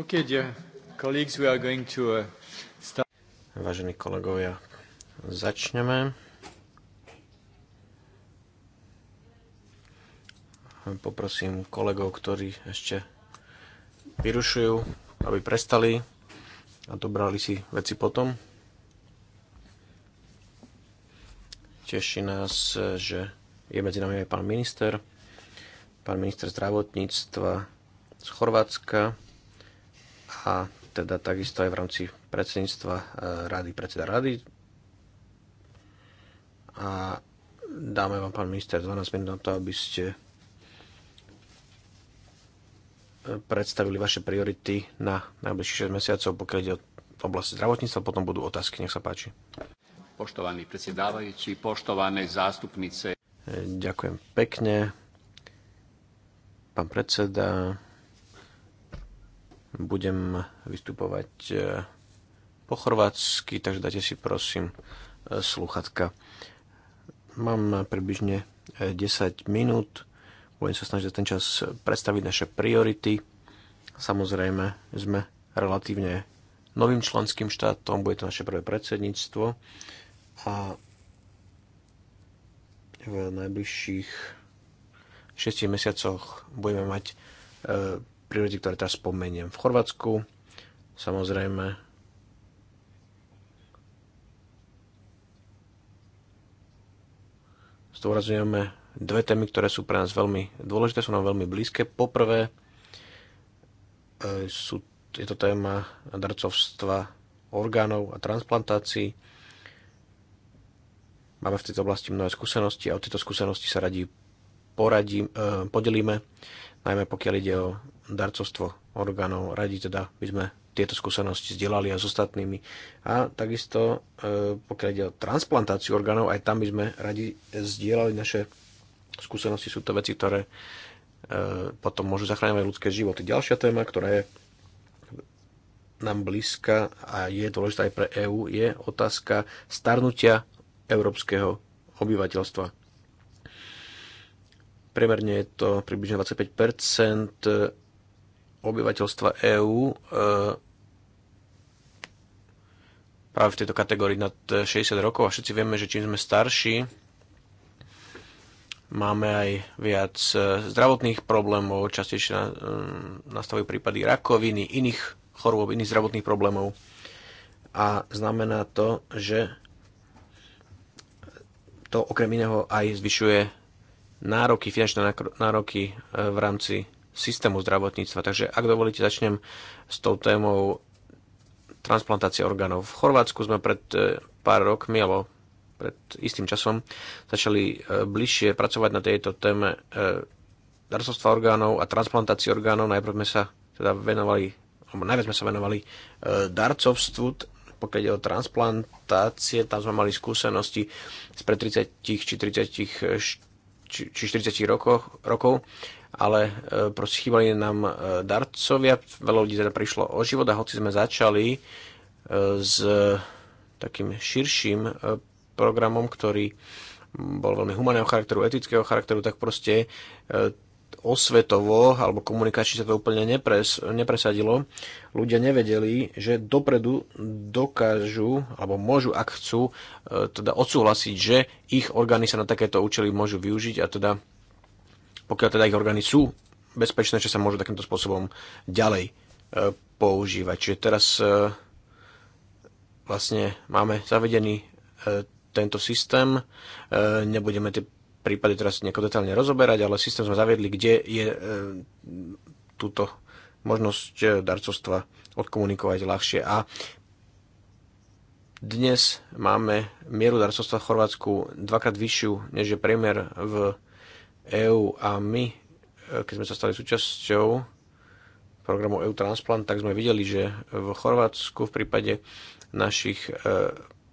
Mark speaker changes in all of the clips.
Speaker 1: Uh,
Speaker 2: Vážení kolegovia, začneme. Poprosím kolegov, ktorí ešte vyrušujú, aby prestali a dobrali si veci potom. Teší nás, že je medzi nami aj pán minister, pán minister zdravotníctva z Chorvátska, a teda takisto aj v rámci predsedníctva e, rady, predseda rady. A dáme vám, pán minister, 12 minút na to, aby ste e, predstavili vaše priority na najbližších 6 mesiacov, pokiaľ ide o oblasti zdravotníctva, potom budú otázky, nech sa páči.
Speaker 1: Poštovaní predsedávajúci, poštované zástupnice.
Speaker 2: E, ďakujem pekne. Pán predseda, budem vystupovať e, po chorvátsky, takže dajte si prosím e, sluchatka. Mám približne 10 e, minút, budem sa snažiť ten čas predstaviť naše priority. Samozrejme, sme relatívne novým členským štátom, bude to naše prvé predsedníctvo a v najbližších 6 mesiacoch budeme mať priority, ktoré teraz spomeniem. V Chorvátsku samozrejme zdôrazňujeme dve témy, ktoré sú pre nás veľmi dôležité, sú nám veľmi blízke. Poprvé e, sú, je to téma darcovstva orgánov a transplantácií. Máme v tejto oblasti mnohé skúsenosti a o tieto skúsenosti sa radi poradím, e, podelíme, najmä pokiaľ ide o darcovstvo orgánov. Radi teda by sme tieto skúsenosti zdieľali aj s ostatnými. A takisto, e, pokiaľ ide o transplantáciu orgánov, aj tam by sme radi zdieľali naše skúsenosti. Sú to veci, ktoré e, potom môžu zachráňovať ľudské životy. Ďalšia téma, ktorá je nám blízka a je dôležitá aj pre EÚ, je otázka starnutia európskeho obyvateľstva. Priemerne je to približne 25 obyvateľstva EÚ e, práve v tejto kategórii nad 60 e, rokov a všetci vieme, že čím sme starší, máme aj viac e, zdravotných problémov, častejšie nastavujú prípady rakoviny, iných chorôb, iných zdravotných problémov. A znamená to, že to okrem iného aj zvyšuje nároky, finančné nároky v rámci systému zdravotníctva. Takže ak dovolíte, začnem s tou témou transplantácie orgánov. V Chorvátsku sme pred e, pár rokmi, alebo pred istým časom, začali e, bližšie pracovať na tejto téme e, darcovstva orgánov a transplantácie orgánov. Najprv sme sa teda venovali, alebo najviac sme sa venovali darcovstvu, pokiaľ ide o transplantácie, tam sme mali skúsenosti pred 30 či 30 či, či 40 rokov, rokov ale e, proste chýbali nám e, darcovia, veľa ľudí teda prišlo o život a hoci sme začali e, s takým širším programom, ktorý bol veľmi humaného charakteru, etického charakteru, tak proste osvetovo alebo komunikačne sa to úplne nepres, nepresadilo. Ľudia nevedeli, že dopredu dokážu alebo môžu, ak chcú, teda odsúhlasiť, že ich orgány sa na takéto účely môžu využiť a teda pokiaľ teda ich orgány sú bezpečné, že sa môžu takýmto spôsobom ďalej e, používať. Čiže teraz e, vlastne máme zavedený e, tento systém. Nebudeme tie prípady teraz nejako detálne rozoberať, ale systém sme zaviedli, kde je túto možnosť darcovstva odkomunikovať ľahšie. A dnes máme mieru darcovstva v Chorvátsku dvakrát vyššiu, než je priemer v EÚ a my, e, keď sme sa stali súčasťou programu EU Transplant, tak sme videli, že v Chorvátsku v prípade našich e,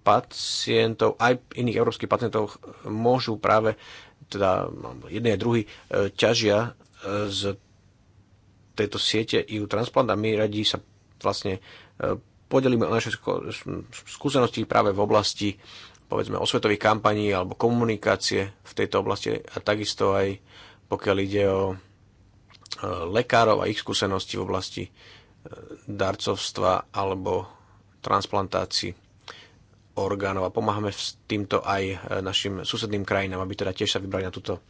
Speaker 2: pacientov, aj iných európskych pacientov môžu práve, teda jedné a druhý, e, ťažia z tejto siete EU Transplant a my radi sa vlastne podelíme o naše skúsenosti práve v oblasti povedzme osvetových kampaní alebo komunikácie v tejto oblasti a takisto aj pokiaľ ide o e, lekárov a ich skúsenosti v oblasti e, darcovstva alebo transplantácií orgánov a pomáhame s týmto aj e, našim susedným krajinám, aby teda tiež sa vybrali na túto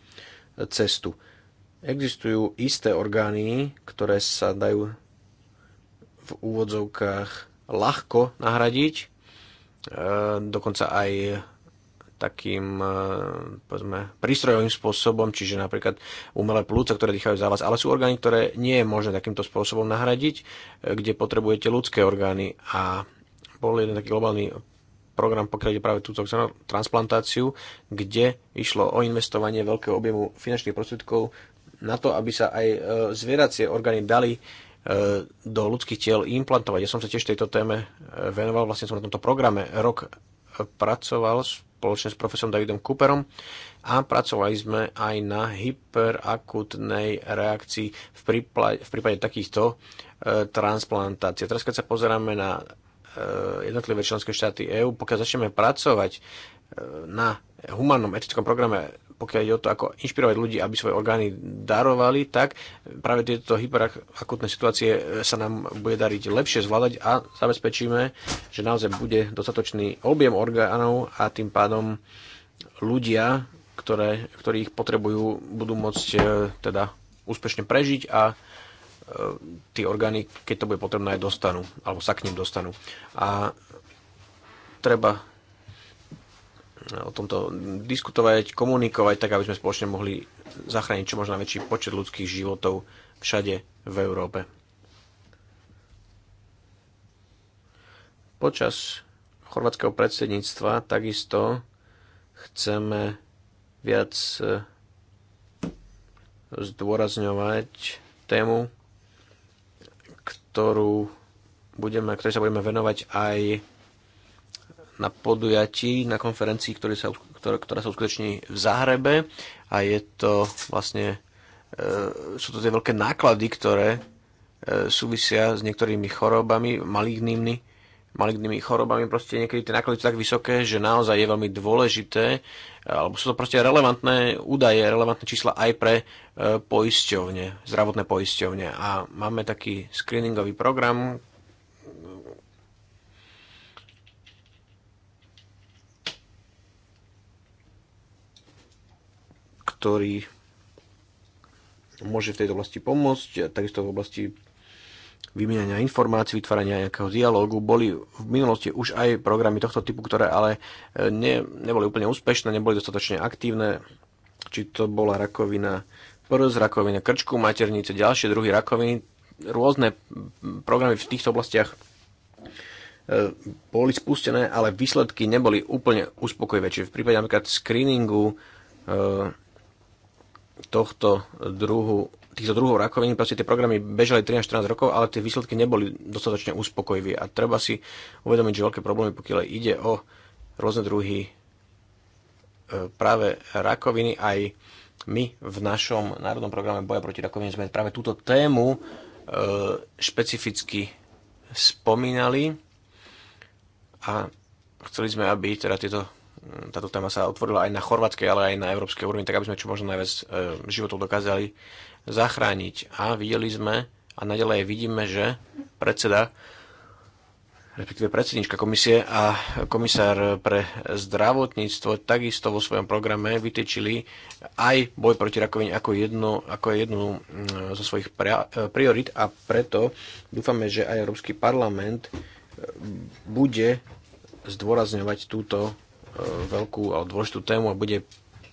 Speaker 2: cestu. Existujú isté orgány, ktoré sa dajú v úvodzovkách ľahko nahradiť, Ehm, dokonca aj takým eh, povedzme, prístrojovým spôsobom, čiže napríklad umelé plúca, ktoré dýchajú za vás, ale sú orgány, ktoré nie je možné takýmto spôsobom nahradiť, eh, kde potrebujete ľudské orgány. A bol jeden taký globálny program, pokiaľ ide práve túto transplantáciu, kde išlo o investovanie veľkého objemu finančných prostriedkov na to, aby sa aj eh, zvieracie orgány dali E, do ľudských tiel implantovať. Ja som sa tiež tejto téme e, venoval, vlastne som na tomto programe rok e, pracoval spoločne s profesorom Davidom Cooperom a pracovali sme aj na hyperakutnej reakcii v prípade, v prípade takýchto e, transplantácií. Teraz keď sa pozeráme na e, jednotlivé členské štáty EÚ, pokiaľ začneme pracovať e, na humannom etickom programe pokiaľ ide o to, ako inšpirovať ľudí, aby svoje orgány darovali, tak práve tieto hyperakutné situácie sa nám bude dariť lepšie zvládať a zabezpečíme, že naozaj bude dostatočný objem orgánov a tým pádom ľudia, ktoré, ktorí ich potrebujú, budú môcť e, teda úspešne prežiť a e, tie orgány, keď to bude potrebné, aj dostanú, alebo sa k ním dostanú. A treba o tomto diskutovať, komunikovať, tak aby sme spoločne mohli zachrániť čo možno väčší počet ľudských životov všade v Európe. Počas chorvátskeho predsedníctva takisto chceme viac eh, zdôrazňovať tému, ktorú budeme, ktorej sa budeme venovať aj na podujatí, na konferencii, ktorý sa, ktorá, ktorá sa uskutoční v Zahrebe a je to vlastne, e, sú to tie veľké náklady, ktoré e, súvisia s niektorými chorobami, malignými, malignými chorobami, proste niekedy tie náklady sú tak vysoké, že naozaj je veľmi dôležité, alebo sú to proste relevantné údaje, relevantné čísla aj pre e, poisťovne, zdravotné poisťovne. A máme taký screeningový program, ktorý môže v tejto oblasti pomôcť, takisto v oblasti vymieňania informácií, vytvárania nejakého dialógu. Boli v minulosti už aj programy tohto typu, ktoré ale e, ne, neboli úplne úspešné, neboli dostatočne aktívne, či to bola rakovina prs, rakovina krčku, maternice, ďalšie druhy rakoviny. Rôzne programy v týchto oblastiach e, boli spustené, ale výsledky neboli úplne uspokojivé. Čiže v prípade napríklad screeningu e, tohto druhu týchto druhov rakovín, proste tie programy bežali 13-14 rokov, ale tie výsledky neboli dostatočne uspokojivé a treba si uvedomiť, že veľké problémy, pokiaľ ide o rôzne druhy e, práve rakoviny, aj my v našom národnom programe boja proti rakovine sme práve túto tému e, špecificky spomínali a chceli sme, aby teda tieto Hm, táto téma sa otvorila aj na chorvátskej, ale aj na európskej úrovni, tak aby sme čo možno najviac e, životov dokázali zachrániť. A videli sme a nadalej vidíme, že predseda respektíve predsednička komisie a komisár pre zdravotníctvo takisto vo svojom programe vytečili aj boj proti rakovine ako jednu, ako jednu hm, zo svojich e, priorit a preto dúfame, že aj Európsky parlament e, bude zdôrazňovať túto veľkú a dôležitú tému a bude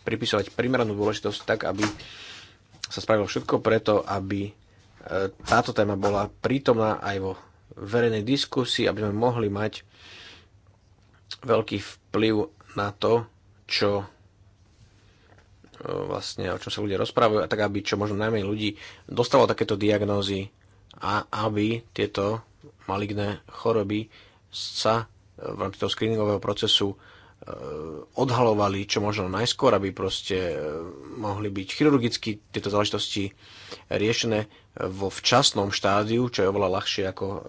Speaker 2: pripisovať primeranú dôležitosť tak, aby sa spravilo všetko preto, aby e, táto téma bola prítomná aj vo verejnej diskusii, aby sme mohli mať veľký vplyv na to, čo e, vlastne, o čom sa ľudia rozprávajú a tak, aby čo možno najmenej ľudí dostalo takéto diagnózy a aby tieto maligné choroby sa v rámci toho screeningového procesu Eh, odhalovali čo možno najskôr, aby proste eh, mohli byť chirurgicky tieto záležitosti riešené vo včasnom štádiu, čo je oveľa ľahšie ako eh,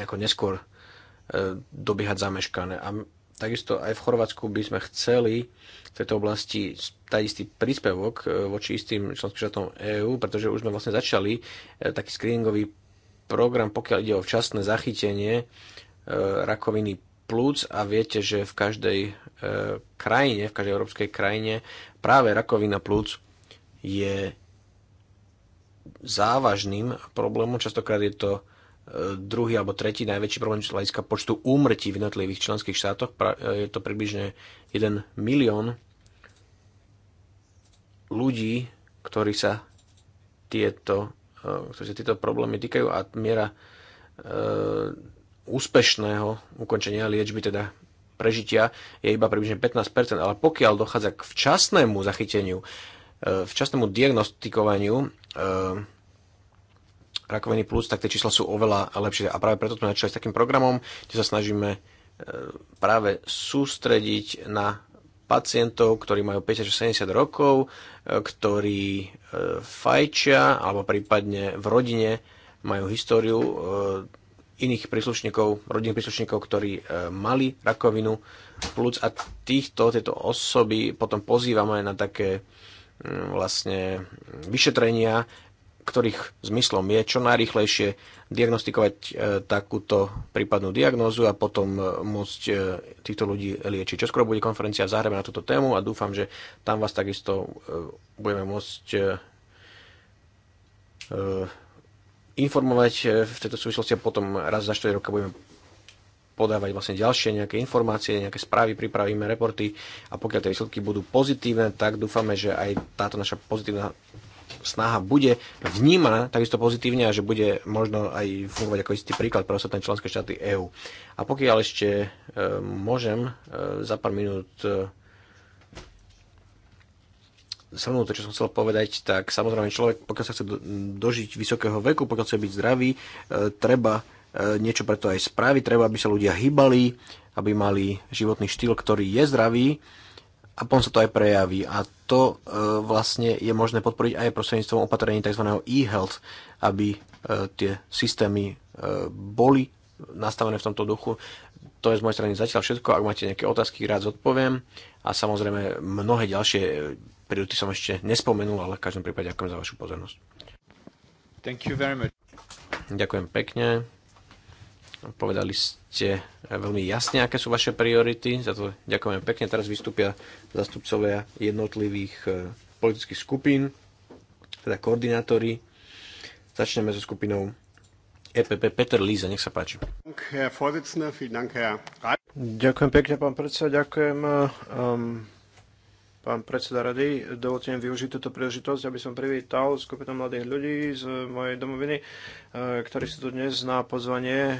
Speaker 2: nejako neskôr dobiehať zameškané. A takisto aj v Chorvátsku by sme chceli v tejto oblasti dať istý príspevok voči istým členským štátom EÚ, pretože už sme vlastne začali taký screeningový program, pokiaľ ide o včasné zachytenie rakoviny plúc a viete, že v každej e, krajine, v každej európskej krajine práve rakovina plúc je závažným problémom. Častokrát je to e, druhý alebo tretí najväčší problém z hľadiska počtu úmrtí v jednotlivých členských štátoch. E, je to približne 1 milión ľudí, ktorí sa tieto, e, ktorí sa tieto problémy týkajú a miera úspešného ukončenia liečby, teda prežitia, je iba približne 15%, ale pokiaľ dochádza k včasnému zachyteniu, e, včasnému diagnostikovaniu e, rakoviny plus, tak tie čísla sú oveľa lepšie. A práve preto sme začali s takým programom, kde sa snažíme e, práve sústrediť na pacientov, ktorí majú 50-70 rokov, ktorí fajčia alebo prípadne v rodine majú históriu iných príslušníkov, rodinných príslušníkov, ktorí e, mali rakovinu plúc a týchto, tieto osoby potom pozývame na také mm, vlastne vyšetrenia, ktorých zmyslom je čo najrychlejšie diagnostikovať e, takúto prípadnú diagnózu a potom e, môcť týchto ľudí liečiť. Čoskoro bude konferencia v na túto tému a dúfam, že tam vás takisto budeme môcť informovať e, v tejto súvislosti a potom raz za 4 roka budeme podávať vlastne ďalšie nejaké informácie, nejaké správy, pripravíme reporty a pokiaľ tie výsledky budú pozitívne, tak dúfame, že aj táto naša pozitívna snaha bude vnímaná takisto pozitívne a že bude možno aj fungovať ako istý príklad pre ostatné členské štáty EÚ. A pokiaľ ešte e, môžem e, za pár minút e, shrnul to, čo som chcel povedať, tak samozrejme človek, pokiaľ sa chce dožiť vysokého veku, pokiaľ chce byť zdravý, e, treba e, niečo preto aj spraviť, treba, aby sa ľudia hýbali, aby mali životný štýl, ktorý je zdravý a potom sa to aj prejaví. A to e, vlastne je možné podporiť aj prostredníctvom opatrení tzv. e-health, aby tie systémy boli nastavené v tomto duchu. To je z mojej strany zatiaľ všetko. Ak máte nejaké otázky, rád zodpoviem. A samozrejme mnohé ďalšie Priority som ešte nespomenul, ale v každom prípade ďakujem za vašu pozornosť.
Speaker 1: Thank you very much.
Speaker 2: Ďakujem pekne. Povedali ste veľmi jasne, aké sú vaše priority. Za to ďakujem pekne. Teraz vystúpia zastupcovia jednotlivých e, politických skupín, teda koordinátori. Začneme so skupinou EPP. Peter Líza, nech sa páči.
Speaker 3: Ďakujem pekne, pán predseda. Ďakujem um, Pán predseda rady, dovolte mi využiť túto príležitosť, aby som privítal skupinu mladých ľudí z mojej domoviny, e, ktorí sú tu dnes na pozvanie e,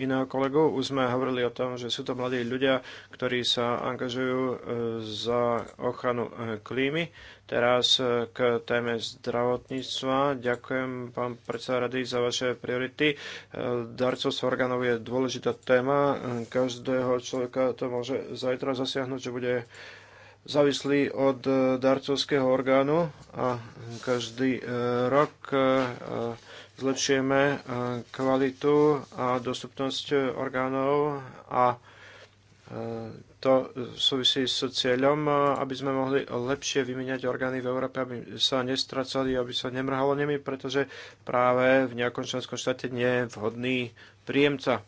Speaker 3: iného kolegu. Už sme hovorili o tom, že sú to mladí ľudia, ktorí sa angažujú e, za ochranu klímy. Teraz k téme zdravotníctva. Ďakujem, pán predseda rady, za vaše priority. Darcovstvo orgánov je dôležitá téma. Každého človeka to môže zajtra zasiahnuť, že bude závislí od e, darcovského orgánu a každý e, rok e, zlepšujeme kvalitu a dostupnosť orgánov a to súvisí s cieľom, aby sme mohli lepšie vymeniať orgány v Európe, aby sa nestracali, aby sa nemrhalo nimi, pretože práve v nejakom členskom štáte nie je vhodný príjemca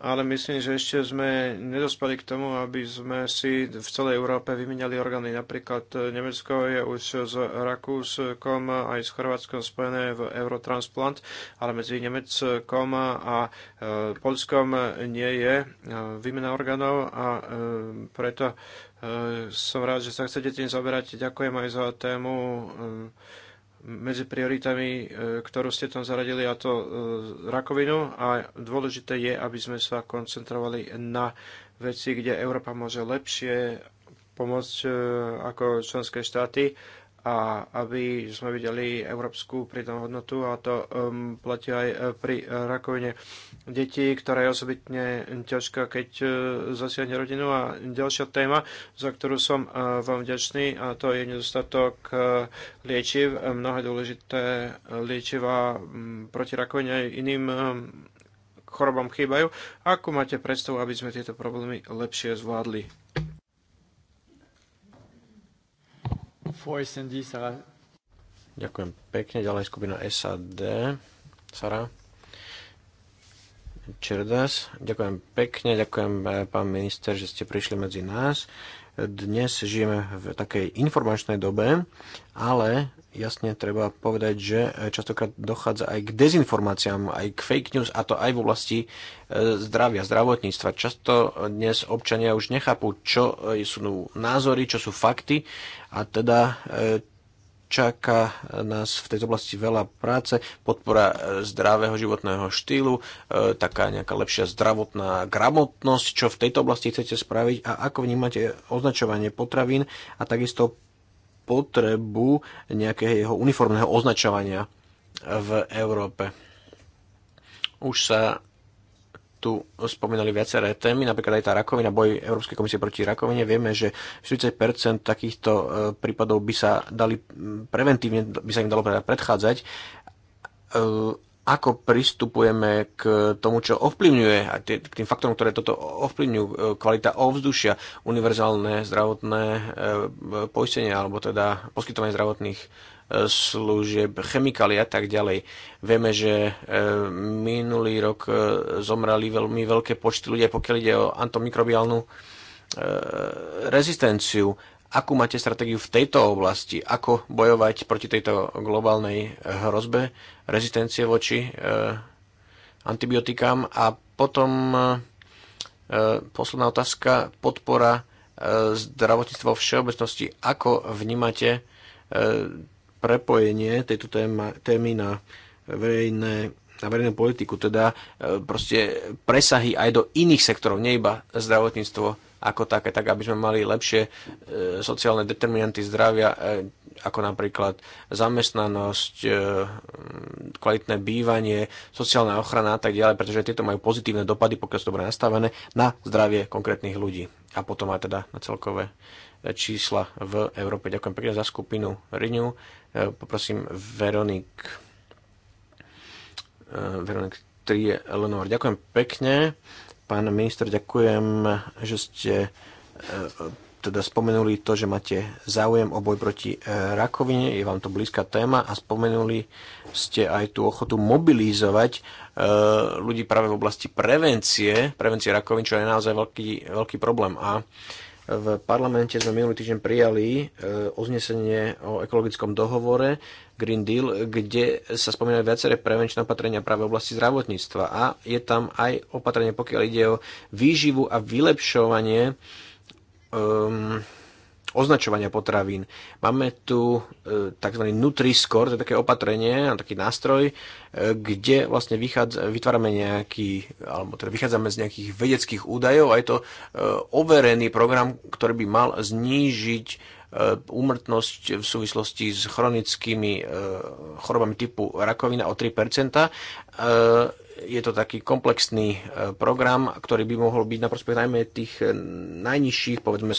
Speaker 3: ale myslím, že ešte sme nedospali k tomu, aby sme si v celej Európe vymenali orgány. Napríklad e, Nemecko je už s Rakúskom aj s Chorvátskom spojené v Eurotransplant, ale medzi Nemeckom a e, Polskom nie je e, výmena orgánov a preto som rád, že sa chcete tým zaberať. Ďakujem aj za tému medzi prioritami, e, ktorú ste tam zaradili, a to e, rakovinu. A dôležité je, aby sme sa koncentrovali na veci, kde Európa môže lepšie pomôcť e, ako členské štáty a aby sme videli európsku pridanú hodnotu a to um, platí aj e, pri rakovine detí, ktorá je osobitne ťažká, keď uh, zasiahne rodinu. A ďalšia téma, za ktorú som uh, e, vám vďačný, a to je nedostatok uh, liečiv, mnohé dôležité liečiva um, proti rakovine aj iným um, chorobám chýbajú. Ako máte predstavu, aby sme tieto problémy lepšie zvládli?
Speaker 1: SND, Sara.
Speaker 2: Ďakujem pekne. Ďalej skupina SAD. Sara. Čerdas. Ďakujem pekne, ďakujem eh, pán minister, že ste prišli medzi nás. Dnes žijeme v takej informačnej dobe, ale jasne treba povedať, že častokrát dochádza aj k dezinformáciám, aj k fake news, a to aj v oblasti e, zdravia, zdravotníctva. Často dnes občania už nechápu, čo sú názory, čo sú fakty a teda e, čaká nás v tejto oblasti veľa práce, podpora e, zdravého životného štýlu, e, taká nejaká lepšia zdravotná gramotnosť, čo v tejto oblasti chcete spraviť a ako vnímate označovanie potravín a takisto potrebu nejakého uniformného označovania v Európe. Už sa tu spomínali viaceré témy, napríklad aj tá rakovina, boj Európskej komisie proti rakovine. Vieme, že 40% takýchto e, prípadov by sa dali preventívne, by sa im dalo teda predchádzať. E, ako pristupujeme k tomu, čo ovplyvňuje, a k tým faktorom, ktoré toto ovplyvňujú, e, kvalita ovzdušia, univerzálne zdravotné poistenie, alebo teda poskytovanie zdravotných služieb, chemikálií a tak ďalej. Vieme, že e, minulý rok e, zomrali veľmi veľké počty ľudia, pokiaľ ide o antimikrobiálnu e, rezistenciu. Akú máte stratégiu v tejto oblasti? Ako bojovať proti tejto globálnej hrozbe rezistencie voči antibiotikám? A potom posledná otázka, podpora zdravotníctva vo všeobecnosti. Ako vnímate prepojenie tejto téma, témy na verejné na verejnú politiku, teda e, proste presahy aj do iných sektorov, nie iba zdravotníctvo ako také, tak aby sme mali lepšie e, sociálne determinanty zdravia, e, ako napríklad zamestnanosť, kvalitné bývanie, sociálna ochrana a tak ďalej, pretože tieto majú pozitívne dopady, pokiaľ sú dobre nastavené, na zdravie konkrétnych ľudí a potom aj teda na celkové čísla v Európe. Ďakujem pekne za skupinu Renew. E, poprosím Veronik. E, Veronik 3 Eleanor. Ďakujem pekne. Pán minister, ďakujem, že ste e, teda spomenuli to, že máte záujem o boj proti rakovine, je vám to blízka téma a spomenuli ste aj tú ochotu mobilizovať ľudí práve v oblasti prevencie, prevencie rakovín, čo je naozaj veľký, veľký problém. A v parlamente sme minulý týždeň prijali e, uznesenie o ekologickom dohovore Green Deal, kde sa spomínajú viaceré prevenčné opatrenia práve v oblasti zdravotníctva a je tam aj opatrenie, pokiaľ ide o výživu a vylepšovanie um, označovania potravín. Máme tu e, tzv. Nutri-Score, to je také opatrenie, taký nástroj, e, kde vlastne vytvárame nejaký, alebo teda vychádzame z nejakých vedeckých údajov a je to e, overený program, ktorý by mal znížiť úmrtnosť v súvislosti s chronickými chorobami typu rakovina o 3%. Je to taký komplexný program, ktorý by mohol byť na prospech najmä tých najnižších, povedzme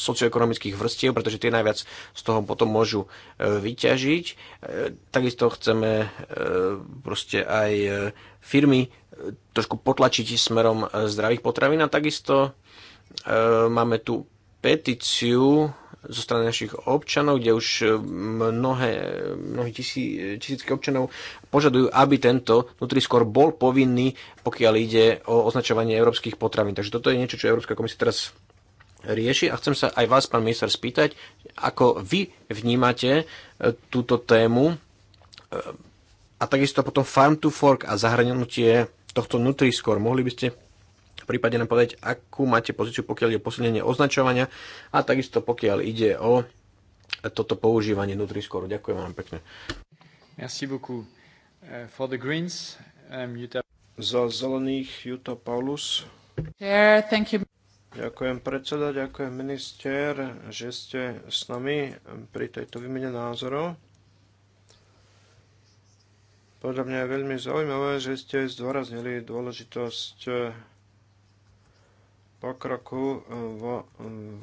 Speaker 2: socioekonomických vrstiev, pretože tie najviac z toho potom môžu e, vyťažiť. E, takisto chceme e, proste aj firmy trošku potlačiť smerom zdravých potravín a takisto máme tu petíciu zo strany našich občanov, kde už mnohé, mnohé tisí, tisícky občanov požadujú, aby tento Nutriscore bol povinný, pokiaľ ide o označovanie európskych potravín. Takže toto je niečo, čo Európska komisia teraz rieši. A chcem sa aj vás, pán minister, spýtať, ako vy vnímate e, túto tému e, a takisto potom farm to fork a zahrnutie tohto Nutri-Score. Mohli by ste prípadne nám povedať, akú máte pozíciu, pokiaľ ide o posilnenie označovania a takisto pokiaľ ide o toto používanie Nutri-Score. Ďakujem vám pekne.
Speaker 1: Merci beaucoup. Uh, for the Greens, um,
Speaker 3: Jutta... zelených Juto Paulus.
Speaker 1: Yeah, thank you.
Speaker 3: Ďakujem predseda, ďakujem minister, že ste s nami pri tejto výmene názorov. Podľa mňa je veľmi zaujímavé, že ste zdôraznili dôležitosť eh, pokroku eh, vo eh,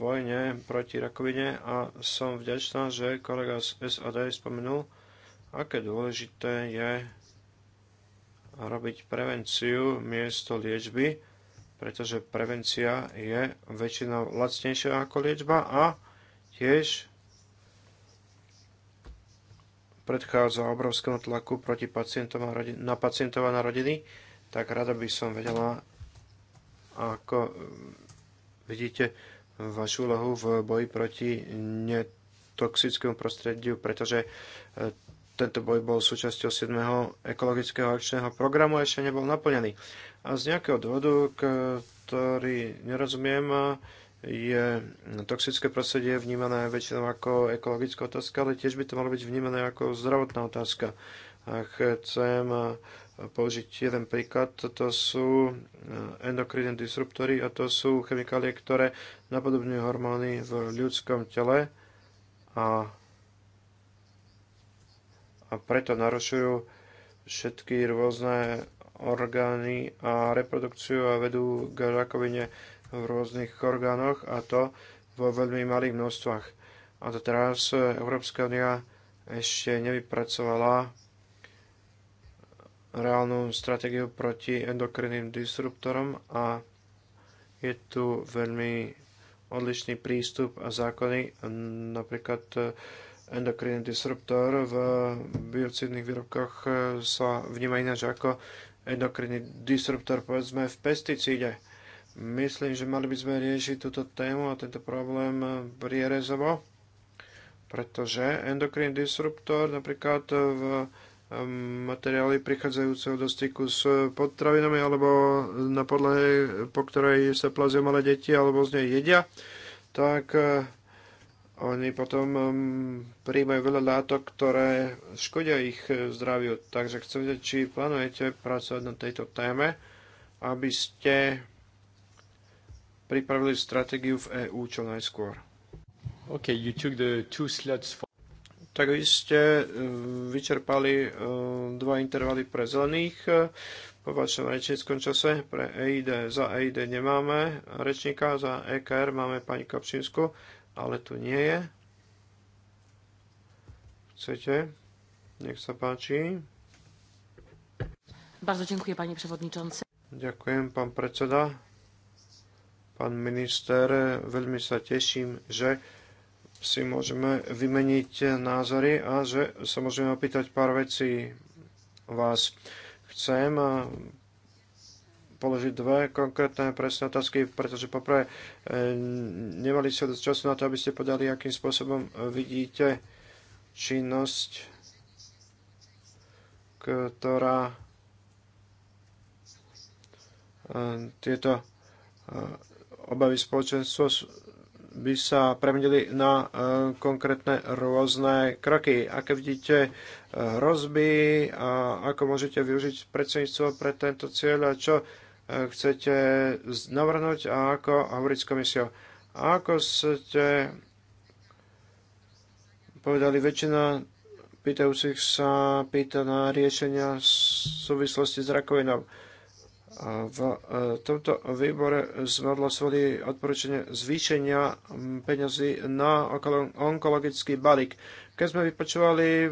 Speaker 3: vojne proti rakovine a som vďačná, že kolega z SAD spomenul, aké dôležité je robiť prevenciu miesto liečby pretože prevencia je väčšinou lacnejšia ako liečba a tiež predchádza obrovskému tlaku proti pacientom a rodin- na pacientov a na rodiny, tak rada by som vedela, ako mm, vidíte vašu úlohu v boji proti netoxickému prostrediu, pretože e, tento boj bol súčasťou 7. ekologického akčného programu a ešte nebol naplnený. A z nejakého dôvodu, ktorý nerozumiem, je toxické prostredie vnímané väčšinou ako ekologická otázka, ale tiež by to malo byť vnímané ako zdravotná otázka. A chcem použiť jeden príklad. To sú endokrinné disruptory a to sú chemikálie, ktoré napodobňujú hormóny v ľudskom tele a, a preto narušujú všetky rôzne orgány a reprodukciu a vedú k rakovine v rôznych orgánoch a to vo veľmi malých množstvách. A to teraz Európska unia ešte nevypracovala reálnu stratégiu proti endokrinným disruptorom a je tu veľmi odlišný prístup a zákony. Napríklad endokrinný disruptor v biocidných výrobkoch sa vníma ináč ako endokrinný disruptor, povedzme, v pesticíde. Myslím, že mali by sme riešiť túto tému a tento problém prierezovo, pretože endokrinný disruptor napríklad v materiály prichádzajúceho do styku s potravinami alebo na podlahe, po ktorej sa plazia malé deti alebo z nej jedia, tak oni potom um, príjmajú veľa látok, ktoré škodia ich eh, zdraviu. Takže chcem vedieť, či plánujete pracovať na tejto téme, aby ste pripravili stratégiu v EÚ čo najskôr. OK, you took the two slots for... Tak vy ste eh, vyčerpali eh, dva intervaly pre zelených po vašom rečníckom čase. Pre EID za EID nemáme rečníka, za EKR máme pani Kapčínsku ale tu nie je. Chcete? Nech sa páči.
Speaker 2: Bardzo dziękuję, panie
Speaker 3: przewodniczący. Ďakujem, pán predseda. Pán minister, veľmi sa teším, že si môžeme vymeniť názory a že sa môžeme opýtať pár vecí vás. Chcem položiť dve konkrétne presné otázky, pretože poprvé e, nemali ste dosť času na to, aby ste podali, akým spôsobom vidíte činnosť, ktorá e, tieto e, obavy spoločenstva by sa premenili na konkrétne rôzne kroky. Aké vidíte hrozby a ako môžete využiť predsedníctvo pre tento cieľ a čo E, chcete navrhnúť a ako hovoriť s komisiou. ako ste povedali, väčšina pýtajúcich sa pýta na riešenia v súvislosti s rakovinou. V e, tomto výbore sme odhlasovali odporúčanie zvýšenia peňazí na onkologický balík. Keď sme vypočúvali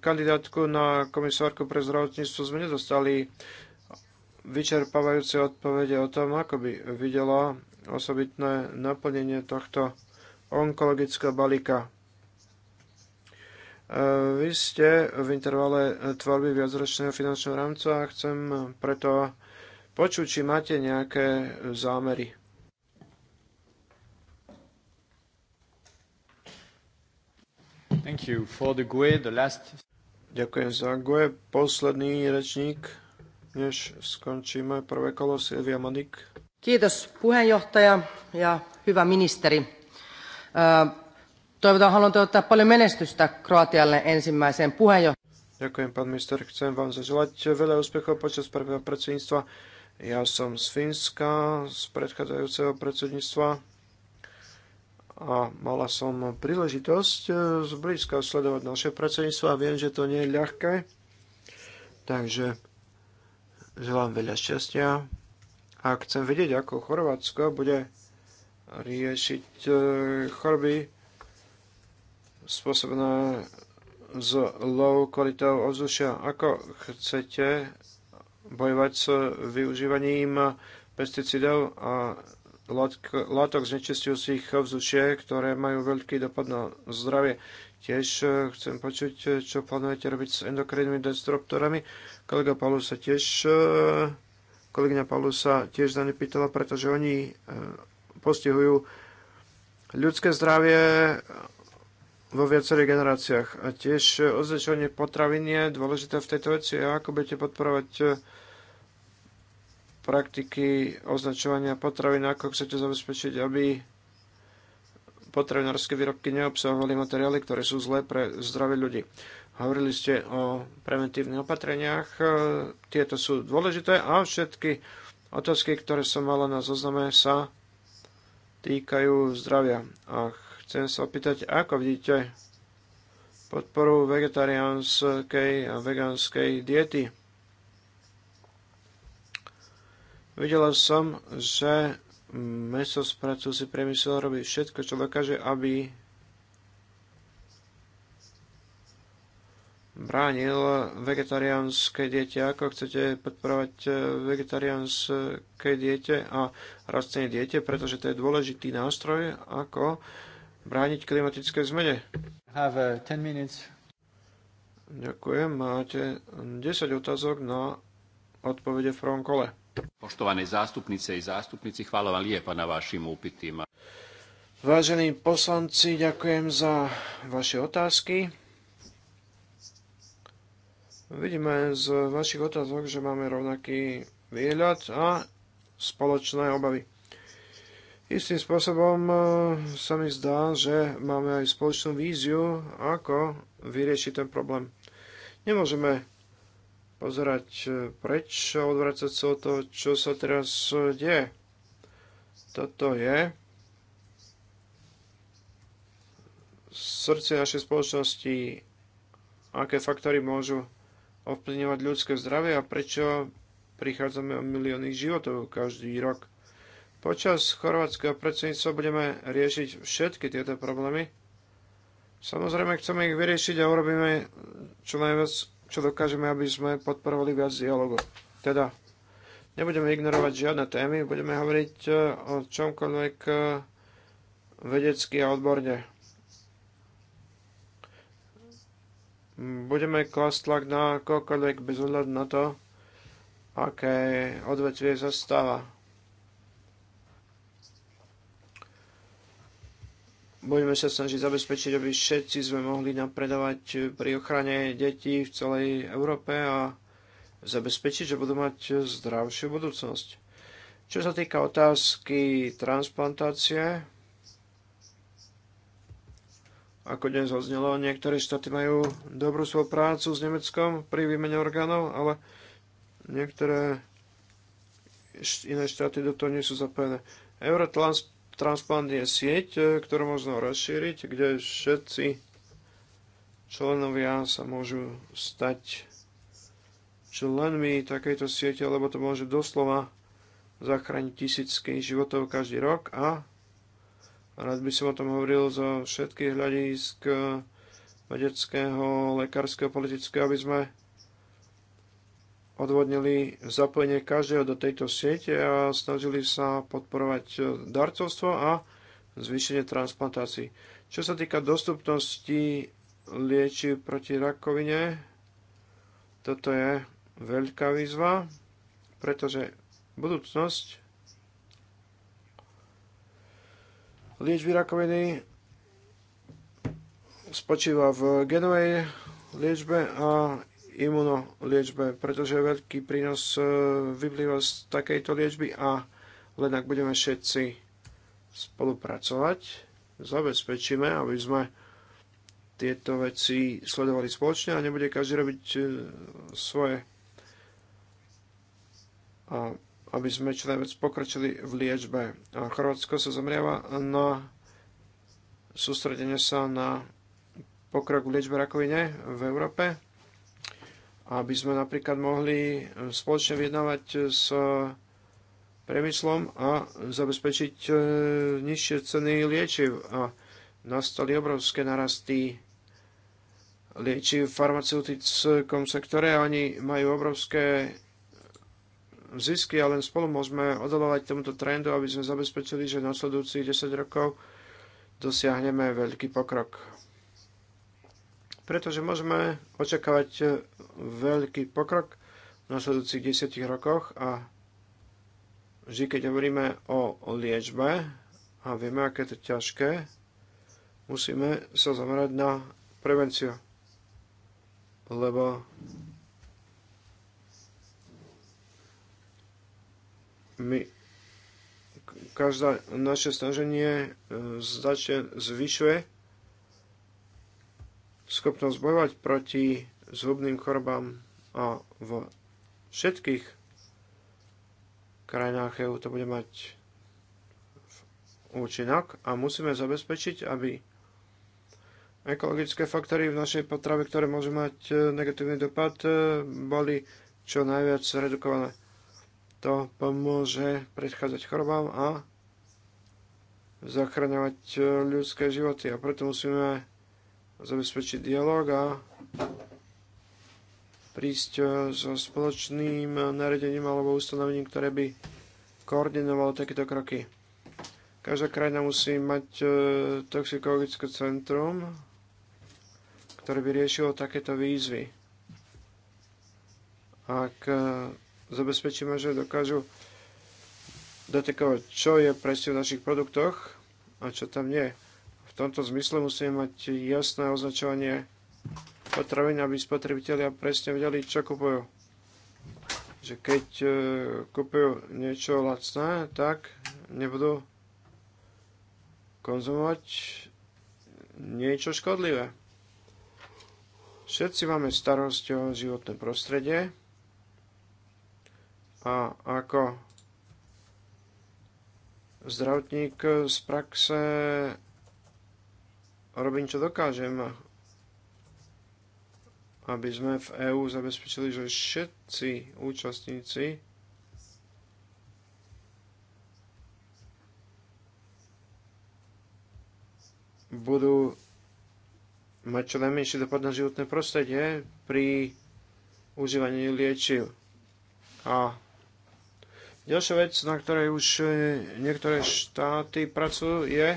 Speaker 3: kandidátku na komisárku pre zdravotníctvo, sme nedostali vyčerpávajúce odpovede o tom, ako by videla osobitné naplnenie tohto onkologického balíka. E, vy ste v intervale tvorby viacročného finančného rámca a chcem preto počuť, či máte nejaké zámery.
Speaker 1: Thank you. For the GUE,
Speaker 3: the last... Ďakujem za GUE. Posledný rečník než skončíme prvé kolo Silvia Monik.
Speaker 4: Kiitos puheenjohtaja ja hyvä ministeri. Toivotan, haluan toivottaa paljon menestystä Kroatialle ensimmäiseen puheenjohtajan.
Speaker 3: Ďakujem, pán minister. Chcem vám zaželať veľa úspechov počas prvého predsedníctva. Ja som z Fínska, z predchádzajúceho predsedníctva a mala som príležitosť e, zblízka sledovať naše predsedníctvo a viem, že to nie je ľahké. Takže Želám veľa šťastia a chcem vidieť, ako Chorvátsko bude riešiť e, choroby spôsobené s low kvalitou ovzdušia. Ako chcete bojovať s využívaním pesticidov a látok znečistujúcich ovzdušie, ktoré majú veľký dopad na zdravie. Tiež e, chcem počuť, e, čo plánujete robiť s endokrinnými destruktorami. Kolega Paulu e, sa tiež, kolegyňa Paulu sa tiež na nepýtala, pýtala, pretože oni postihujú ľudské zdravie vo viacerých generáciách. A tiež označovanie potravín je dôležité v tejto veci. A ako budete podporovať praktiky označovania potravín, ako chcete zabezpečiť, aby potravinárske výrobky neobsahovali materiály, ktoré sú zlé pre zdravie ľudí. Hovorili ste o preventívnych opatreniach, e, tieto sú dôležité a všetky otázky, ktoré som mala na zozname, sa týkajú zdravia. A chcem sa opýtať, ako vidíte podporu vegetariánskej a vegánskej diety. Videla som, že meso spracujúci priemysel robí všetko, čo dokáže, aby bránil vegetariánske dieťa. Ako chcete podporovať eh, vegetariánske dieťa a rastenie dieťa, pretože to je dôležitý nástroj, ako brániť klimatické zmene. Eh, Ďakujem. Máte 10 otázok na odpovede v
Speaker 1: prvom kole. Poštovane zástupnice i zástupnici, na vašim
Speaker 3: Vážení poslanci, ďakujem za vaše otázky. Vidíme z vašich otázok, že máme rovnaký výhľad a spoločné obavy. Istým spôsobom e, sa mi zdá, že máme aj spoločnú víziu, ako vyriešiť ten problém. Nemôžeme pozerať e, preč a odvracať sa od toho, čo sa teraz e, deje. Toto je srdce našej spoločnosti, aké faktory môžu ovplyvňovať ľudské zdravie a prečo prichádzame o milióny životov každý rok. Počas chorvátskeho predsedníctva budeme riešiť všetky tieto problémy. Samozrejme, chceme ich vyriešiť a urobíme čo najviac čo dokážeme, aby sme podporovali viac dialogov. Teda nebudeme ignorovať žiadne témy, budeme hovoriť e, o čomkoľvek e, vedecky a odborne. Budeme klasť tlak na koľkoľvek bez ohľadu na to, aké odvetvie zastáva. budeme sa snažiť zabezpečiť, aby všetci sme mohli napredovať pri ochrane detí v celej Európe a zabezpečiť, že budú mať zdravšiu budúcnosť. Čo sa týka otázky transplantácie, ako dnes zaznelo, niektoré štáty majú dobrú prácu s Nemeckom pri výmene orgánov, ale niektoré iné štáty do toho nie sú zapojené. Eurotrans Transplant je sieť, e, ktorú možno rozšíriť, kde všetci členovia sa môžu stať členmi takejto siete, lebo to môže doslova zachrániť tisícky životov každý rok a rád by som o tom hovoril zo všetkých hľadísk e, vedeckého, lekárskeho, politického, aby sme odvodnili zapojenie každého do tejto siete a snažili sa podporovať e, darcovstvo a zvýšenie transplantácií. Čo sa týka dostupnosti liečiv proti rakovine, toto je veľká výzva, pretože budúcnosť liečby rakoviny spočíva v genovej liečbe a imunoliečbe, pretože veľký prínos e, vyplýva z takejto liečby a len ak budeme všetci spolupracovať, zabezpečíme, aby sme tieto veci sledovali spoločne a nebude každý robiť e, svoje. A aby sme čo najviac pokračili v liečbe. A Chorvátsko sa zameriava na sústredenie sa na pokrok v liečbe rakovine v Európe aby sme napríklad mohli eh, spoločne vyjednávať eh, s priemyslom a zabezpečiť eh, nižšie ceny liečiv. A nastali obrovské narasty liečiv v farmaceutickom sektore a oni majú obrovské zisky a len spolu môžeme odolovať tomuto trendu, aby sme zabezpečili, že v nasledujúcich 10 rokov dosiahneme veľký pokrok pretože môžeme očakávať e, veľký pokrok v nasledujúcich desiatich rokoch a vždy, keď hovoríme o liečbe a vieme, aké to ťažké, musíme sa zamerať na prevenciu. Lebo my každá naše snaženie e, zvyšuje schopnosť bojovať proti zhubným chorobám a v všetkých krajinách EU to bude mať účinok a musíme zabezpečiť, aby ekologické faktory v našej potrave, ktoré môžu mať e, negatívny dopad, e, boli čo najviac redukované. To pomôže predchádzať chorobám a zachraňovať e, ľudské životy. A preto musíme zabezpečiť dialog a prísť eh, so spoločným eh, naredením alebo ustanovením, ktoré by koordinovalo takéto kroky. Každá krajina musí mať eh, toxikologické centrum, ktoré by riešilo takéto výzvy. Ak zabezpečíme, že dokážu detekovať, čo je presne v našich produktoch a čo tam nie. V tomto zmysle musíme mať jasné označovanie potravín, aby spotrebitelia presne vedeli, čo kupujú. Že keď e, kupujú niečo lacné, tak nebudú konzumovať niečo škodlivé. Všetci máme starosť o životné prostredie a ako zdravotník z praxe robím, čo dokážem, aby sme v EÚ zabezpečili, že všetci účastníci budú mať čo najmenší dopad na životné prostredie pri užívaní liečiv. A ďalšia vec, na ktorej už niektoré štáty pracujú, je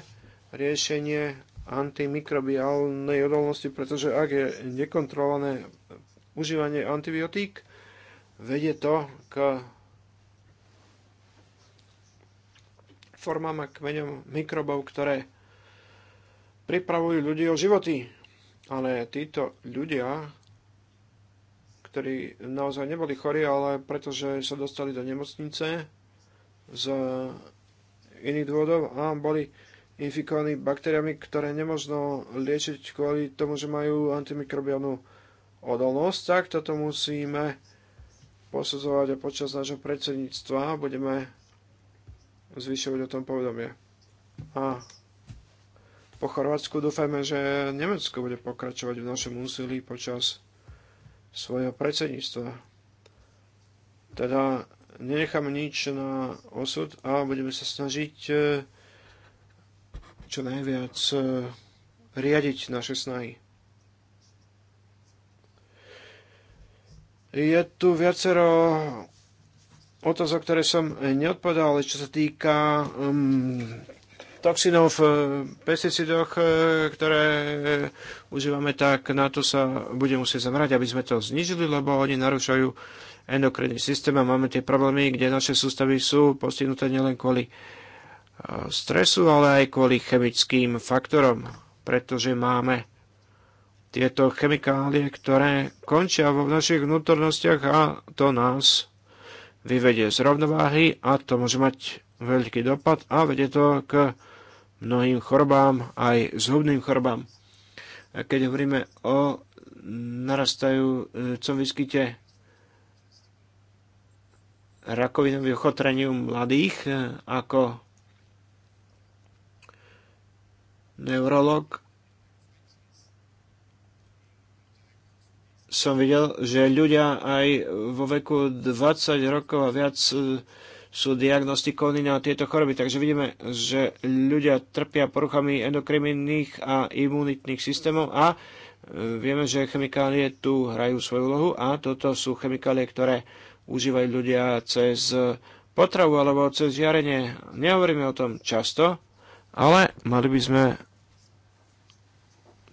Speaker 3: riešenie antimikrobiálnej odolnosti, pretože ak je nekontrolované užívanie antibiotík, vedie to k formám a kmeňom mikrobov, ktoré pripravujú ľudí o životy. Ale títo ľudia, ktorí naozaj neboli chorí, ale pretože sa dostali do nemocnice z iných dôvodov a boli infikovaní baktériami, ktoré nemožno liečiť kvôli tomu, že majú antimikrobiálnu odolnosť, tak toto musíme posudzovať a počas nášho predsedníctva budeme zvyšovať o tom povedomie. A po Chorvátsku dúfajme, že Nemecko bude pokračovať v našom úsilí počas svojho predsedníctva. Teda nenecháme nič na osud a budeme sa snažiť eh, čo najviac e, riadiť naše snahy. Je tu viacero otázok, ktoré som neodpovedal, ale čo sa týka um, toxinov v pesticidoch, e, ktoré užívame, tak na to sa bude musieť zamerať, aby sme to znižili, lebo oni narúšajú endokrinný systém a máme tie problémy, kde naše sústavy sú postihnuté nielen kvôli uh, stresu, ale aj kvôli chemickým faktorom, pretože máme tieto chemikálie, ktoré končia vo našich vnútornostiach a to nás vyvedie z rovnováhy a to môže mať veľký dopad a vedie to k mnohým chorobám, aj zhubným chorobám. A keď hovoríme o narastajúcom vyskyte rakovinových ochotreniu mladých ako neurolog, som videl, že ľudia aj vo veku 20 rokov a viac e, sú diagnostikovaní na tieto choroby. Takže vidíme, že ľudia trpia poruchami endokrinných a imunitných systémov a e, vieme, že chemikálie tu hrajú svoju úlohu a toto sú chemikálie, ktoré užívajú ľudia cez potravu alebo cez žiarenie. Nehovoríme o tom často, ale mali by sme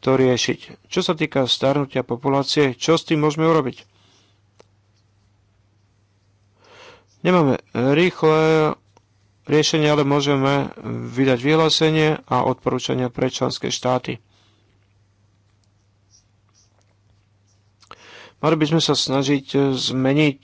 Speaker 3: to riešiť. Čo sa týka starnutia populácie, čo s tým môžeme urobiť? Nemáme rýchle riešenie, ale môžeme vydať vyhlásenie a odporúčania pre členské štáty. Mali by sme sa snažiť zmeniť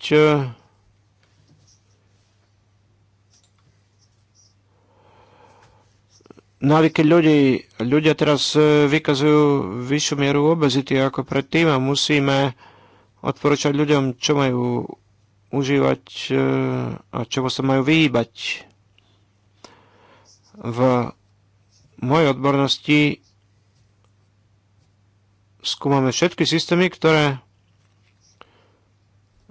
Speaker 3: návyky ľudí. Ľudia teraz e, vykazujú vyššiu mieru obezity ako predtým a musíme odporúčať ľuďom, čo majú užívať e, a čo sa majú vyhýbať. V mojej odbornosti skúmame všetky systémy, ktoré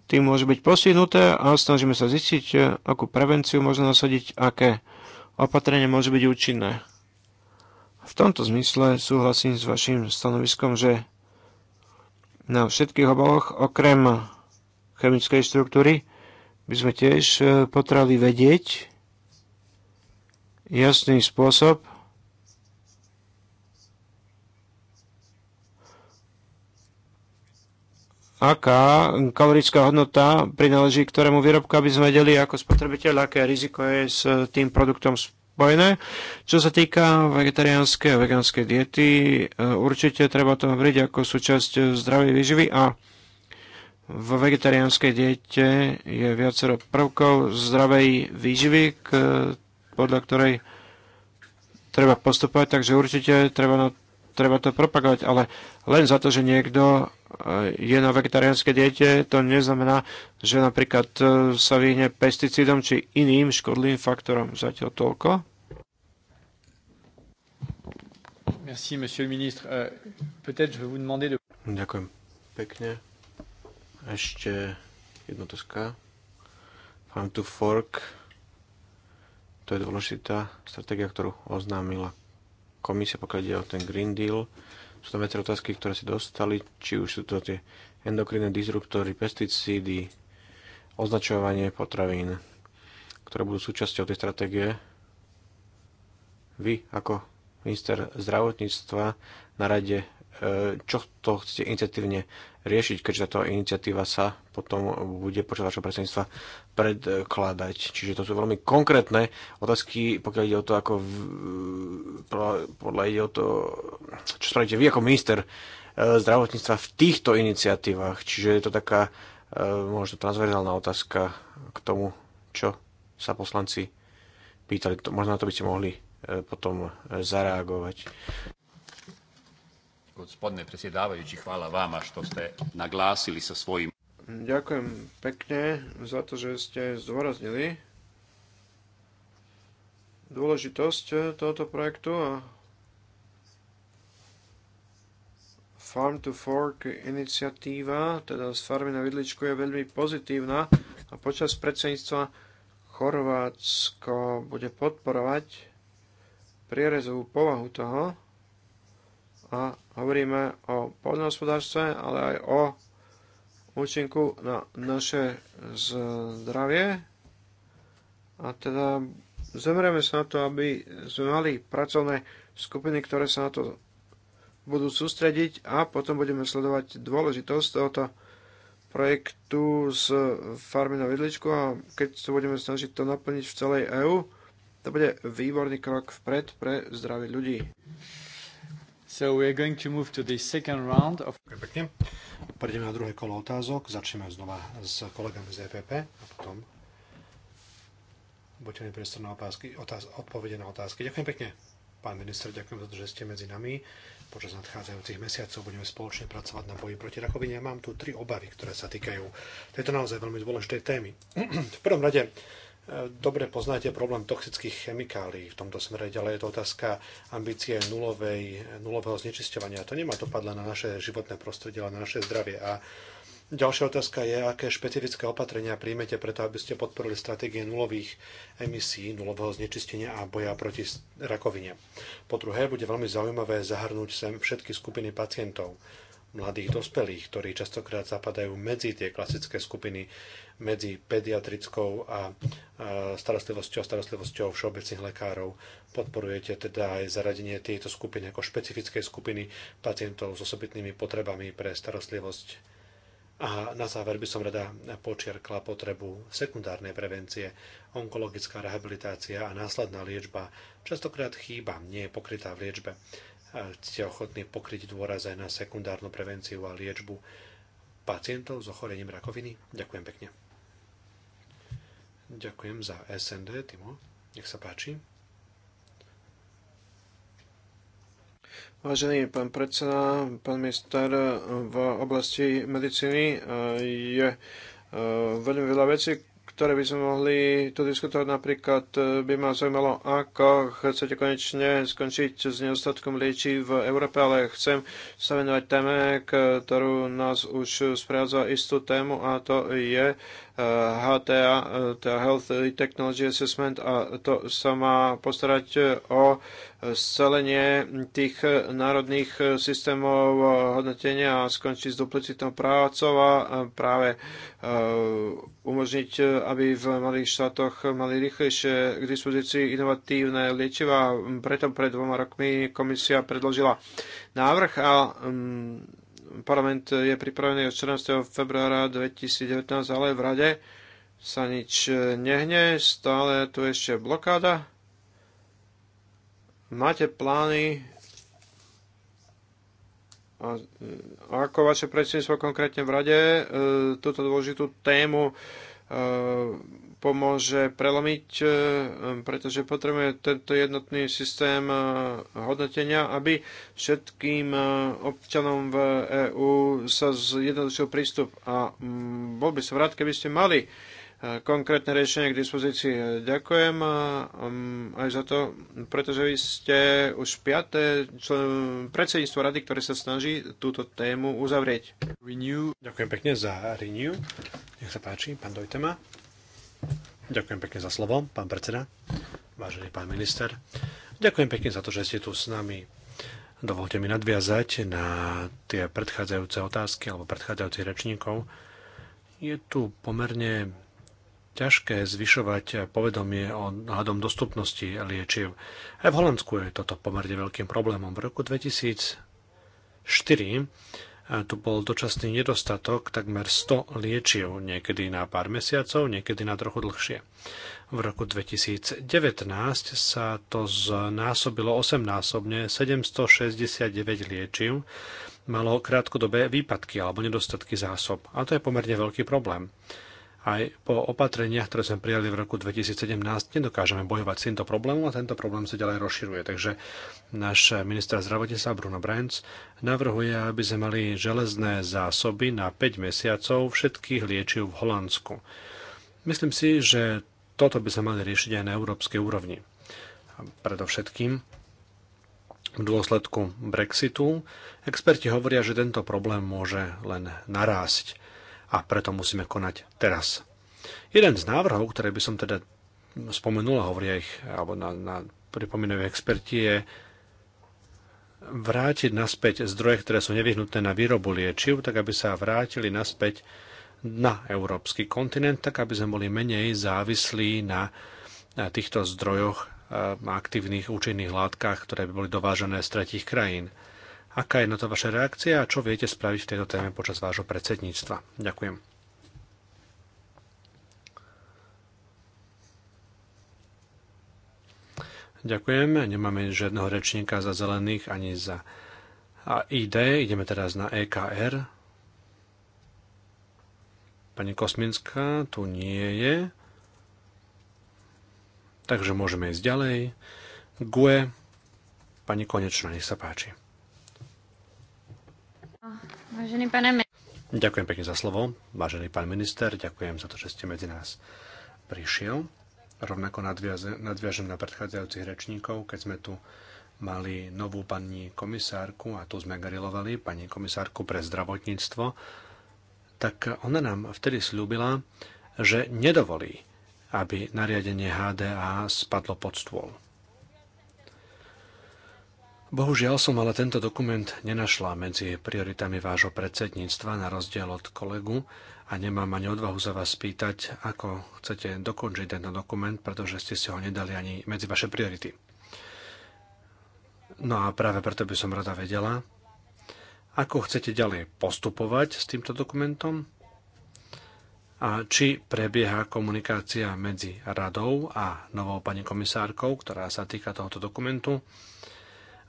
Speaker 3: tým môžu byť postihnuté a snažíme sa zistiť, e, akú prevenciu možno nasadiť, aké opatrenie môže byť účinné. V tomto zmysle súhlasím s vašim stanoviskom, že na všetkých obaloch, okrem chemickej štruktúry, by sme tiež e, potrebovali vedieť jasný spôsob, aká kalorická hodnota prináleží ktorému výrobku, aby sme vedeli ako spotrebiteľ, aké riziko je s tým produktom spôsobom spojené. Čo sa týka vegetariánskej a vegánskej diety, e, určite treba to hovoriť ako súčasť zdravej výživy a v vegetariánskej diete je viacero prvkov zdravej výživy, podľa ktorej treba postupovať, takže určite treba na treba to propagovať, ale len za to, že niekto eh, je na vegetariánske diete, to neznamená, že napríklad eh, sa vyhne pesticídom či iným škodlivým faktorom. Zatiaľ toľko.
Speaker 1: Merci, monsieur le ministre. Euh, peut-être je vais vous demander de... Ďakujem pekne.
Speaker 2: Ešte jedna toska. Farm to Fork. To je dôležitá stratégia, ktorú oznámila komisia, pokiaľ ide o ten Green Deal. Sú tam viaceré otázky, ktoré si dostali, či už sú to tie endokrinné disruptory, pesticídy, označovanie potravín, ktoré budú súčasťou tej stratégie. Vy ako minister zdravotníctva na rade, e, čo to chcete iniciatívne riešiť, keďže táto iniciatíva sa potom bude počas vašho predsedníctva predkladať. Čiže to sú veľmi konkrétne otázky, pokiaľ ide o to, ako v, podľa ide o to, čo spravíte vy ako minister e, zdravotníctva v týchto iniciatívach. Čiže je to taká e, možno transverzálna otázka k tomu, čo sa poslanci pýtali. Možno na to by ste mohli e, potom zareagovať. Gospodine predsjedavajući, hvala vama što ste
Speaker 1: naglasili sa svojim...
Speaker 3: Ďakujem pekne za to, že ste zdôraznili dôležitosť tohoto projektu a Farm to Fork iniciatíva, teda z farmy na vidličku, je veľmi pozitívna a počas predsedníctva Chorvátsko bude podporovať prierezovú povahu toho, a hovoríme o poľnohospodárstve, ale aj o účinku na naše zdravie. A teda zemrieme sa na to, aby sme mali pracovné skupiny, ktoré sa na to budú sústrediť a potom budeme sledovať dôležitosť tohoto projektu z farmy na vidličku a keď sa budeme snažiť to naplniť v celej EÚ, to bude výborný krok vpred pre zdravie
Speaker 1: ľudí. So we're going to move to the second round of... Prejdeme na druhé kolo otázok. Začneme znova s kolegami z EPP a potom buďte mi priestor na otázky, otáz, odpovede na otázky. Ďakujem pekne, pán minister, ďakujem za to, že ste medzi nami. Počas nadchádzajúcich mesiacov budeme spoločne pracovať na boji proti rakovine. Ja mám tu tri obavy, ktoré sa týkajú tejto naozaj veľmi dôležitej témy. v prvom rade dobre poznáte problém toxických chemikálií v tomto smere, ďalej je to otázka ambície nulovej, nulového znečisťovania. To nemá dopad len na naše životné prostredie, ale na naše zdravie. A ďalšia otázka je, aké špecifické opatrenia príjmete preto, aby ste podporili stratégie nulových emisí, nulového znečistenia a boja proti rakovine. Po druhé, bude veľmi zaujímavé zahrnúť sem všetky skupiny pacientov mladých dospelých, ktorí častokrát zapadajú medzi tie klasické skupiny, medzi pediatrickou a starostlivosťou a starostlivosťou všeobecných lekárov. Podporujete teda aj zaradenie tejto skupiny ako špecifickej skupiny pacientov s osobitnými potrebami pre starostlivosť. A na záver by som rada počiarkla potrebu sekundárnej prevencie. Onkologická rehabilitácia a následná liečba častokrát chýba, nie je pokrytá v liečbe ste ochotní pokryť dôraz aj na sekundárnu prevenciu a liečbu pacientov s ochorením rakoviny? Ďakujem pekne. Ďakujem za SND, Timo. Nech sa páči.
Speaker 3: Vážený pán predseda, pán minister, v oblasti medicíny eh, je eh, veľmi veľa vecí, ktoré by sme mohli tu diskutovať. Napríklad eh, by ma zaujímalo, ako chcete konečne skončiť s nedostatkom liečí v Európe, ale chcem sa venovať téme, ktorú nás už sprevádza istú tému a to je HTA, e, teda Health Technology Assessment a to sa má postarať o scelenie tých národných systémov hodnotenia a skončiť s duplicitnou prácou a práve e, umožniť, aby v malých štátoch mali rýchlejšie k dispozícii inovatívne liečiva. Preto pred dvoma rokmi komisia predložila návrh a mm, parlament je pripravený od 14. februára 2019, ale v rade sa nič nehne, stále tu ešte blokáda. Máte plány a e, ako vaše predsedníctvo konkrétne v rade e, túto dôležitú tému e, pomôže prelomiť, e, e, pretože potrebuje tento jednotný systém e, hodnotenia, aby všetkým občanom v EÚ sa zjednodušil prístup. A bol by som rád, keby ste mali konkrétne riešenie k dispozícii. Ďakujem aj za to, pretože vy ste už piaté predsedníctvo rady, ktoré sa snaží túto tému uzavrieť.
Speaker 1: Renew. Ďakujem pekne za Renew. Nech sa páči, pán Dojtema. Ďakujem pekne za slovo, pán predseda, vážený pán minister. Ďakujem pekne za to, že ste tu s nami. Dovolte mi nadviazať na tie predchádzajúce otázky alebo predchádzajúcich rečníkov. Je tu pomerne ťažké zvyšovať povedomie o hľadom dostupnosti liečiv. Aj v Holandsku je toto pomerne veľkým problémom. V roku 2004 tu bol dočasný nedostatok takmer 100 liečiv, niekedy na pár mesiacov, niekedy na trochu dlhšie. V roku 2019 sa to znásobilo 8-násobne, 769 liečiv malo krátkodobé výpadky alebo nedostatky zásob. A to je pomerne veľký problém aj po opatreniach, ktoré sme prijali v roku 2017, nedokážeme bojovať s týmto problémom a tento problém sa ďalej rozširuje. Takže náš minister zdravotníctva Bruno Brands navrhuje, aby sme mali železné zásoby na 5 mesiacov všetkých liečiv v Holandsku. Myslím si, že toto by sme mali riešiť aj na európskej úrovni. A predovšetkým v dôsledku Brexitu experti hovoria, že tento problém môže len narásť a preto musíme konať teraz. Jeden z návrhov, ktoré by som teda spomenul a hovoria ich, alebo na, na pripomínajú experti, je vrátiť naspäť zdroje, ktoré sú nevyhnutné na výrobu liečiv, tak aby sa vrátili naspäť na európsky kontinent, tak aby sme boli menej závislí na, týchto zdrojoch a aktívnych účinných látkach, ktoré by boli dovážené z tretich krajín. Aká je na to vaša reakcia a čo viete spraviť v tejto téme počas vášho predsedníctva? Ďakujem. Ďakujem. Nemáme žiadneho rečníka za zelených ani za ID. Ideme teraz na EKR. Pani Kosminská tu nie je. Takže môžeme ísť ďalej. GUE. Pani Konečná, nech sa páči.
Speaker 2: Vážený pane...
Speaker 1: Ďakujem pekne za slovo. Vážený pán minister, ďakujem za to, že ste medzi nás prišiel. Rovnako nadviažem na predchádzajúcich rečníkov, keď sme tu mali novú pani komisárku, a tu sme garilovali, pani komisárku pre zdravotníctvo, tak ona nám vtedy slúbila, že nedovolí, aby nariadenie HDA spadlo pod stôl. Bohužiaľ som ale tento dokument nenašla medzi prioritami vášho predsedníctva na rozdiel od kolegu a nemám ani odvahu za vás spýtať, ako chcete dokončiť tento dokument, pretože ste si ho nedali ani medzi vaše priority. No a práve preto by som rada vedela, ako chcete ďalej postupovať s týmto dokumentom a či prebieha komunikácia medzi radou a novou pani komisárkou, ktorá sa týka tohoto dokumentu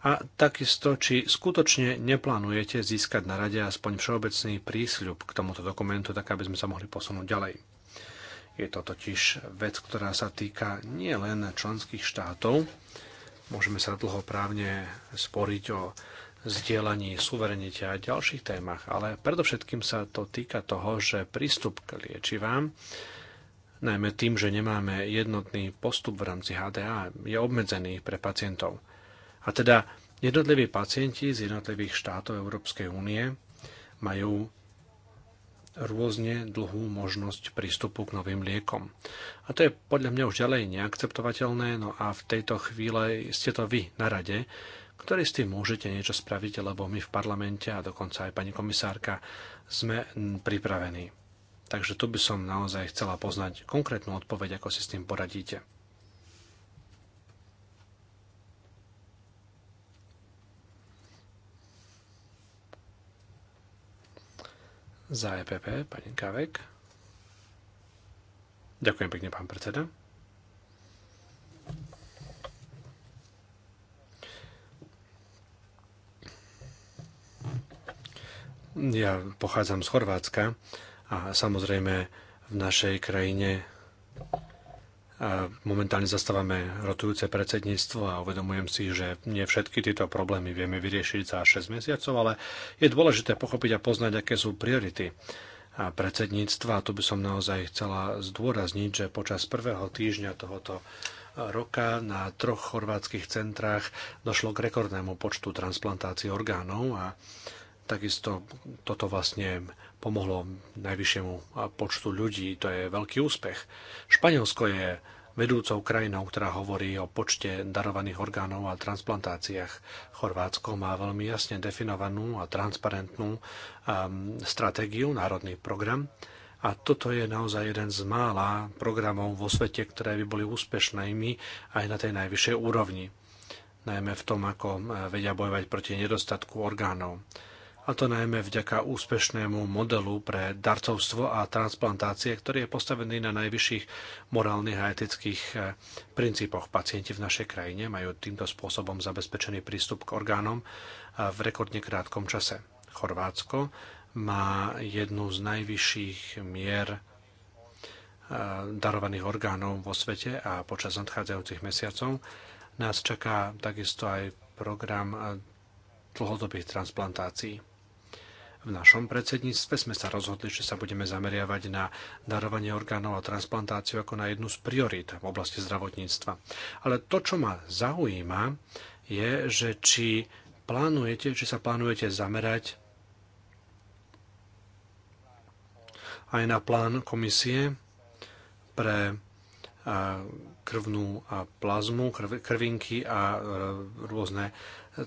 Speaker 1: a takisto, či skutočne neplánujete získať na rade aspoň všeobecný prísľub k tomuto dokumentu, tak aby sme sa mohli posunúť ďalej. Je to totiž vec, ktorá sa týka nielen členských štátov, môžeme sa dlho právne sporiť o zdieľaní suverenite a ďalších témach, ale predovšetkým sa to týka toho, že prístup k liečivám, najmä tým, že nemáme jednotný postup v rámci HDA, je obmedzený pre pacientov. A teda jednotliví pacienti z jednotlivých štátov Európskej únie majú rôzne dlhú možnosť prístupu k novým liekom. A to je podľa mňa už ďalej neakceptovateľné, no a v tejto chvíle ste to vy na rade, ktorý s tým môžete niečo spraviť, lebo my v parlamente a dokonca aj pani komisárka sme pripravení. Takže tu by som naozaj chcela poznať konkrétnu odpoveď, ako si s tým poradíte. Za EPP, pani Gavek. Ďakujem pekne, pán predseda. Ja pochádzam z Chorvátska a samozrejme v našej krajine Momentálne zastávame rotujúce predsedníctvo a uvedomujem si, že nie všetky tieto problémy vieme vyriešiť za 6 mesiacov, ale je dôležité pochopiť a poznať, aké sú priority a predsedníctva. Tu by som naozaj chcela zdôrazniť, že počas prvého týždňa tohoto roka na troch chorvátskych centrách došlo k rekordnému počtu transplantácií orgánov a takisto toto vlastne pomohlo najvyššiemu počtu ľudí. To je veľký úspech. Španielsko je vedúcou krajinou, ktorá hovorí o počte darovaných orgánov a transplantáciách. Chorvátsko má veľmi jasne definovanú a transparentnú um, stratégiu, národný program. A toto je naozaj jeden z mála programov vo svete, ktoré by boli úspešnými aj na tej najvyššej úrovni. Najmä v tom, ako eh, vedia bojovať proti nedostatku orgánov a to najmä vďaka úspešnému modelu pre darcovstvo a transplantácie, ktorý je postavený na najvyšších morálnych a etických eh, princípoch. Pacienti v našej krajine majú týmto spôsobom zabezpečený prístup k orgánom eh, v rekordne krátkom čase. Chorvátsko má jednu z najvyšších mier eh, darovaných orgánov vo svete a počas nadchádzajúcich mesiacov nás čaká takisto aj program dlhodobých transplantácií. V našom predsedníctve sme sa rozhodli, že sa budeme zameriavať na darovanie orgánov a transplantáciu ako na jednu z priorít v oblasti zdravotníctva. Ale to, čo ma zaujíma, je, že či plánujete, či sa plánujete zamerať aj na plán komisie pre e, krvnú plazmu, krvinky a e, rôzne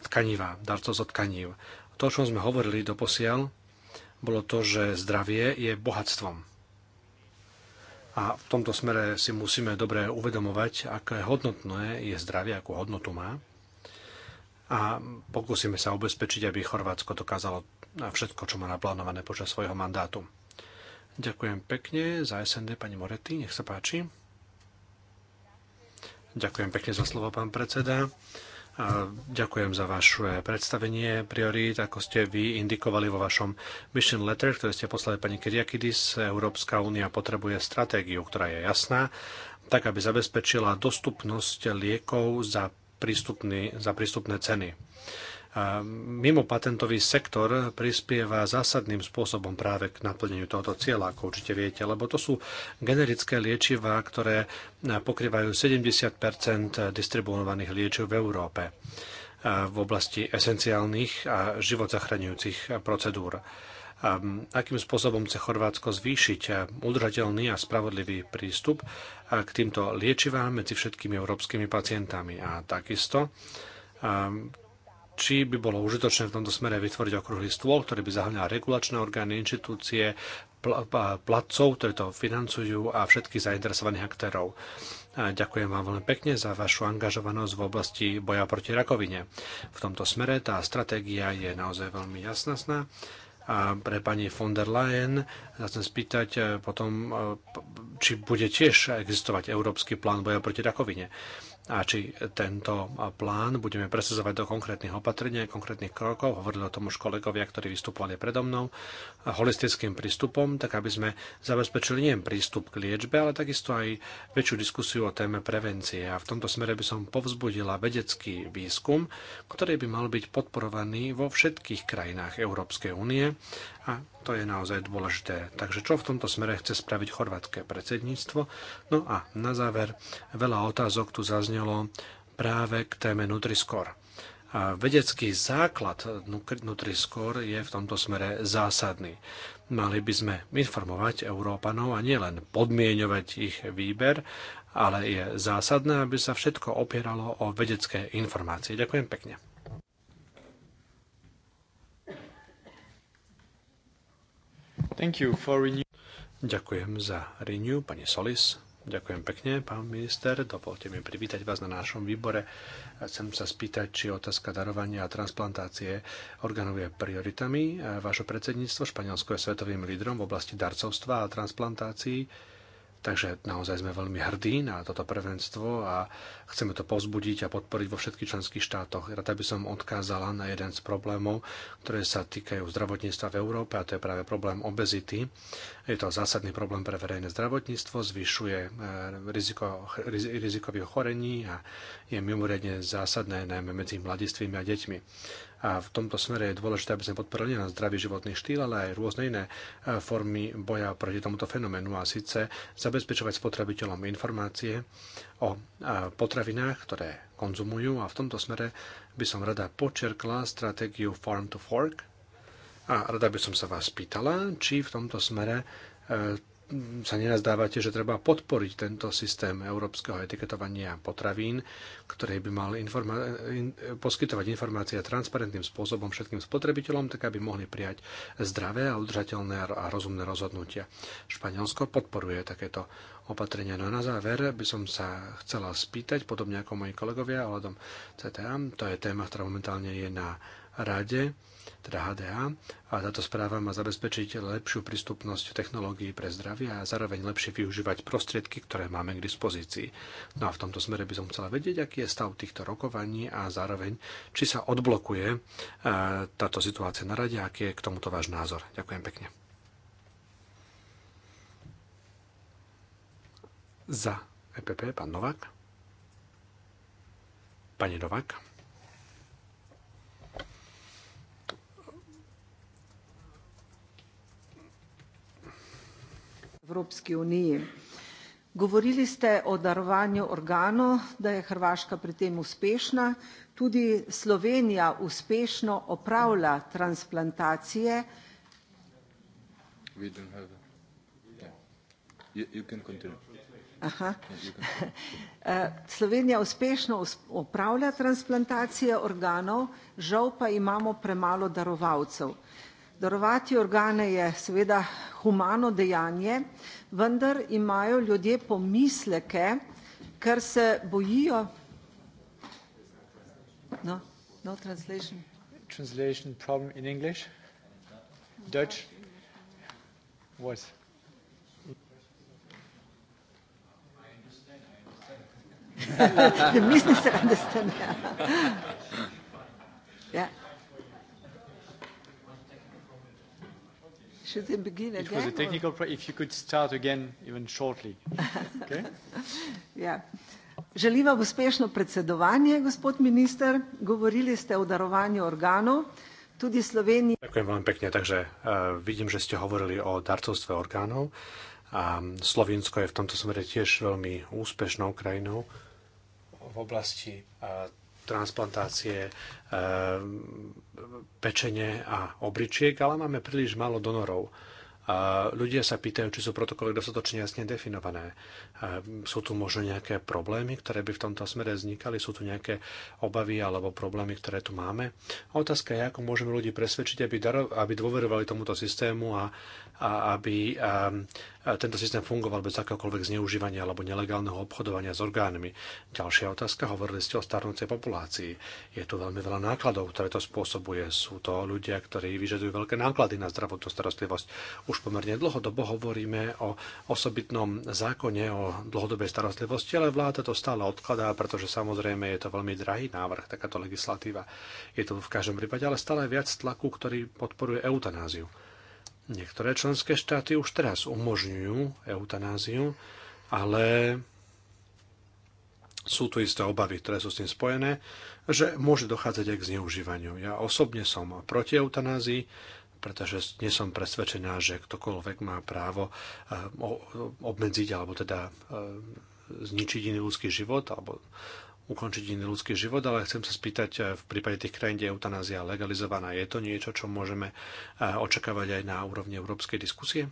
Speaker 1: tkanivá, darcov zo tkanív. To, o čom sme hovorili doposiaľ, bolo to, že zdravie je bohatstvom. A v tomto smere si musíme dobre uvedomovať, aké hodnotné je zdravie, akú hodnotu má. A pokúsime sa ubezpečiť, aby Chorvátsko dokázalo všetko, čo má naplánované počas svojho mandátu. Ďakujem pekne za SND pani Moretti, nech sa páči. Ďakujem pekne za slovo, pán predseda. Ďakujem za vaše predstavenie priorít, ako ste vy indikovali vo vašom mission letter, ktoré ste poslali pani Keriakidis. Európska únia potrebuje stratégiu, ktorá je jasná, tak aby zabezpečila dostupnosť liekov za, prístupný, za prístupné ceny mimo patentový sektor prispieva zásadným spôsobom práve k naplneniu tohoto cieľa, ako určite viete, lebo to sú generické liečivá, ktoré pokrývajú 70 distribuovaných liečiv v Európe v oblasti esenciálnych a život zachraňujúcich procedúr. A akým spôsobom chce Chorvátsko zvýšiť udržateľný a spravodlivý prístup k týmto liečivám medzi všetkými európskymi pacientami. A takisto či by bolo užitočné v tomto smere vytvoriť okruhý stôl, ktorý by zahrňal regulačné orgány, inštitúcie, pl- placov, ktorí to financujú a všetkých zainteresovaných aktérov. A ďakujem vám veľmi pekne za vašu angažovanosť v oblasti boja proti rakovine. V tomto smere tá stratégia je naozaj veľmi jasnasná. A pre pani von der Leyen sa chcem spýtať eh, potom, eh, či bude tiež existovať Európsky plán boja proti rakovine a či tento plán budeme presadzovať do konkrétnych opatrení, konkrétnych krokov. Hovorili o tom už kolegovia, ktorí vystupovali predo mnou, holistickým prístupom, tak aby sme zabezpečili nie prístup k liečbe, ale takisto aj väčšiu diskusiu o téme prevencie. A v tomto smere by som povzbudila vedecký výskum, ktorý by mal byť podporovaný vo všetkých krajinách Európskej únie a to je naozaj dôležité. Takže čo v tomto smere chce spraviť chorvátske predsedníctvo? No a na záver veľa otázok tu zaznelo práve k téme Nutriscore. A vedecký základ Nutriscore je v tomto smere zásadný. Mali by sme informovať Európanov a nielen podmienovať ich výber, ale je zásadné, aby sa všetko opieralo o vedecké informácie. Ďakujem pekne. Thank you for renew- Ďakujem za Renew, pani Solis. Ďakujem pekne, pán minister. Dovolte mi privítať vás na našom výbore. Chcem sa spýtať, či otázka darovania a transplantácie orgánov je prioritami. Vaše predsedníctvo Španielsko je svetovým lídrom v oblasti darcovstva a transplantácií Takže naozaj sme veľmi hrdí na toto prvenstvo a chceme to pozbudiť a podporiť vo všetkých členských štátoch. Rada by som odkázala na jeden z problémov, ktoré sa týkajú zdravotníctva v Európe a to je práve problém obezity. Je to zásadný problém pre verejné zdravotníctvo, zvyšuje e, riziko, rizikových ochorení a je mimoriadne zásadné najmä medzi mladistvými a deťmi. A v tomto smere je dôležité, aby sme podporili na zdravý životný štýl, ale aj rôzne iné e, formy boja proti tomuto fenoménu a síce zabezpečovať spotrebiteľom informácie o e, potravinách, ktoré konzumujú a v tomto smere by som rada počerkla stratégiu Farm to Fork a rada by som sa vás pýtala, či v tomto smere e, sa nenazdávate, že treba podporiť tento systém európskeho etiketovania potravín, ktorý by mal informa- in- poskytovať informácie transparentným spôsobom všetkým spotrebiteľom, tak aby mohli prijať zdravé a udržateľné a rozumné rozhodnutia. Španielsko podporuje takéto opatrenia. No a na záver by som sa chcela spýtať, podobne ako moji kolegovia, ohľadom CTA, to je téma, ktorá momentálne je na rade teda HDA. A táto správa má zabezpečiť lepšiu prístupnosť technológií pre zdravie a zároveň lepšie využívať prostriedky, ktoré máme k dispozícii. No a v tomto smere by som chcela vedieť, aký je stav týchto rokovaní a zároveň, či sa odblokuje e, táto situácia na rade, aký je k tomuto váš názor. Ďakujem pekne. Za EPP, pán Novák. Pani Novák.
Speaker 4: Evropski uniji. Govorili ste o darovanju organov, da je Hrvaška pri tem uspešna. Tudi Slovenija uspešno opravlja transplantacije. Eh, Slovenija uspešno opravlja transplantacije organov, žal pa imamo premalo darovalcev. Darovati organe je seveda humano dejanje, vendar imajo ljudje pomisleke, ker se bojijo. No, no translation.
Speaker 1: Translation problem in English? Dutch? What?
Speaker 4: I understand, I understand. Should they begin again? It was a technical
Speaker 1: or? If you could start again, even shortly. Okay?
Speaker 4: yeah. Želim vam uspešno predsedovanje, gospod minister. Govorili ste o darovanju organov. Tudi Sloveniji...
Speaker 1: Ďakujem veľmi pekne. Takže uh, vidím, že ste hovorili o darcovstve orgánov. A Slovinsko je v tomto smere tiež veľmi úspešnou krajinou v oblasti uh, transplantácie eh, pečenie a obličiek, ale máme príliš málo donorov. A ľudia sa pýtajú, či sú protokoly dostatočne jasne definované. A sú tu možno nejaké problémy, ktoré by v tomto smere vznikali? Sú tu nejaké obavy alebo problémy, ktoré tu máme? A otázka je, ako môžeme ľudí presvedčiť, aby, daro, aby dôverovali tomuto systému a, a aby a, a tento systém fungoval bez akéhokoľvek zneužívania alebo nelegálneho obchodovania s orgánmi. Ďalšia otázka, hovorili ste o starnúcej populácii. Je tu veľmi veľa nákladov, ktoré to spôsobuje. Sú to ľudia, ktorí vyžadujú veľké náklady na zdravotnú starostlivosť už pomerne dlhodobo hovoríme o osobitnom zákone o dlhodobej starostlivosti, ale vláda to stále odkladá, pretože samozrejme je to veľmi drahý návrh, takáto legislatíva. Je to v každom prípade ale stále viac tlaku, ktorý podporuje eutanáziu. Niektoré členské štáty už teraz umožňujú eutanáziu, ale sú tu isté obavy, ktoré sú s tým spojené, že môže dochádzať aj k zneužívaniu. Ja osobne som proti eutanázii, pretože nie som presvedčená, že ktokoľvek má právo eh, obmedziť alebo teda eh, zničiť iný ľudský život alebo ukončiť iný ľudský život, ale chcem sa spýtať, eh, v prípade tých krajín, kde je eutanázia legalizovaná, je to niečo, čo môžeme očakávať aj na úrovni európskej diskusie?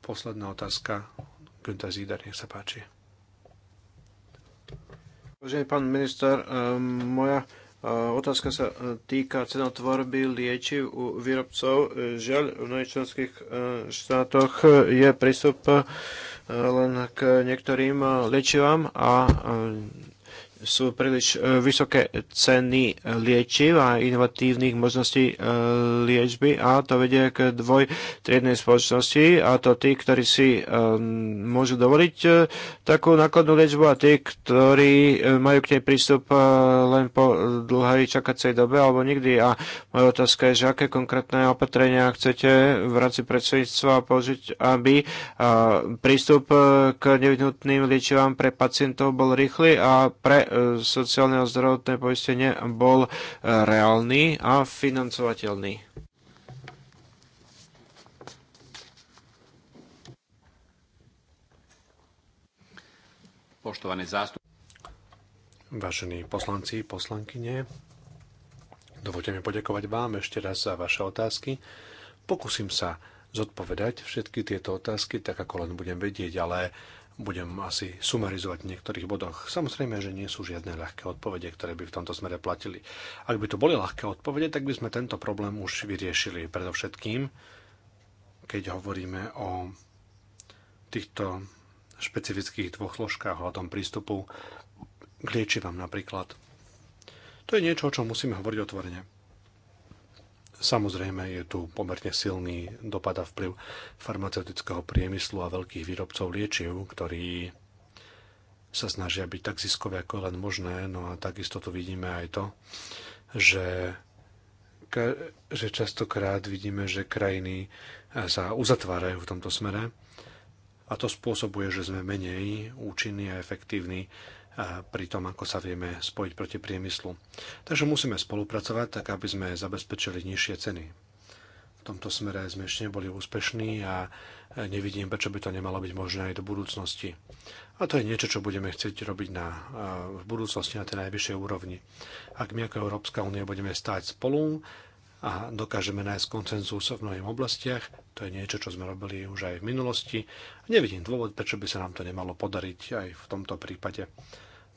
Speaker 1: Posledná otázka. Günther Zieder, nech sa páči.
Speaker 3: Vážený pán minister, e, moja e, Otázka sa e, týka cenotvorby liečiv u výrobcov. Žiaľ, v mnohých členských štátoch je prístup len k niektorým liečivám a sú príliš e, vysoké ceny liečiv a inovatívnych možností e, liečby a to vedie k dvojtriednej spoločnosti a to tí, ktorí si e, môžu dovoliť takú nákladnú liečbu a tí, ktorí majú k nej prístup len po dlhej čakacej dobe alebo nikdy. A moja otázka je, že aké konkrétne opatrenia chcete v rámci predsedníctva použiť, aby prístup k nevyhnutným liečivám pre pacientov bol rýchly a pre sociálne a zdravotné poistenie bol reálny a financovateľný.
Speaker 1: Poštovane zástup... Vážení poslanci, poslankyne, dovolte mi poďakovať vám ešte raz za vaše otázky. Pokúsim sa zodpovedať všetky tieto otázky, tak ako len budem vedieť, ale budem asi sumarizovať v niektorých bodoch. Samozrejme, že nie sú žiadne ľahké odpovede, ktoré by v tomto smere platili. Ak by to boli ľahké odpovede, tak by sme tento problém už vyriešili. Predovšetkým, keď hovoríme o týchto špecifických dvoch zložkách hľadom prístupu k liečivám napríklad. To je niečo, o čom musíme hovoriť otvorene Samozrejme je tu pomerne silný dopad a vplyv farmaceutického priemyslu a veľkých výrobcov liečiv, ktorí sa snažia byť tak ziskové, ako len možné. No a takisto tu vidíme aj to, že, že častokrát vidíme, že krajiny sa uzatvárajú v tomto smere a to spôsobuje, že sme menej účinní a efektívni pri tom, ako sa vieme spojiť proti priemyslu. Takže musíme spolupracovať, tak aby sme zabezpečili nižšie ceny. V tomto smere sme ešte neboli úspešní a nevidím, prečo by to nemalo byť možné aj do budúcnosti. A to je niečo, čo budeme chcieť robiť na, v budúcnosti na tej najvyššej úrovni. Ak my ako Európska únia budeme stáť spolu, a dokážeme nájsť koncenzus v mnohých oblastiach. To je niečo, čo sme robili už aj v minulosti. Nevidím dôvod, prečo by sa nám to nemalo podariť aj v tomto prípade,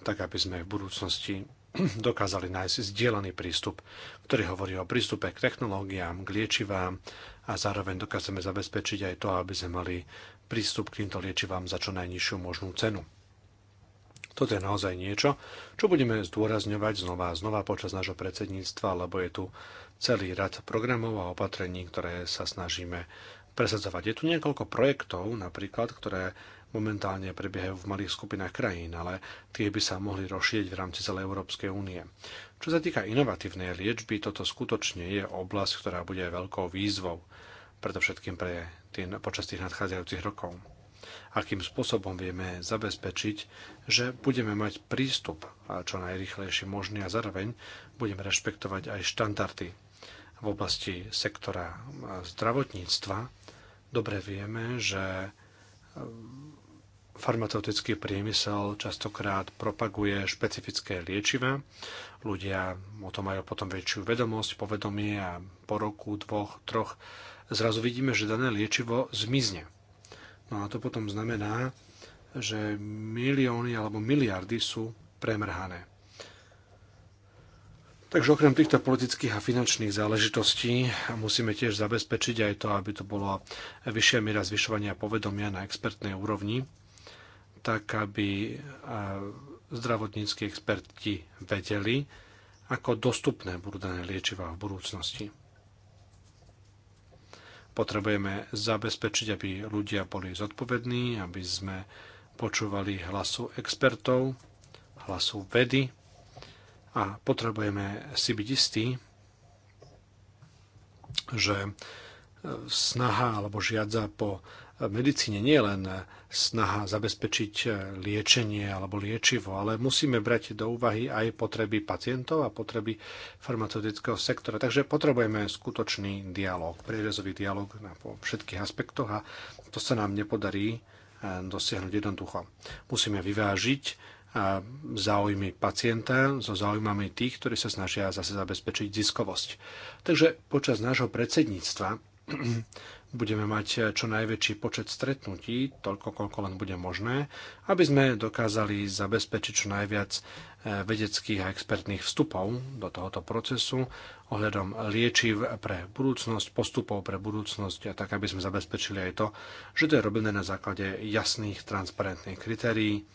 Speaker 1: tak aby sme v budúcnosti dokázali nájsť zdieľaný prístup, ktorý hovorí o prístupe k technológiám, k liečivám a zároveň dokážeme zabezpečiť aj to, aby sme mali prístup k týmto liečivám za čo najnižšiu možnú cenu. Toto je naozaj niečo, čo budeme zdôrazňovať znova a znova počas nášho predsedníctva, lebo je tu celý rad programov a opatrení, ktoré sa snažíme presadzovať. Je tu niekoľko projektov, napríklad, ktoré momentálne prebiehajú v malých skupinách krajín, ale tie by sa mohli rozšíriť v rámci celej Európskej únie. Čo sa týka inovatívnej liečby, toto skutočne je oblasť, ktorá bude veľkou výzvou, predovšetkým pre tým, počas tých nadchádzajúcich rokov. Akým spôsobom vieme zabezpečiť, že budeme mať prístup čo najrychlejší možný a zároveň budeme rešpektovať aj štandardy v oblasti sektora zdravotníctva, dobre vieme, že eh, farmaceutický priemysel častokrát propaguje špecifické liečiva. Ľudia o tom majú potom väčšiu vedomosť, povedomie a po roku, dvoch, troch zrazu vidíme, že dané liečivo zmizne. No a to potom znamená, že milióny alebo miliardy sú premrhané. Takže okrem týchto politických a finančných záležitostí musíme tiež zabezpečiť aj to, aby to bola vyššia miera zvyšovania povedomia na expertnej úrovni, tak aby zdravotníckí experti vedeli, ako dostupné budú dané liečiva v budúcnosti. Potrebujeme zabezpečiť, aby ľudia boli zodpovední, aby sme počúvali hlasu expertov, hlasu vedy, a potrebujeme si byť istí, že e, snaha alebo žiadza po medicíne nie je len snaha zabezpečiť e, liečenie alebo liečivo, ale musíme brať do úvahy aj potreby pacientov a potreby farmaceutického sektora. Takže potrebujeme skutočný dialog, prierezový dialog na po všetkých aspektoch a to sa nám nepodarí e, dosiahnuť jednoducho. Musíme vyvážiť záujmy pacienta so záujmami tých, ktorí sa snažia zase zabezpečiť ziskovosť. Takže počas nášho predsedníctva budeme mať čo najväčší počet stretnutí, toľko koľko len bude možné, aby sme dokázali zabezpečiť čo najviac eh, vedeckých a expertných vstupov do tohoto procesu ohľadom liečiv pre budúcnosť, postupov pre budúcnosť a tak, aby sme zabezpečili aj to, že to je robené na základe jasných, transparentných kritérií,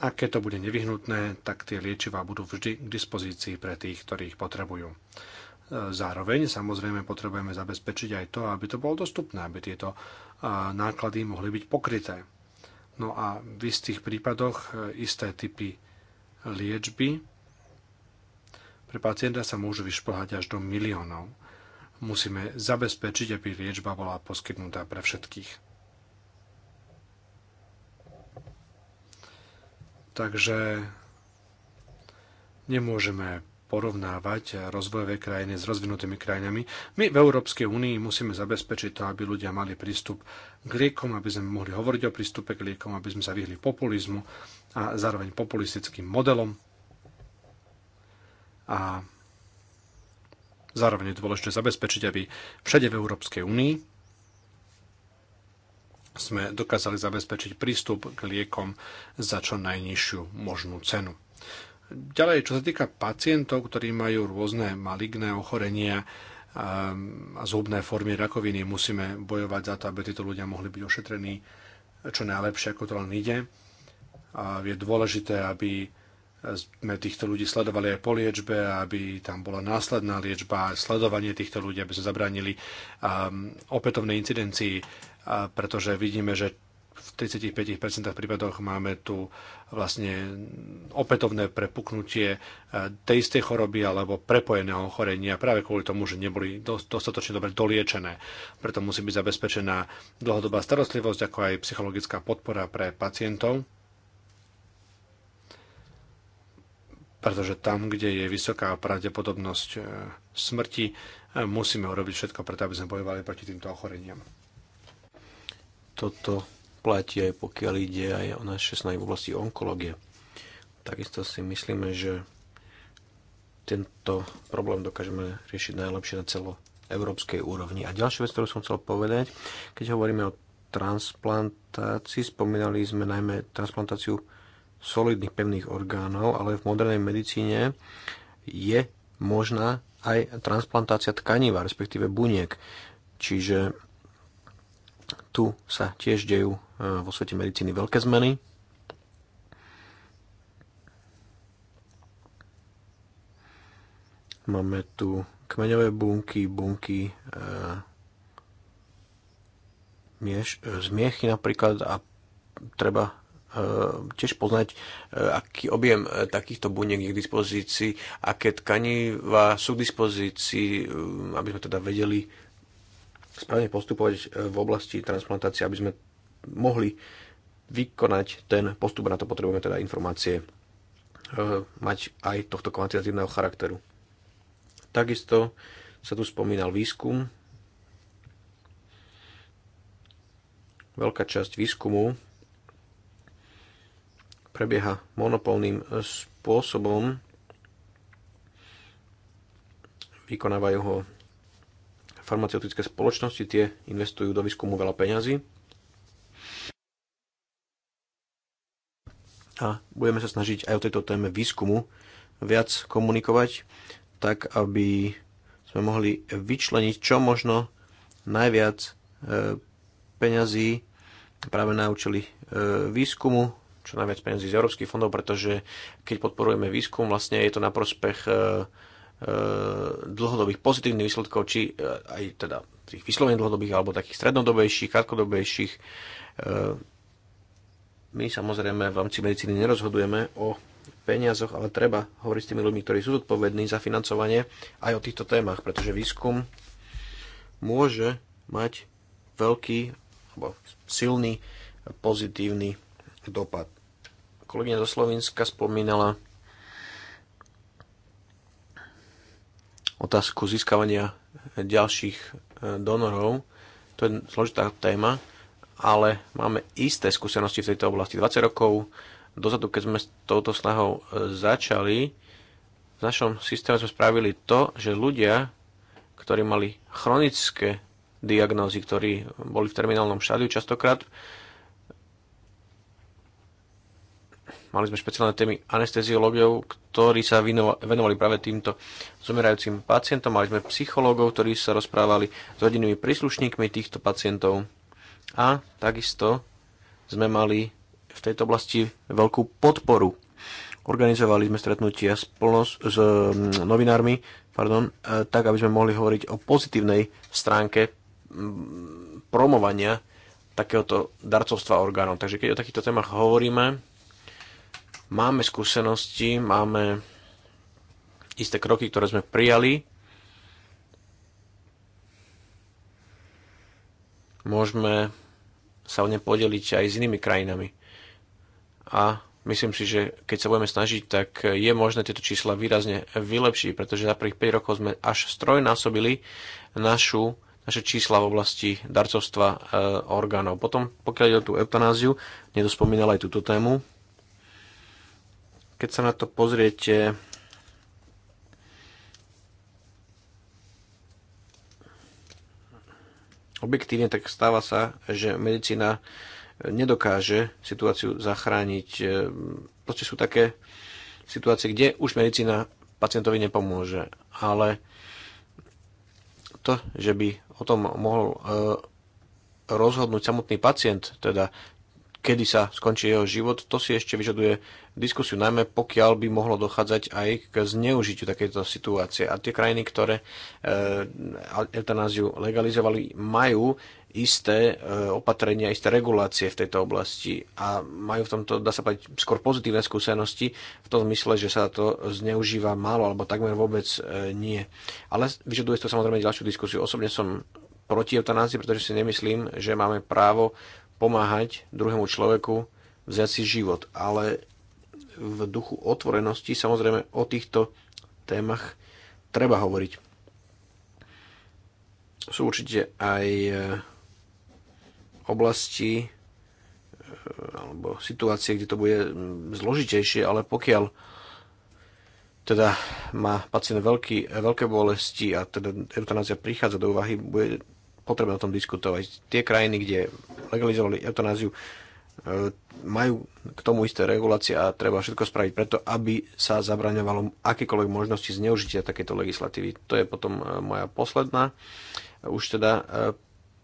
Speaker 1: a keď to bude nevyhnutné, tak tie liečivá budú vždy k dispozícii pre tých, ktorí ich potrebujú. E, zároveň samozrejme potrebujeme zabezpečiť aj to, aby to bolo dostupné, aby tieto e, náklady mohli byť pokryté. No a v istých prípadoch e, isté typy liečby pre pacienta sa môžu vyšplhať až do miliónov. Musíme zabezpečiť, aby liečba bola poskytnutá pre všetkých. Takže nemôžeme porovnávať rozvojové krajiny s rozvinutými krajinami. My v Európskej únii musíme zabezpečiť to, aby ľudia mali prístup k liekom, aby sme mohli hovoriť o prístupe k liekom, aby sme sa vyhli populizmu a zároveň populistickým modelom. A zároveň je dôležité zabezpečiť, aby všade v Európskej únii sme dokázali zabezpečiť prístup k liekom za čo najnižšiu možnú cenu. Ďalej, čo sa týka pacientov, ktorí majú rôzne maligné ochorenia um, a zhubné formy rakoviny, musíme bojovať za to, aby títo ľudia mohli byť ošetrení čo najlepšie, ako to len ide. A je dôležité, aby sme týchto ľudí sledovali aj po liečbe, aby tam bola následná liečba, sledovanie týchto ľudí, aby sme zabránili um, opätovnej incidencii pretože vidíme, že v 35% prípadoch máme tu vlastne opätovné prepuknutie e, tej istej choroby alebo prepojeného ochorenia práve kvôli tomu, že neboli dostatočne dobre doliečené. Preto musí byť zabezpečená dlhodobá starostlivosť, ako aj psychologická podpora pre pacientov. pretože tam, kde je vysoká pravdepodobnosť e, smrti, e, musíme urobiť všetko preto, aby sme bojovali proti týmto ochoreniam. Toto platí aj pokiaľ
Speaker 2: ide aj o naše snahy v oblasti onkológie. Takisto si myslíme, že tento problém dokážeme riešiť najlepšie na celo európskej úrovni. A ďalšia vec, ktorú som chcel povedať, keď hovoríme o transplantácii, spomínali sme najmä transplantáciu solidných pevných orgánov, ale v modernej medicíne je možná aj transplantácia tkaniva, respektíve buniek. Čiže tu sa tiež dejú e, vo svete medicíny veľké zmeny. Máme tu kmeňové bunky, bunky e, mieš, e, napríklad a treba e, tiež poznať, aký objem takýchto buniek je k dispozícii, aké tkaniva sú k dispozícii, aby sme teda vedeli správne postupovať e, v oblasti transplantácie, aby sme mohli vykonať ten postup. Na to potrebujeme teda informácie e, mať aj tohto kvantitatívneho charakteru. Takisto sa tu spomínal výskum. Veľká časť výskumu prebieha monopolným e, spôsobom. Vykonávajú ho farmaceutické spoločnosti, tie investujú do výskumu veľa peňazí. A budeme sa snažiť aj o tejto téme výskumu viac komunikovať, tak aby sme mohli vyčleniť čo možno najviac e, peňazí práve na účely e, výskumu, čo najviac peňazí z európskych fondov, pretože keď podporujeme výskum, vlastne je to na prospech e, E, dlhodobých pozitívnych výsledkov, či e, aj teda tých vyslovene dlhodobých alebo takých strednodobejších, krátkodobejších. E, my samozrejme v rámci medicíny nerozhodujeme o peniazoch, ale treba hovoriť s tými ľuďmi, ktorí sú zodpovední za financovanie aj o týchto témach, pretože výskum môže mať veľký alebo silný pozitívny dopad. Kolegyňa zo Slovenska spomínala otázku získavania ďalších e, donorov. To je zložitá téma, ale máme isté skúsenosti v tejto oblasti. 20 rokov dozadu, keď sme s touto snahou e, začali, v našom systéme sme spravili to, že ľudia, ktorí mali chronické diagnózy, ktorí boli v terminálnom štádiu, častokrát Mali sme špeciálne témy anesteziológiou, ktorí sa venovali práve týmto zomerajúcim pacientom. Mali sme psychológov, ktorí sa rozprávali s rodinnými príslušníkmi týchto pacientov. A takisto sme mali v tejto oblasti veľkú podporu. Organizovali sme stretnutia s, plnos, s mm, novinármi, pardon, e, tak aby sme mohli hovoriť o pozitívnej stránke mm, promovania takéhoto darcovstva orgánov. Takže keď o takýchto témach hovoríme, Máme skúsenosti, máme isté kroky, ktoré sme prijali. Môžeme sa o ne podeliť aj s inými krajinami. A myslím si, že keď sa budeme snažiť, tak je možné tieto čísla výrazne vylepšiť, pretože za prvých 5 rokov sme až strojnásobili našu naše čísla v oblasti darcovstva e, orgánov. Potom, pokiaľ ide o tú eutanáziu, nedospomínal aj túto tému, keď sa na to pozriete, objektívne, tak stáva sa, že medicína nedokáže situáciu zachrániť. E, proste sú také situácie, kde už medicína pacientovi nepomôže. Ale to, že by o tom mohol e, rozhodnúť samotný pacient, teda kedy sa skončí jeho život, to si ešte vyžaduje diskusiu, najmä pokiaľ by mohlo dochádzať aj k zneužitiu takejto situácie. A tie krajiny, ktoré eh, eutanáziu legalizovali, majú isté eh, opatrenia, isté regulácie v tejto oblasti a majú v tomto, dá sa povedať, skôr pozitívne skúsenosti v tom zmysle, že sa to zneužíva málo alebo takmer vôbec eh, nie. Ale vyžaduje to samozrejme ďalšiu diskusiu. Osobne som proti eutanázii, pretože si nemyslím, že máme právo pomáhať druhému človeku vziať si život. Ale v duchu otvorenosti samozrejme o týchto témach treba hovoriť. Sú určite aj e, oblasti e, alebo situácie, kde to bude zložitejšie, ale pokiaľ teda má pacient veľký, e, veľké bolesti a teda eutanázia prichádza do úvahy, bude potrebné o tom diskutovať. Tie krajiny, kde legalizovali eutanáziu, e, majú k tomu isté regulácie a treba všetko spraviť preto, aby sa zabraňovalo akékoľvek možnosti zneužitia takéto legislatívy. To je potom e, moja posledná. Už teda e,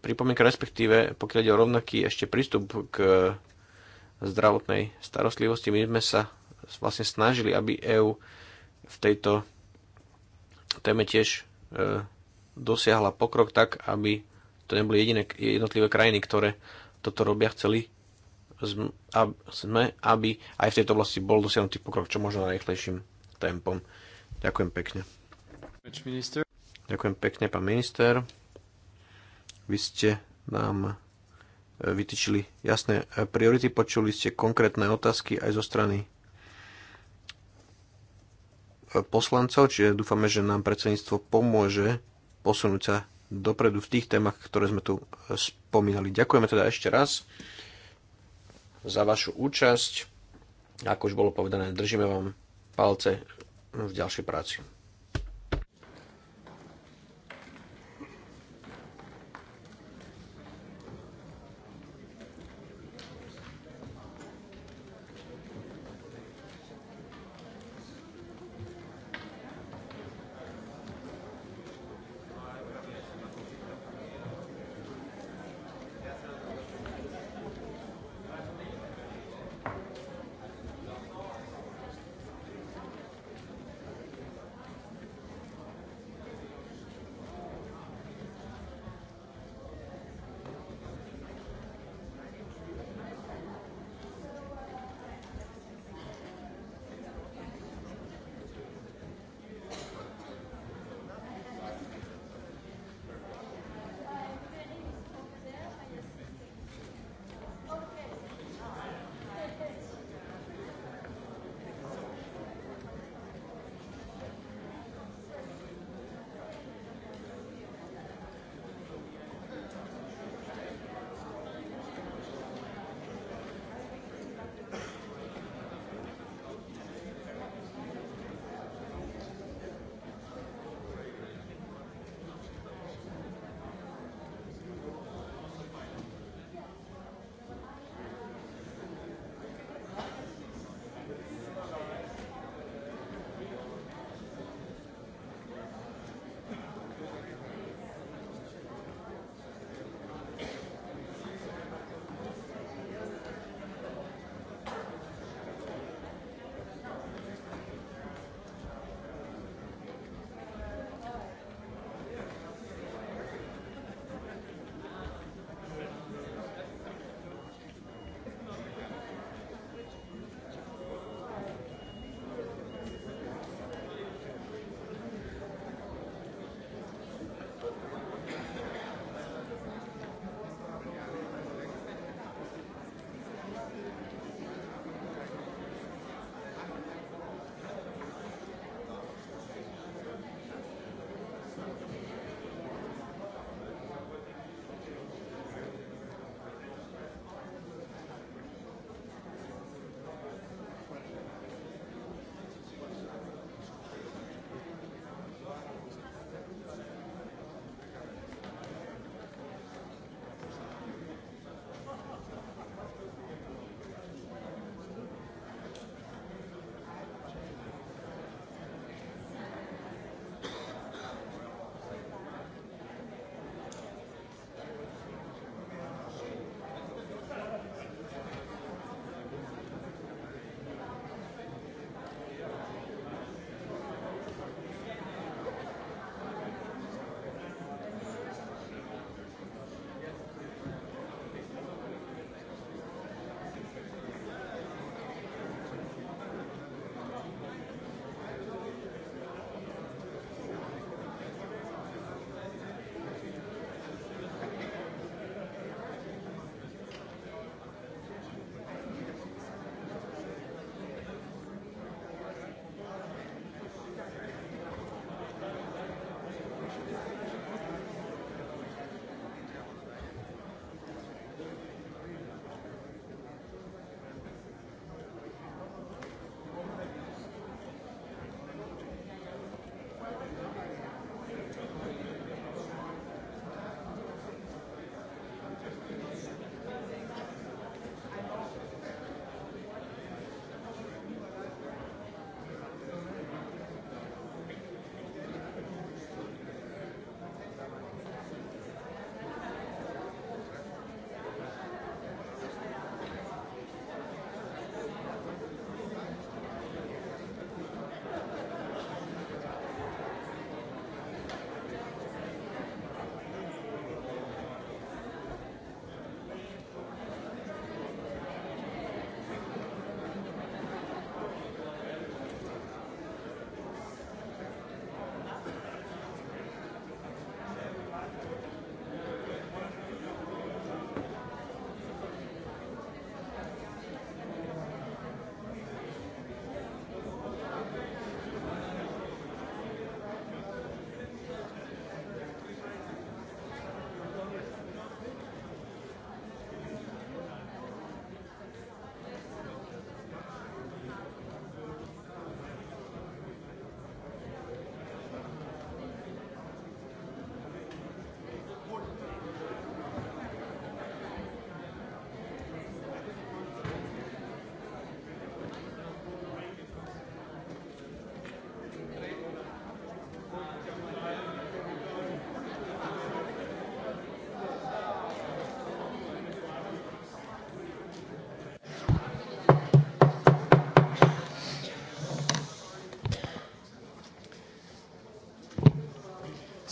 Speaker 2: pripomienka, respektíve pokiaľ ide o rovnaký ešte prístup k zdravotnej starostlivosti, my sme sa vlastne snažili, aby EÚ v tejto téme tiež dosiahla pokrok tak, aby to neboli jediné jednotlivé krajiny, ktoré toto robia, chceli sme, aby aj v tejto oblasti bol dosiahnutý pokrok čo možno najrychlejším tempom. Ďakujem pekne. Ďakujem pekne, pán minister. Vy ste nám e, vytýčili jasné e, priority, počuli ste konkrétne otázky aj zo strany e, poslancov, čiže dúfame, že nám predsedníctvo pomôže posunúť sa dopredu v tých témach, ktoré sme tu spomínali. Ďakujeme teda ešte raz za vašu účasť. Ako už bolo povedané, držíme vám palce v ďalšej práci.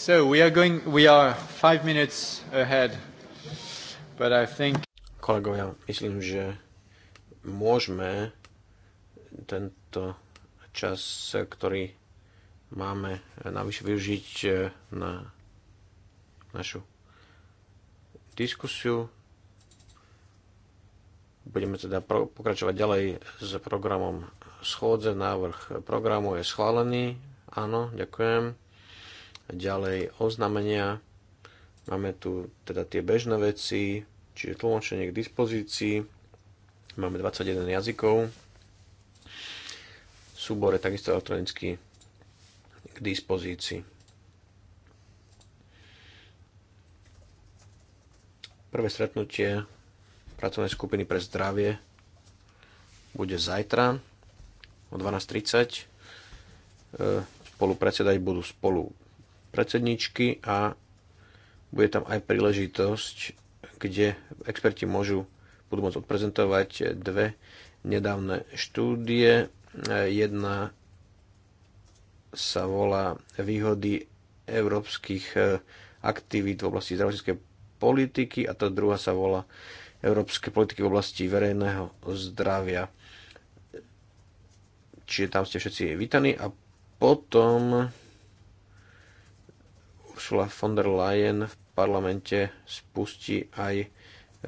Speaker 1: So we are going, we are five minutes ahead, but I think... Kolegovia, myslím, že
Speaker 2: môžeme tento čas, ktorý máme navyše využiť eh, na našu diskusiu. Budeme teda pokračovať ďalej s programom schôdze. Návrh programu je schválený. Áno, ďakujem. Ďalej oznámenia. Máme tu teda tie bežné veci, čiže tlmočenie k dispozícii. Máme 21 jazykov. Súbor je takisto elektronicky k dispozícii. Prvé stretnutie pracovnej skupiny pre zdravie bude zajtra o 12.30. E, spolu predsedať budú spolu predsedničky a bude tam aj príležitosť, kde experti môžu, budú môcť odprezentovať dve nedávne štúdie. Jedna sa volá Výhody európskych e, aktivít v oblasti zdravotníckej politiky a tá druhá sa volá Európske politiky v oblasti verejného zdravia. Čiže tam ste všetci vítaní a potom Ursula von der Leyen v parlamente spustí aj e,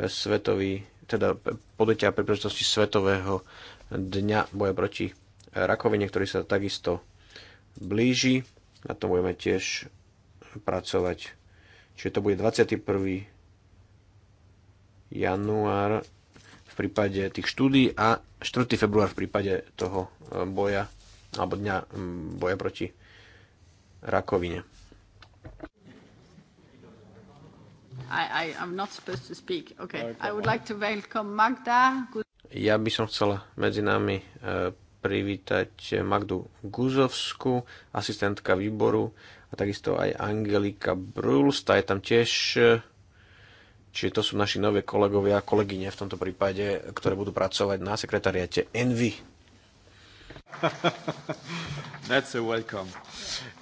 Speaker 2: svetový, teda podujatia pri príležitosti Svetového dňa boja proti rakovine, ktorý sa takisto blíži. Na tom budeme tiež pracovať. Čiže to bude 21. január v prípade tých štúdí a 4. február v prípade toho e, boja alebo dňa boja proti rakovine.
Speaker 4: No,
Speaker 2: ja by som chcel medzi nami eh, privítať Magdu Guzovsku, asistentka výboru a takisto aj Angelika Bruls, tá je tam tiež eh, Čiže to sú naši nové kolegovia a kolegyne v tomto prípade, ktoré budú pracovať na sekretariate Envy.
Speaker 1: That's a welcome.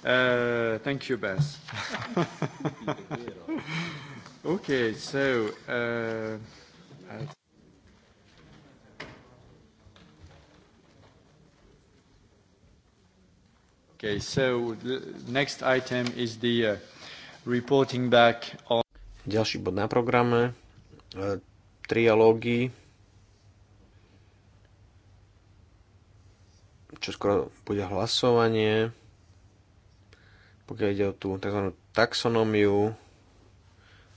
Speaker 1: Uh, thank you, Bess. okay, so. Uh, okay, so the next item is the uh, reporting back on... Ďalší bod na programe, uh, trialógy
Speaker 2: čo skoro bude hlasovanie, pokiaľ ide o tú tzv. taxonómiu,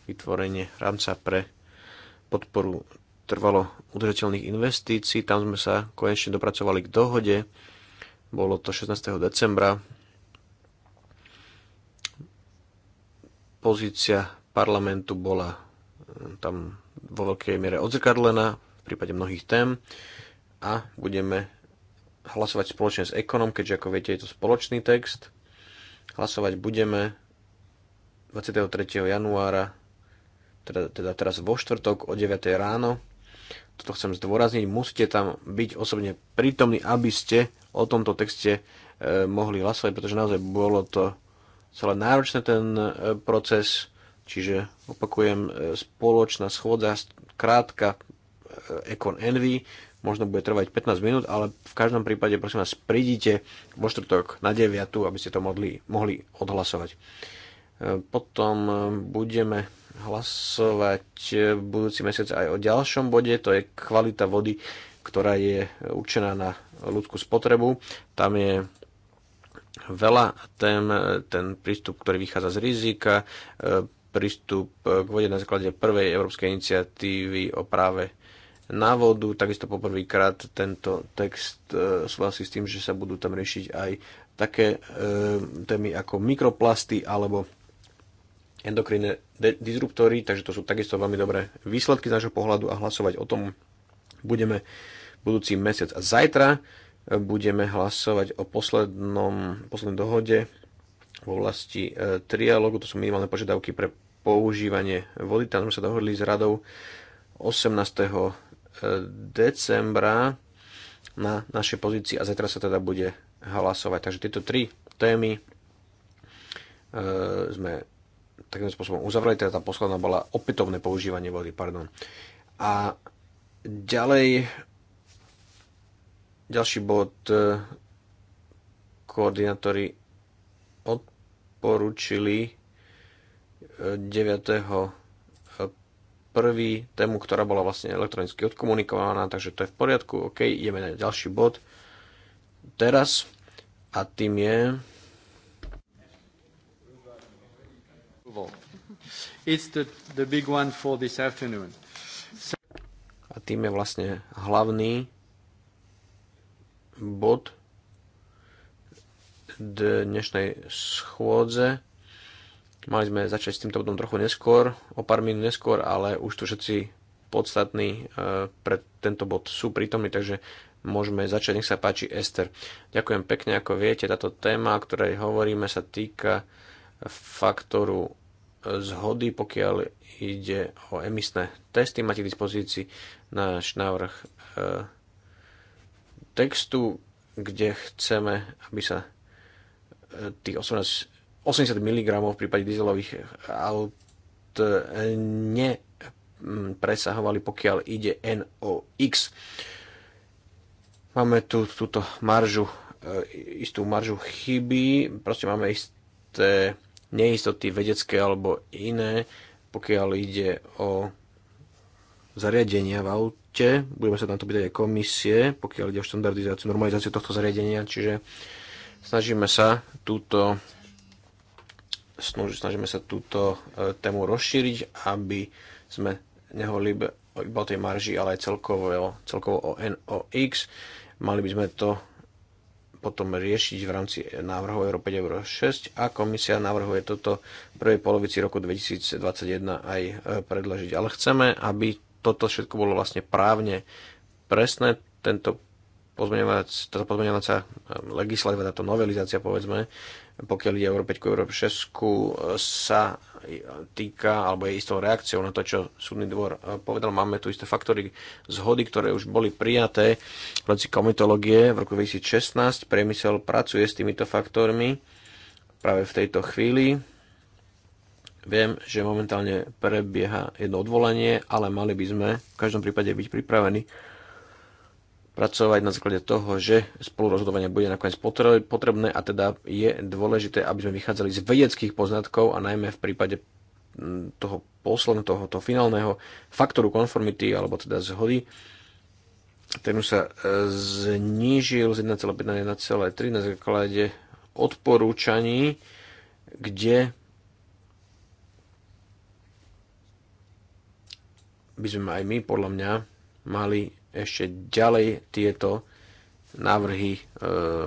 Speaker 2: vytvorenie rámca pre podporu trvalo udržateľných investícií. Tam sme sa konečne dopracovali k dohode. Bolo to 16. decembra. Pozícia parlamentu bola eh, tam vo veľkej miere odzrkadlená v prípade mnohých tém a budeme hlasovať spoločne s Ekonom, keďže ako viete je to spoločný text. Hlasovať budeme 23. januára, teda, teda teraz vo štvrtok o 9. ráno. Toto chcem zdôrazniť, musíte tam byť osobne prítomní, aby ste o tomto texte e, mohli hlasovať, pretože naozaj bolo to celé náročné ten e, proces, čiže opakujem, e, spoločná schôdza, krátka, e, Econ Envy, možno bude trvať 15 minút, ale v každom prípade prosím vás prídite vo štvrtok na 9, aby ste to modli, mohli odhlasovať. E, potom e, budeme hlasovať v e, budúci mesiac aj o ďalšom bode, to je kvalita vody, ktorá je určená na ľudskú spotrebu. Tam je veľa tém, ten prístup, ktorý vychádza z rizika, prístup k vode na základe prvej európskej iniciatívy o práve na vodu. Takisto poprvýkrát tento text e, súhlasí s tým, že sa budú tam riešiť aj také e, témy ako mikroplasty alebo endokrinné disruptory, takže to sú takisto veľmi dobré výsledky z nášho pohľadu a hlasovať o tom budeme budúci mesiac. A zajtra e, budeme hlasovať o poslednom, poslednom dohode v oblasti e, trialogu, to sú minimálne požiadavky pre používanie vody, tam sme sa dohodli s radou 18 decembra na našej pozícii a zajtra sa teda bude hlasovať. Takže tieto tri témy e, sme takým spôsobom uzavreli, teda tá posledná bola opätovné používanie vody, pardon. A ďalej ďalší bod e, koordinátori odporúčili 9 e, prvý tému, ktorá bola vlastne elektronicky odkomunikovaná, takže to je v poriadku, ok, ideme na ďalší bod teraz a tým je...
Speaker 1: It's the, the big one for this afternoon.
Speaker 2: So... A tým je vlastne hlavný bod dnešnej schôdze Mali sme začať s týmto bodom trochu neskôr, o pár minút neskôr, ale už tu všetci podstatní e, pre tento bod sú prítomní, takže môžeme začať. Nech sa páči, Ester. Ďakujem pekne, ako viete, táto téma, o ktorej hovoríme, sa týka faktoru e, zhody, pokiaľ ide o emisné testy. Máte k dispozícii náš návrh e, textu, kde chceme, aby sa tých 18 80 mg v prípade dieselových aut e, nepresahovali, pokiaľ ide NOx. Máme tu túto maržu, e, istú maržu chyby, proste máme isté neistoty vedecké alebo iné, pokiaľ ide o zariadenia v aute. Budeme sa tam to pýtať aj komisie, pokiaľ ide o štandardizáciu, normalizáciu tohto zariadenia, čiže snažíme sa túto snažíme sa túto e, tému rozšíriť, aby sme nehovorili iba o tej marži, ale aj celkovo, celkovo o NOx. Mali by sme to potom riešiť v rámci návrhu Euro 5 Euro 6 a komisia navrhuje toto v prvej polovici roku 2021 aj e, predložiť. Ale chceme, aby toto všetko bolo vlastne právne presné. Tento pozmeňovac, táto pozmeňovacia e, legislatíva, táto novelizácia povedzme, pokiaľ ide o 5, 6, e, sa týka, alebo je istou reakciou na to, čo súdny dvor e, povedal. Máme tu isté faktory zhody, ktoré už boli prijaté v rámci komitológie v roku 2016. Priemysel pracuje s týmito faktormi práve v tejto chvíli. Viem, že momentálne prebieha jedno odvolanie, ale mali by sme v každom prípade byť pripravení pracovať na základe toho, že spolurozhodovanie bude nakoniec potrebné a teda je dôležité, aby sme vychádzali z vedeckých poznatkov a najmä v prípade mm, toho posledného, toho, toho finálneho faktoru konformity alebo teda zhody, ten už sa e, znížil z 1,5 na 1,3 na základe odporúčaní, kde by sme aj my podľa mňa mali ešte ďalej tieto návrhy e,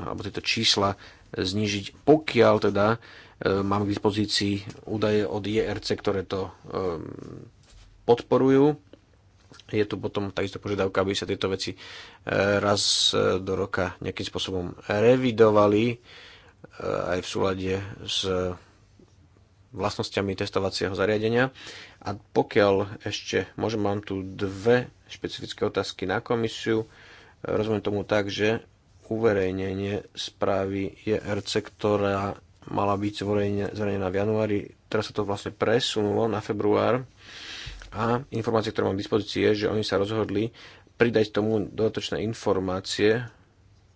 Speaker 2: alebo tieto čísla znižiť, pokiaľ teda e, mám k dispozícii údaje od IRC, ktoré to e, podporujú. Je tu potom takisto požiadavka, aby sa tieto veci raz do roka nejakým spôsobom revidovali aj v súlade s vlastnosťami testovacieho zariadenia. A pokiaľ ešte, môžem, mám tu dve špecifické otázky na komisiu. Rozumiem tomu tak, že uverejnenie správy ERC, ktorá mala byť zverejnená v januári, teraz sa to vlastne presunulo na február a informácie, ktoré mám v dispozícii, je, že oni sa rozhodli pridať tomu dodatočné informácie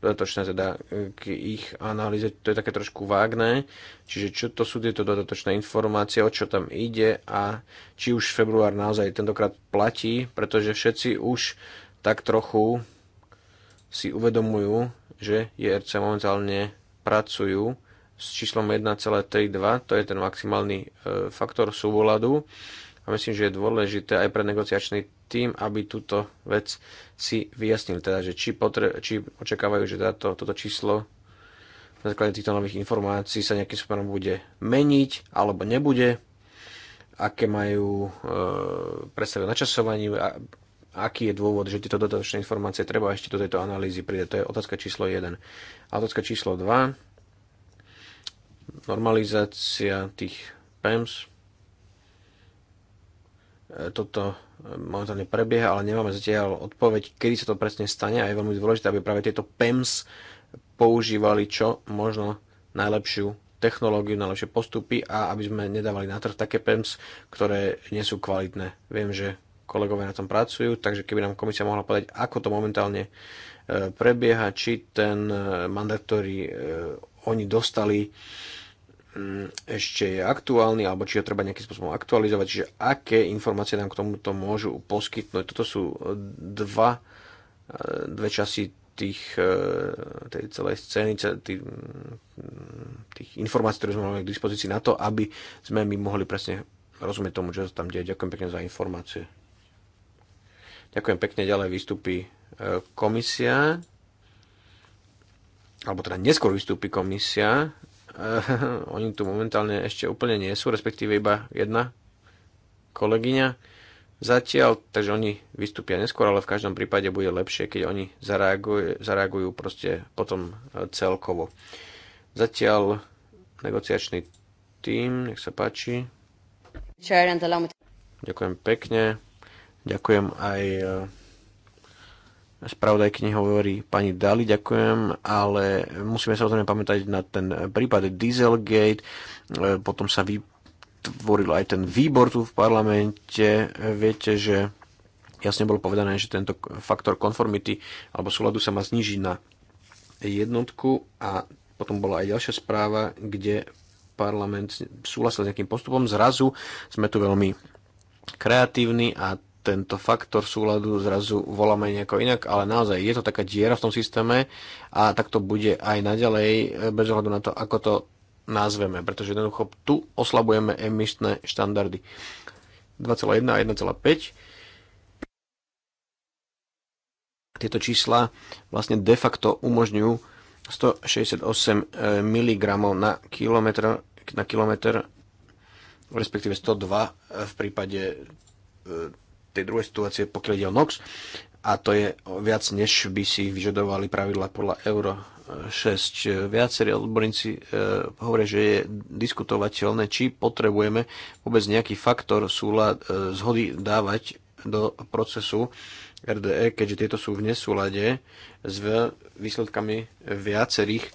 Speaker 2: dodatočné teda e, k ich analýze, to je také trošku vágné, čiže čo to sú tieto dodatočné informácie, o čo tam ide a či už február naozaj tentokrát platí, pretože všetci už tak trochu si uvedomujú, že IRC momentálne pracujú s číslom 1,32, to je ten maximálny e, faktor súvoladu a myslím, že je dôležité aj pre negociačný tým, aby túto vec si vyjasnil. teda, že či, potre- či očakávajú, že táto, toto číslo na základe týchto nových informácií sa nejakým spôsobom bude meniť alebo nebude, aké majú e, predstavy o načasovaní, a, aký je dôvod, že tieto dodatočné informácie treba ešte do tejto analýzy pridať. To je otázka číslo 1. A otázka číslo 2. Normalizácia tých PEMS. E, toto e, momentálne prebieha, ale nemáme zatiaľ odpoveď, kedy sa to presne stane a je veľmi dôležité, aby práve tieto PEMS používali čo možno najlepšiu technológiu, najlepšie postupy a aby sme nedávali na trh také PEMS, ktoré nie sú kvalitné. Viem, že kolegovia na tom pracujú, takže keby nám komisia mohla povedať, ako to momentálne e, prebieha, či ten mandát, ktorý oni dostali, Mm, ešte je aktuálny, alebo či ho treba nejakým spôsobom aktualizovať, čiže aké informácie nám k tomuto môžu poskytnúť. Toto sú e, dva, e, dve časy tých, e, tej celej scény, tých, tých informácií, ktoré sme mali k dispozícii na to, aby sme my mohli presne rozumieť tomu, čo sa tam deje. Ďakujem pekne za informácie. Ďakujem pekne, ďalej vystupí komisia, alebo teda neskôr vystúpi komisia Eh, oni tu momentálne ešte úplne nie sú, respektíve iba jedna kolegyňa zatiaľ, takže oni vystúpia neskôr, ale v každom prípade bude lepšie, keď oni zareagujú, zareagujú proste potom eh, celkovo. Zatiaľ negociačný tým, nech sa páči. Ďakujem pekne. Ďakujem aj eh, spravodajkyni hovorí pani Dali, ďakujem, ale musíme sa samozrejme pamätať na ten prípad Dieselgate, e, potom sa vytvoril aj ten výbor tu v parlamente, e, viete, že jasne bolo povedané, že tento faktor konformity alebo súladu sa má znižiť na jednotku a potom bola aj ďalšia správa, kde parlament súhlasil s nejakým postupom. Zrazu sme tu veľmi kreatívni a tento faktor súladu zrazu voláme nejako inak, ale naozaj je to taká diera v tom systéme a tak to bude aj naďalej e, bez ohľadu na to, ako to nazveme, pretože jednoducho tu oslabujeme emisné štandardy. 2,1 a 1,5 tieto čísla vlastne de facto umožňujú 168 e, mg na kilometr, na kilometr respektíve 102 e, v prípade tej druhej situácie, pokiaľ ide o NOx, a to je viac, než by si vyžadovali pravidla podľa Euro 6. E, e, viacerí odborníci e, hovoria, že je diskutovateľné, či potrebujeme vôbec nejaký faktor súla, e, zhody dávať do procesu RDE, keďže tieto sú v nesúlade s výsledkami viacerých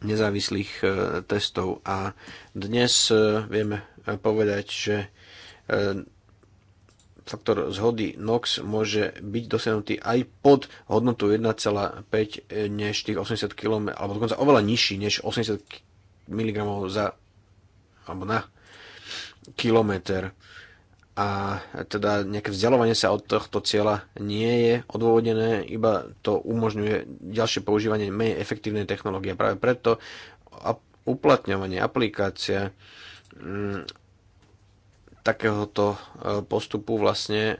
Speaker 2: nezávislých e, testov. A dnes e, vieme e, povedať, že e, faktor zhody NOx môže byť dosiahnutý aj pod hodnotou 1,5 e, než tých 80 km, alebo dokonca oveľa nižší než 80 mg za, alebo na kilometr. A teda nejaké vzdialovanie sa od tohto cieľa nie je odôvodené, iba to umožňuje ďalšie používanie menej efektívnej technológie. Práve preto uplatňovanie, aplikácia mm, takéhoto e, postupu vlastne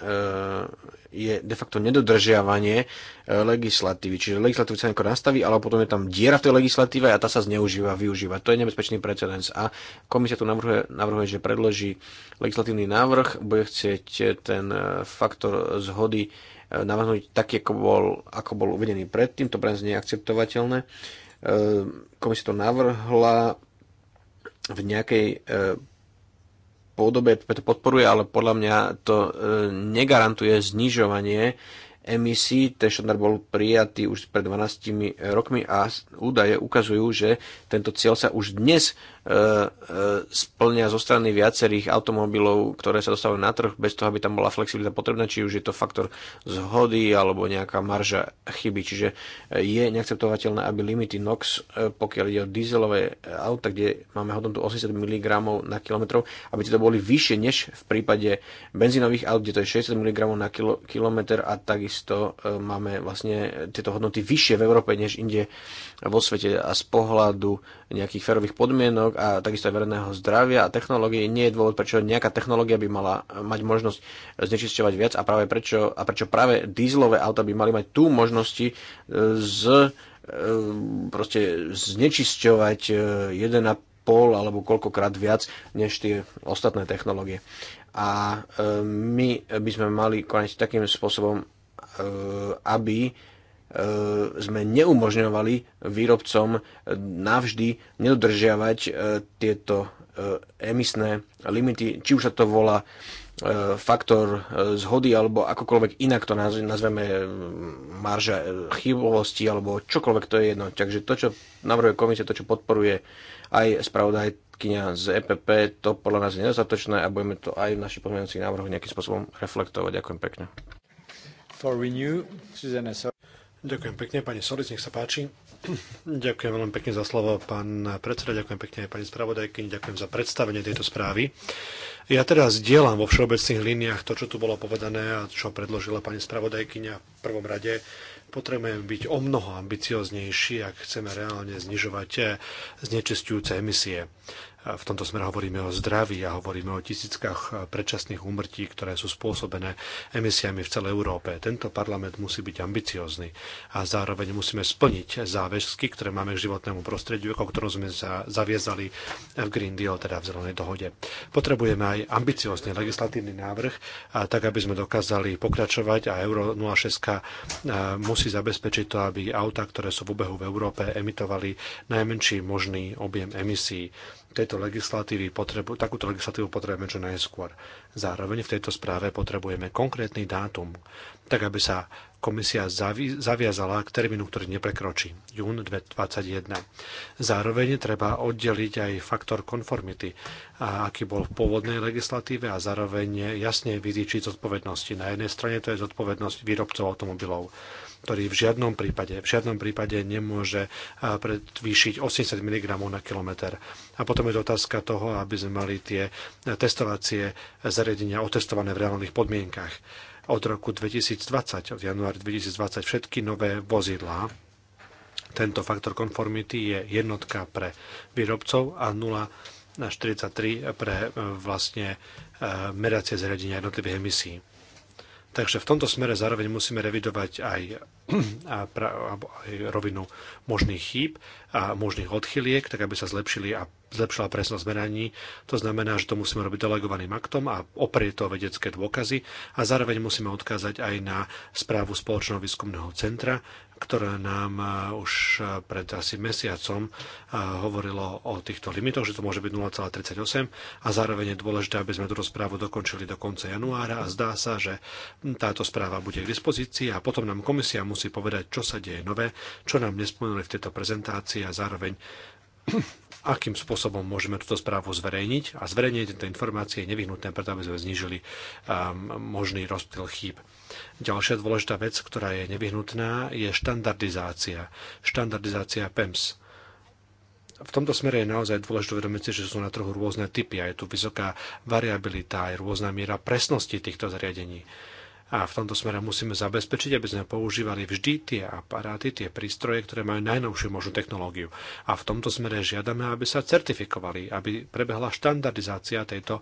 Speaker 2: e, je de facto nedodržiavanie e, legislatívy. Čiže legislatívu sa nejako nastaví, ale potom je tam diera v tej legislatíve a tá sa zneužíva, využíva. To je nebezpečný precedens. A komisia tu navrhuje, navrhuje že predloží legislatívny návrh, bude chcieť ten faktor zhody navrhnúť tak, ako bol, ako bol uvedený predtým. To pre nás nie je akceptovateľné. Komisia to navrhla v nejakej podobe to podporuje, ale podľa mňa to e, negarantuje znižovanie emisí. Ten štandard bol prijatý už pred 12 rokmi a údaje ukazujú, že tento cieľ sa už dnes E, e, splňa zo strany viacerých automobilov, ktoré sa dostávajú na trh, bez toho, aby tam bola flexibilita potrebná, či už je to faktor zhody alebo nejaká marža chyby. Čiže e, je neakceptovateľné, aby limity NOx, pokiaľ ide o dieselové auta, kde máme hodnotu 80 mg na kilometrov, aby tieto boli vyššie než v prípade benzínových aut, kde to je 60 mg na kilo, kilometr a takisto máme vlastne tieto hodnoty vyššie v Európe než inde vo svete a z pohľadu nejakých ferových podmienok a takisto aj verejného zdravia a technológie. Nie je dôvod, prečo nejaká technológia by mala mať možnosť znečisťovať viac a práve prečo, a prečo práve dízlové auta by mali mať tú možnosti e, z e, proste znečisťovať 1,5 e, alebo koľkokrát viac než tie ostatné technológie. A my by sme mali konať takým spôsobom, aby E, sme neumožňovali výrobcom navždy nedodržiavať e, tieto e, emisné limity, či už sa to volá faktor zhody alebo akokoľvek inak to nazveme marža chybovosti alebo čokoľvek to je jedno. Takže to, čo navrhuje komisia, to, čo podporuje aj spravodajkynia z EPP, to podľa nás je nedostatočné a budeme to aj v našich pozmeňujúcich návrhoch nejakým spôsobom reflektovať. Ďakujem pekne.
Speaker 1: For renew, Susanna, so Ďakujem pekne, pani Solic, nech sa páči. Ďakujem veľmi pekne za slovo, pán predseda, ďakujem pekne aj pani spravodajky, ďakujem za predstavenie tejto správy. Ja teraz zdieľam vo všeobecných líniách to, čo tu bolo povedané a čo predložila pani spravodajkyňa v prvom rade potrebujeme byť o mnoho ambicioznejší, ak chceme reálne znižovať eh, znečistujúce emisie v tomto smere hovoríme o zdraví a hovoríme o tisíckach eh, predčasných úmrtí, ktoré sú spôsobené emisiami v celej Európe. Tento parlament musí byť ambiciózny a zároveň musíme splniť záväzky, ktoré máme k životnému prostrediu, o ktorom sme sa zaviezali v Green Deal, teda v zelenej dohode. Potrebujeme aj ambiciózny legislatívny návrh, tak aby sme dokázali pokračovať a Euro 06 eh, musí zabezpečiť to, aby auta, ktoré sú v obehu v Európe, emitovali najmenší možný objem emisí tejto legislatívy potrebu, takúto legislatívu potrebujeme čo najskôr. Zároveň v tejto správe potrebujeme konkrétny dátum, tak aby sa komisia zavi, zaviazala k termínu, ktorý neprekročí, jún 2021. Zároveň treba oddeliť aj faktor konformity, a aký bol v pôvodnej legislatíve a zároveň jasne vyzýčiť zodpovednosti. Na jednej strane to je zodpovednosť výrobcov automobilov ktorý v žiadnom prípade, v žiadnom prípade nemôže predvýšiť 80 mg na kilometr. A potom je to otázka toho, aby sme mali tie e, testovacie zariadenia otestované v reálnych podmienkach. Od roku 2020, od januári 2020, všetky nové vozidlá tento faktor konformity je jednotka pre výrobcov a 0 na 43 pre e, vlastne e, meracie zariadenia jednotlivých emisí. Takže v tomto smere zároveň musíme revidovať aj, aj rovinu možných chýb a možných odchyliek, tak aby sa zlepšili a zlepšila presnosť meraní. To znamená, že to musíme robiť delegovaným aktom a oprieť to vedecké dôkazy a zároveň musíme odkázať aj na správu Spoločného výskumného centra, ktoré nám e, už e, pred asi mesiacom e, hovorilo o týchto limitoch, že to môže byť 0,38 a zároveň je dôležité, aby sme túto správu dokončili do konca januára a zdá sa, že táto správa bude k dispozícii a potom nám komisia musí povedať, čo sa deje nové, čo nám nespomenuli v tejto prezentácii a zároveň akým spôsobom môžeme túto správu zverejniť a zverejniť tieto informácie je nevyhnutné, preto aby sme znížili um, možný rozptyl chýb. Ďalšia dôležitá vec, ktorá je nevyhnutná, je štandardizácia. Štandardizácia PEMS v tomto smere je naozaj dôležité uvedomiť si, že sú na trhu rôzne typy a je tu vysoká variabilita aj rôzna miera presnosti týchto zariadení. A v tomto smere musíme zabezpečiť, aby sme používali vždy tie aparáty, tie prístroje, ktoré majú najnovšiu možnú technológiu. A v tomto smere žiadame, aby sa certifikovali, aby prebehla štandardizácia tejto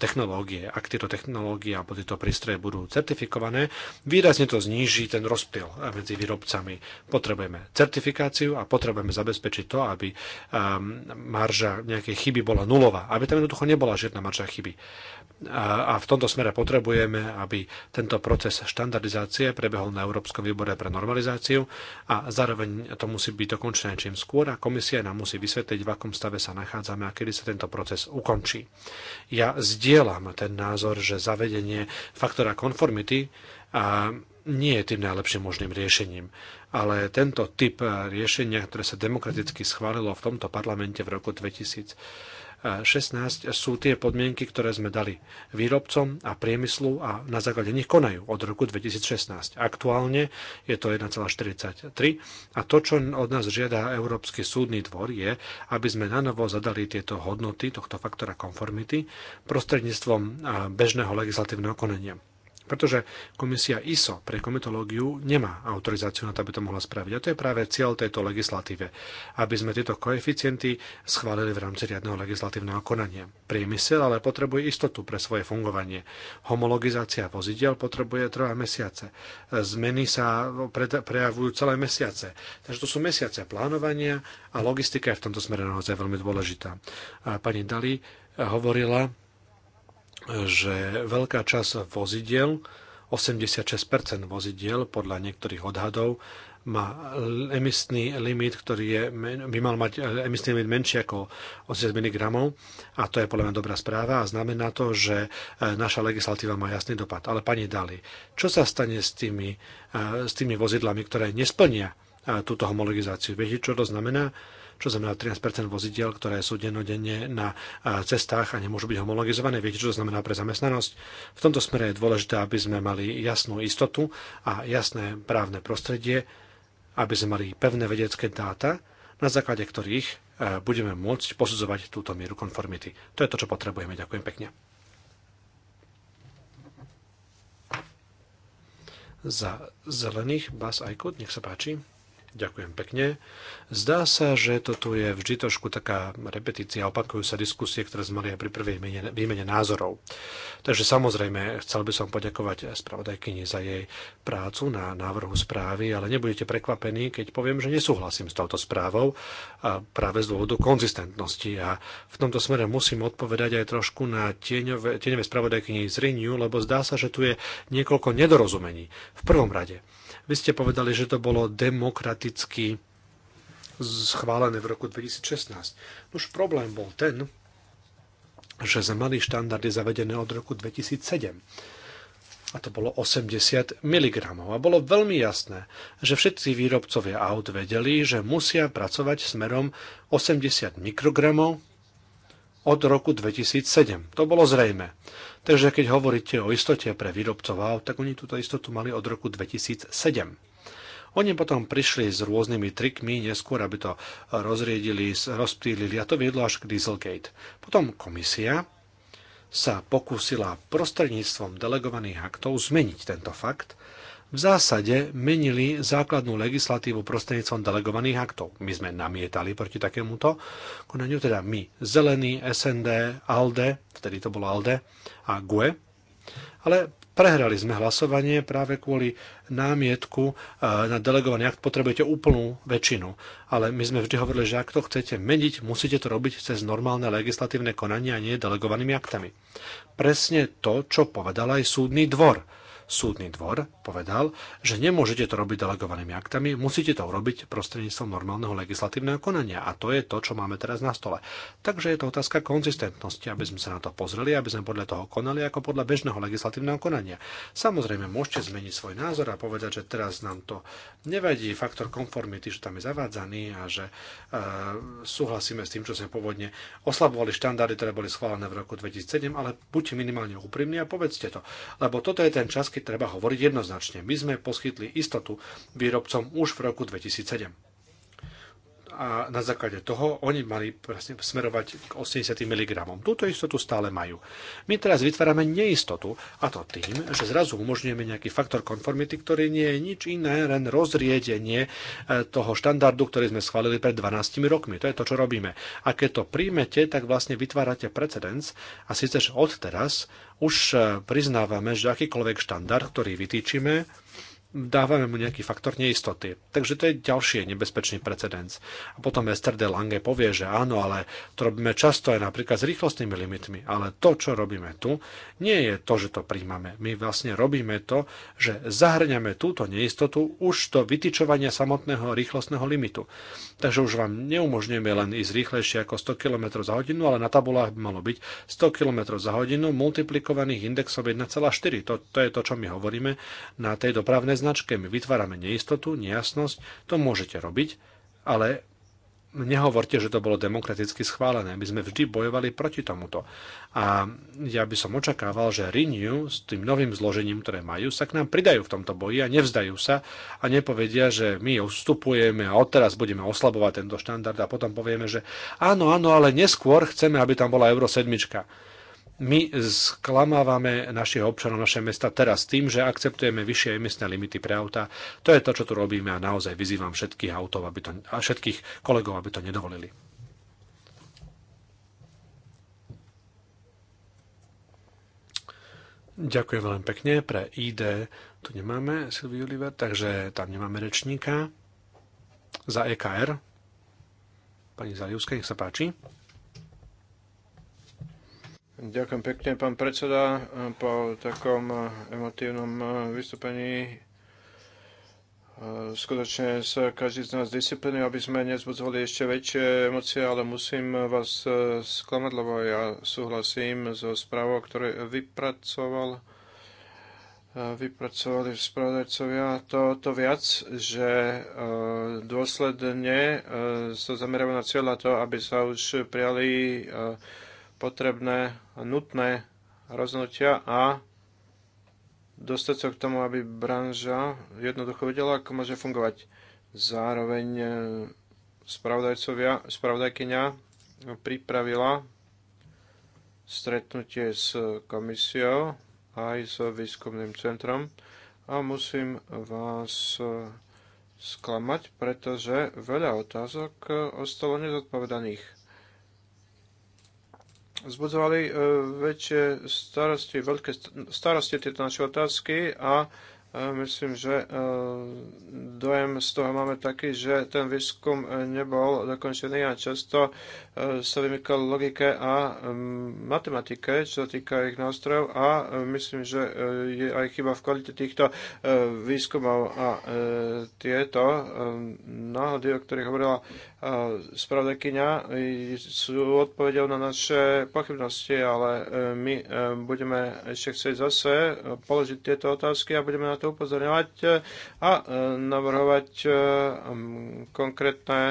Speaker 1: technológie. Ak tieto technológie alebo tieto prístroje budú certifikované, výrazne to zníži ten rozptyl medzi výrobcami. Potrebujeme certifikáciu a potrebujeme zabezpečiť to, aby marža nejakej chyby bola nulová, aby tam jednoducho nebola žiadna marža chyby a v tomto smere potrebujeme, aby tento proces štandardizácie prebehol na Európskom výbore pre normalizáciu a zároveň to musí byť dokončené čím skôr a komisia nám musí vysvetliť, v akom stave sa nachádzame a kedy sa tento proces ukončí. Ja zdieľam ten názor, že zavedenie faktora konformity nie je tým najlepším možným riešením. Ale tento typ riešenia, ktoré sa demokraticky schválilo v tomto parlamente v roku 2000, 16 sú tie podmienky, ktoré sme dali výrobcom a priemyslu a na základe nich konajú od roku 2016. Aktuálne je to 1,43 a to, čo od nás žiada Európsky súdny dvor je, aby sme na novo zadali tieto hodnoty tohto faktora konformity prostredníctvom bežného legislatívneho konania. Pretože komisia ISO pre komitológiu nemá autorizáciu na to, aby to mohla spraviť. A to je práve cieľ tejto legislatíve, aby sme tieto koeficienty schválili v rámci riadneho legislatívneho konania. Priemysel ale potrebuje istotu pre svoje fungovanie. Homologizácia vozidel potrebuje trvá mesiace. Zmeny sa prejavujú celé mesiace. Takže to sú mesiace plánovania a logistika je v tomto smere naozaj veľmi dôležitá. A pani Dali hovorila že veľká časť vozidiel, 86% vozidiel podľa niektorých odhadov, má emisný limit, ktorý je, by mal mať emisný limit menší ako 80 mg a to je podľa mňa dobrá správa a znamená to, že e, naša legislatíva má jasný dopad. Ale pani Dali, čo sa stane s tými, e, s tými vozidlami, ktoré nesplnia e, túto homologizáciu? Viete, čo to znamená? čo znamená 13 vozidiel, ktoré sú dennodenne na cestách a nemôžu byť homologizované. Viete, čo to znamená pre zamestnanosť? V tomto smere je dôležité, aby sme mali jasnú istotu a jasné právne prostredie, aby sme mali pevné vedecké dáta, na základe ktorých e, budeme môcť posudzovať túto mieru konformity. To je to, čo potrebujeme. Ďakujem pekne. Za zelených Bas Aikut, nech sa páči. Ďakujem pekne. Zdá sa, že toto je vždy trošku taká repetícia, opakujú sa diskusie, ktoré sme mali aj pri prvej výmene názorov. Takže samozrejme, chcel by som poďakovať spravodajkyni za jej prácu na návrhu správy, ale nebudete prekvapení, keď poviem, že nesúhlasím s touto správou a práve z dôvodu konzistentnosti. A v tomto smere musím odpovedať aj trošku na tieňové, tieňové spravodajkyni z Renew, lebo zdá sa, že tu je niekoľko nedorozumení. V prvom rade, vy ste povedali, že to bolo demokraticky schválené v roku 2016. Už problém bol ten, že sme mali štandardy zavedené od roku 2007 a to bolo 80 mg. A bolo veľmi jasné, že všetci výrobcovia aut vedeli, že musia pracovať smerom 80 mikrogramov od roku 2007. To bolo zrejme. Takže keď hovoríte o istote pre výrobcov aut, tak oni túto istotu mali od roku 2007. Oni potom prišli s rôznymi trikmi neskôr, aby to rozriedili, rozptýlili a to viedlo až k Dieselgate. Potom komisia sa pokúsila prostredníctvom delegovaných aktov zmeniť tento fakt v zásade menili základnú legislatívu prostredníctvom delegovaných aktov. My sme namietali proti takémuto konaniu, teda my, Zelený, SND, ALDE, vtedy to bolo ALDE a GUE, ale prehrali sme hlasovanie práve kvôli námietku e, na delegovaný akt potrebujete úplnú väčšinu. Ale my sme vždy hovorili, že ak to chcete meniť, musíte to robiť cez normálne legislatívne konanie a nie delegovanými aktami. Presne to, čo povedal aj súdny dvor súdny dvor povedal, že nemôžete to robiť delegovanými aktami, musíte to urobiť prostredníctvom normálneho legislatívneho konania. A to je to, čo máme teraz na stole. Takže je to otázka konzistentnosti, aby sme sa na to pozreli, aby sme podľa toho konali ako podľa bežného legislatívneho konania. Samozrejme, môžete zmeniť svoj názor a povedať, že teraz nám to nevadí, faktor konformity, že tam je zavádzaný a že e, súhlasíme s tým, čo sme pôvodne oslabovali štandardy, ktoré boli schválené v roku 2007, ale buďte minimálne úprimní a povedzte to. Lebo toto je ten čas, otázky treba hovoriť jednoznačne. My sme poskytli istotu výrobcom už v roku 2007 a na základe toho oni mali presne smerovať k 80 mg. Túto istotu stále majú. My teraz vytvárame neistotu a to tým, že zrazu umožňujeme nejaký faktor konformity, ktorý nie je nič iné, len rozriedenie e, toho štandardu, ktorý sme schválili pred 12 rokmi. To je to, čo robíme. A keď to príjmete, tak vlastne vytvárate precedens a síce, že odteraz už e, priznávame, že akýkoľvek štandard, ktorý vytýčime, dávame mu nejaký faktor neistoty. Takže to je ďalší nebezpečný precedens. A potom Esther de Lange povie, že áno, ale to robíme často aj napríklad s rýchlostnými limitmi. Ale to, čo robíme tu, nie je to, že to príjmame. My vlastne robíme to, že zahrňame túto neistotu už do vytičovania samotného rýchlostného limitu takže už vám neumožňujeme len ísť rýchlejšie ako 100 km za hodinu, ale na tabulách by malo byť 100 km za hodinu multiplikovaných indexom 1,4. To, to je to, čo my hovoríme na tej dopravnej značke. My vytvárame neistotu, nejasnosť, to môžete robiť, ale nehovorte, že to bolo demokraticky schválené. My sme vždy bojovali proti tomuto. A ja by som očakával, že Renew s tým novým zložením, ktoré majú, sa k nám pridajú v tomto boji a nevzdajú sa a nepovedia, že my ustupujeme a odteraz budeme oslabovať tento štandard a potom povieme, že áno, áno, ale neskôr chceme, aby tam bola Euro 7 my sklamávame našich občanov, naše mesta teraz tým, že akceptujeme vyššie emisné limity pre auta. To je to, čo tu robíme a naozaj vyzývam všetkých autov, aby to, a všetkých kolegov, aby to nedovolili. Ďakujem veľmi pekne. Pre ID tu nemáme Silvi Oliver, takže tam nemáme rečníka. Za EKR. Pani Zalivská, nech sa páči.
Speaker 3: Ďakujem pekne, pán predseda, po takom eh, emotívnom eh, vystúpení. Eh, skutočne sa každý z nás disciplinuje, aby sme nezbudzovali ešte väčšie emócie, ale musím vás sklamať, lebo ja súhlasím so správou, ktoré vypracoval vypracovali spravodajcovia to, to viac, že dôsledne sa zameriava na cieľ na to, aby sa už prijali potrebné a nutné rozhodnutia a dostať sa k tomu, aby branža jednoducho vedela, ako môže fungovať. Zároveň e, spravodajkynia pripravila stretnutie s komisiou aj s výskumným centrom a musím vás e, sklamať, pretože veľa otázok e, ostalo nezodpovedaných vzbudzovali eh, väčšie starosti, veľké starosti tieto naše otázky a E, myslím, že e, dojem z toho máme taký, že ten výskum e, nebol dokončený a často sa vymykal logike a matematike, čo sa týka ich nástrojov a myslím, že je aj chyba v kvalite týchto výskumov a tieto náhody, o ktorých hovorila spravodajkyňa, sú odpovedou na naše pochybnosti, ale my budeme ešte chcieť zase položiť tieto otázky a budeme na to to upozorňovať e, a e, navrhovať e, konkrétne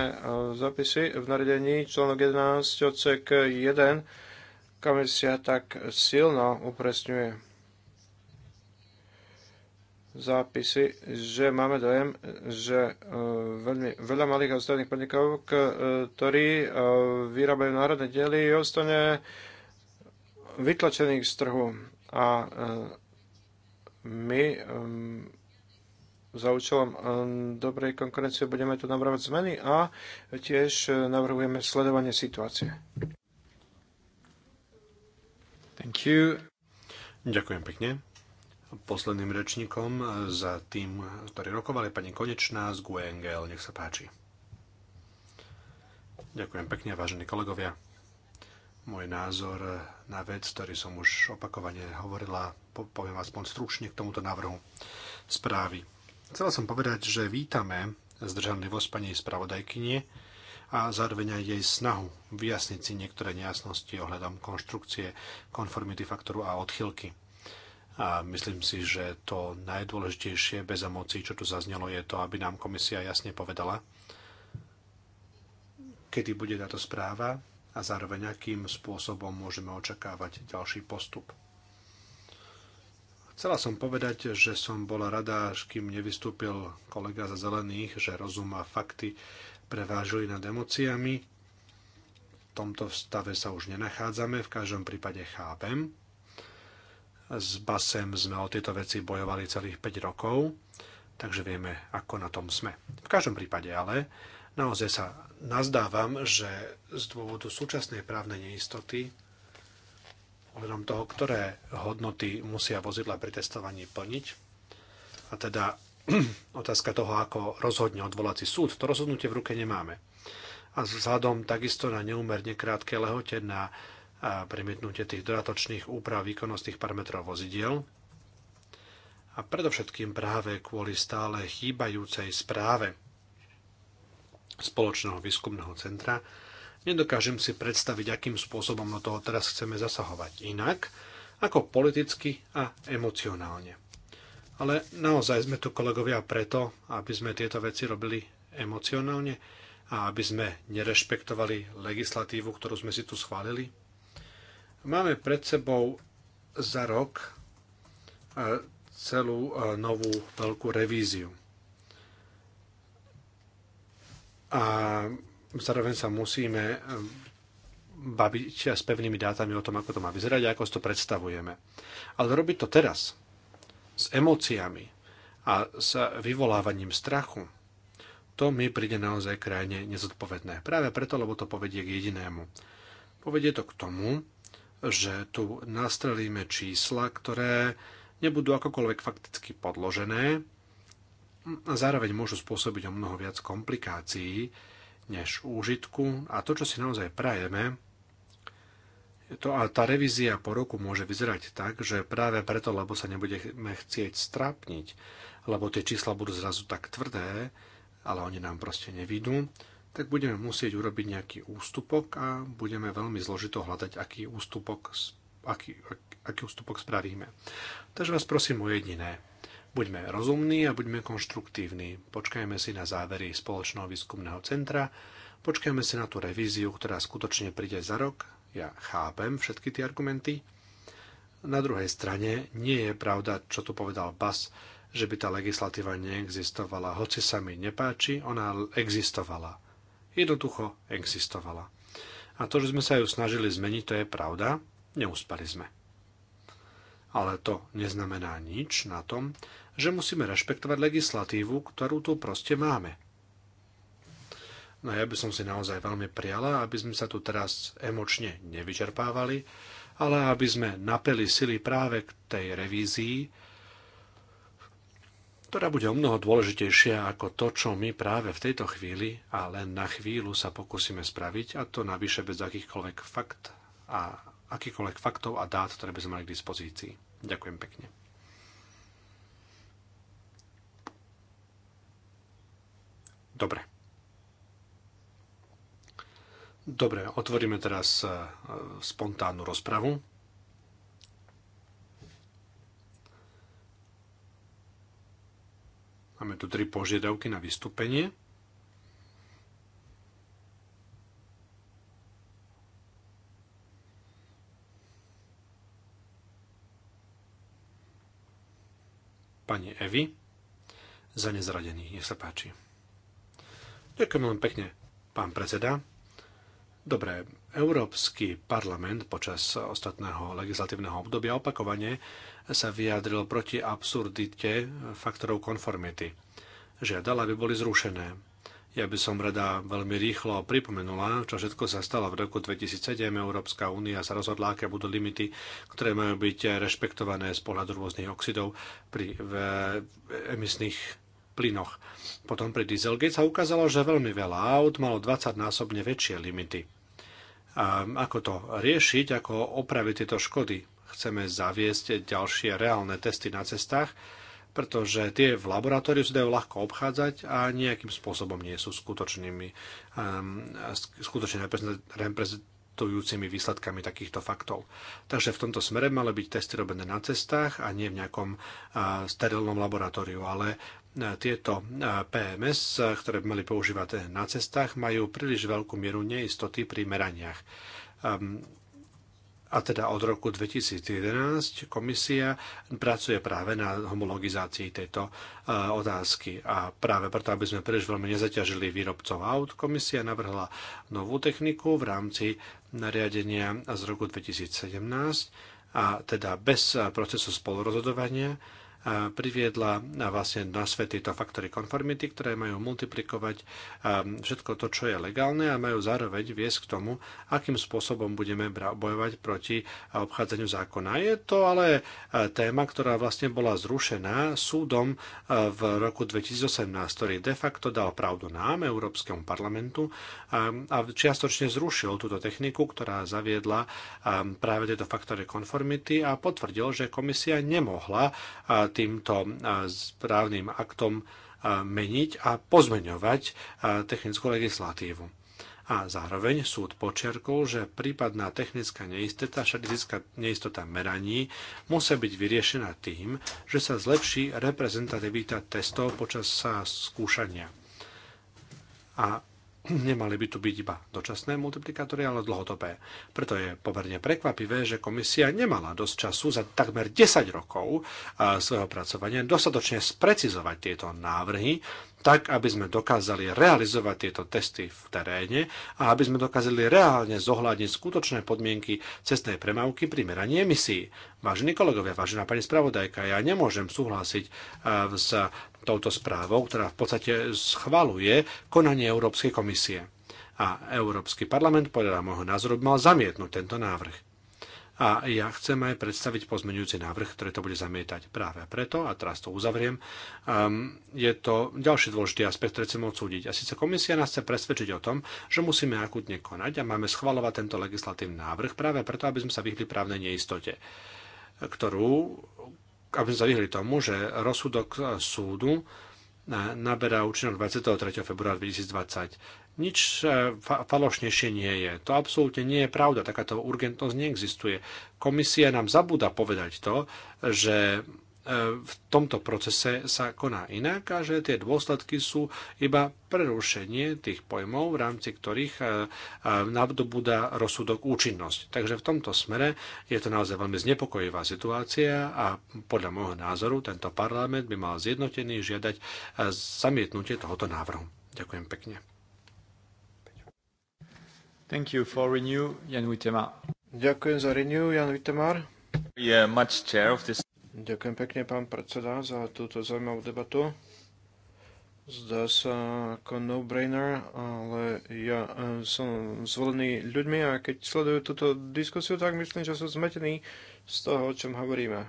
Speaker 3: zapisy v naredení článok 11 odsek 1 komisia tak silno upresňuje zápisy, že máme dojem, že veľmi, veľa malých a ostatných podnikov, ktorí vyrábajú národné diely, ostane vytlačených z trhu. A my um, za účelom um, dobrej konkurencie budeme tu navrhovať zmeny a tiež uh, navrhujeme sledovanie situácie.
Speaker 1: Thank you. Ďakujem pekne. Posledným rečníkom za tým, ktorý rokovali, pani Konečná z GUNGL. Nech sa páči. Ďakujem pekne, vážení kolegovia môj názor na vec, ktorý som už opakovane hovorila, poviem aspoň stručne k tomuto návrhu správy. Chcela som povedať, že vítame zdržanlivosť pani spravodajkynie a zároveň aj jej snahu vyjasniť si niektoré nejasnosti ohľadom konštrukcie konformity faktoru a odchylky. A myslím si, že to najdôležitejšie bez emocí, čo tu zaznelo, je to, aby nám komisia jasne povedala, kedy bude táto správa a zároveň akým spôsobom môžeme očakávať ďalší postup. Chcela som povedať, že som bola rada, až kým nevystúpil kolega za zelených, že rozum a fakty prevážili nad emóciami. V tomto stave sa už nenachádzame, v každom prípade chápem. S Basem sme o tieto veci bojovali celých 5 rokov, takže vieme, ako na tom sme. V každom prípade ale Naozaj sa nazdávam, že z dôvodu súčasnej právnej neistoty ohľadom toho, ktoré hodnoty musia vozidla pri testovaní plniť. A teda otázka toho, ako rozhodne odvolací súd, to rozhodnutie v ruke nemáme. A vzhľadom takisto na neúmerne krátke lehote na premietnutie tých dodatočných úprav výkonnostných parametrov vozidiel a predovšetkým práve kvôli stále chýbajúcej správe spoločného výskumného centra, nedokážem si predstaviť, akým spôsobom do toho teraz chceme zasahovať inak, ako politicky a emocionálne. Ale naozaj sme tu kolegovia preto, aby sme tieto veci robili emocionálne a aby sme nerešpektovali legislatívu, ktorú sme si tu schválili. Máme pred sebou za rok e, celú e, novú veľkú revíziu a zároveň sa musíme ehm, baviť s pevnými dátami o tom, ako to má vyzerať a ako si to predstavujeme. Ale robiť to teraz, s emóciami a s vyvolávaním strachu, to mi príde naozaj krajne nezodpovedné. Práve preto, lebo to povedie k jedinému. Povedie to k tomu, že tu nastrelíme čísla, ktoré nebudú akokoľvek fakticky podložené a zároveň môžu spôsobiť o mnoho viac komplikácií než úžitku a to, čo si naozaj prajeme, to, a tá revízia po roku môže vyzerať tak, že práve preto, lebo sa nebudeme chcieť strápniť, lebo tie čísla budú zrazu tak tvrdé, ale oni nám proste nevidú, tak budeme musieť urobiť nejaký ústupok a budeme veľmi zložito hľadať, aký ústupok, aký, aký ústupok spravíme. Takže vás prosím o jediné Buďme rozumní a buďme konštruktívni. Počkajme si na závery spoločného výskumného centra, počkajme si na tú revíziu, ktorá skutočne príde za rok. Ja chápem všetky tie argumenty. Na druhej strane nie je pravda, čo tu povedal Bas, že by tá legislatíva neexistovala. Hoci sa mi nepáči, ona existovala. Jednoducho existovala. A to, že sme sa ju snažili zmeniť, to je pravda. Neúspali sme. Ale to neznamená nič na tom, že musíme rešpektovať legislatívu, ktorú tu proste máme. No ja by som si naozaj veľmi prijala, aby sme sa tu teraz emočne nevyčerpávali, ale aby sme napeli sily práve k tej revízii, ktorá bude o mnoho dôležitejšia ako to, čo my práve v tejto chvíli a len na chvíľu sa pokúsime spraviť, a to navyše bez akýchkoľvek fakt a akýkoľvek faktov a dát, ktoré by sme mali k dispozícii. Ďakujem pekne. Dobre. Dobre, otvoríme teraz e, spontánnu rozpravu. Máme tu tri požiadavky na vystúpenie. pani Evy za nezradených. Nech sa páči. Ďakujem len pekne, pán predseda. Dobre, Európsky parlament počas ostatného legislatívneho obdobia opakovane sa vyjadril proti absurdite faktorov konformity. Žiadala, aby boli zrušené ja by som rada veľmi rýchlo pripomenula, čo všetko sa stalo v roku 2007. Európska únia sa rozhodla, aké budú limity, ktoré majú byť rešpektované z pohľadu rôznych oxidov pri v, emisných plynoch. Potom pri Dieselgate sa ukázalo, že veľmi veľa aut malo 20-násobne väčšie limity. A ako to riešiť, ako opraviť tieto škody? Chceme zaviesť ďalšie reálne testy na cestách, pretože tie v laboratóriu sa dajú ľahko obchádzať a nejakým spôsobom nie sú skutočnými, um, skutočne reprezentujúcimi výsledkami takýchto faktov. Takže v tomto smere mali byť testy robené na cestách a nie v nejakom uh, sterilnom laboratóriu, ale e, tieto e, PMS, ktoré by mali používať na cestách, majú príliš veľkú mieru neistoty pri meraniach. Um, a teda od roku 2011 komisia pracuje práve na homologizácii tejto e, otázky. A práve preto, aby sme príliš veľmi nezaťažili výrobcov aut, komisia navrhla novú techniku v rámci nariadenia z roku 2017 a teda bez procesu spolurozhodovania priviedla vlastne na svet tieto faktory konformity, ktoré majú multiplikovať všetko to, čo je legálne a majú zároveň viesť k tomu, akým spôsobom budeme bojovať proti obchádzaniu zákona. Je to ale téma, ktorá vlastne bola zrušená súdom v roku 2018, ktorý de facto dal pravdu nám, Európskemu parlamentu, a čiastočne zrušil túto techniku, ktorá zaviedla práve tieto faktory konformity a potvrdil, že komisia nemohla týmto správnym aktom meniť a pozmeňovať technickú legislatívu. A zároveň súd počerkol, že prípadná technická neistota, štatistická neistota meraní musí byť vyriešená tým, že sa zlepší reprezentativita testov počas skúšania. A nemali by tu byť iba dočasné multiplikátory, ale dlhodobé. Preto je pomerne prekvapivé, že komisia nemala dosť času za takmer 10 rokov svojho pracovania dostatočne sprecizovať tieto návrhy, tak, aby sme dokázali realizovať tieto testy v teréne a aby sme dokázali reálne zohľadniť skutočné podmienky cestnej premávky pri meraní emisí. Vážení kolegovia, vážená pani spravodajka, ja nemôžem súhlasiť s touto správou, ktorá v podstate schvaluje konanie Európskej komisie. A Európsky parlament podľa môjho názoru mal zamietnúť tento návrh. A ja chcem aj predstaviť pozmeňujúci návrh, ktorý to bude zamietať práve preto, a teraz to uzavriem, um, je to ďalší dôležitý aspekt, ktorý chcem odsúdiť. A síce komisia nás chce presvedčiť o tom, že musíme akutne konať a máme schvalovať tento legislatívny návrh práve preto, aby sme sa vyhli právnej neistote, ktorú aby sme sa vyhli tomu, že rozsudok súdu eh, naberá účinok 23. februára 2020. Nič eh, falošnejšie nie je. To absolútne nie je pravda. Takáto urgentnosť neexistuje. Komisia nám zabúda povedať to, že E, v tomto procese sa koná inak a že tie dôsledky sú iba prerušenie tých pojmov, v rámci ktorých e, e, nadobúda rozsudok účinnosť. Takže v tomto smere je to naozaj veľmi znepokojivá situácia a podľa môjho názoru tento parlament by mal zjednotený žiadať zamietnutie tohoto návrhu. Ďakujem pekne. Thank you for renew, Jan Ďakujem za renew, Jan Vitemar.
Speaker 3: Yeah, much chair of this Ďakujem pekne, pán predseda, za túto zaujímavú debatu. Zdá sa ako no-brainer, ale ja e, som zvolený ľuďmi a keď sledujú túto diskusiu, tak myslím, že som zmetený z toho, o čom hovoríme.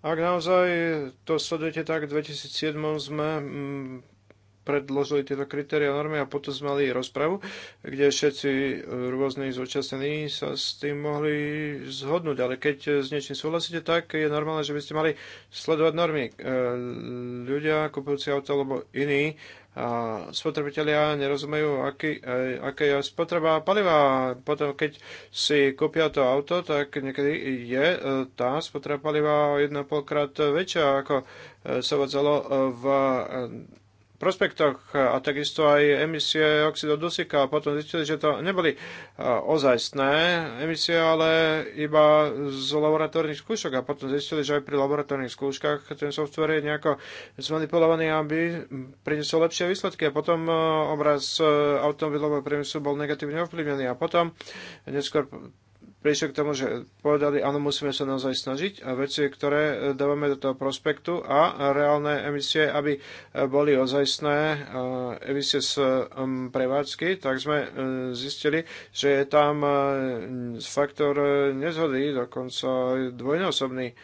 Speaker 3: Ak naozaj to sledujete tak, v 2007 sme mm, predložili tieto kritéria normy a potom sme mali rozpravu, kde všetci e, rôzni zúčastnení sa s tým mohli zhodnúť. Ale keď s niečím súhlasíte, tak je normálne, že by ste mali sledovať normy. E, ľudia, kupujúci auto alebo iní, a spotrebitelia nerozumejú, aký, e, aká je spotreba paliva. Potom, keď si kúpia to auto, tak niekedy je tá spotreba paliva 1,5 krát väčšia, ako sa vodzalo v prospektoch a takisto aj emisie oxidov dusíka a potom zistili, že to neboli e, ozajstné emisie, ale iba z laboratórnych skúšok a potom zistili, že aj pri laboratórnych skúškach ten software je nejako zmanipulovaný, aby priniesol lepšie výsledky a potom e, obraz e, automobilového priemyslu bol negatívne ovplyvnený a potom neskôr prišiel k tomu, že povedali, áno, musíme sa naozaj snažiť a veci, ktoré e, dávame do toho prospektu a reálne emisie, aby e, boli ozajstné e, emisie z prevádzky, tak sme zistili, že je tam faktor nezhody, dokonca dvojnásobný.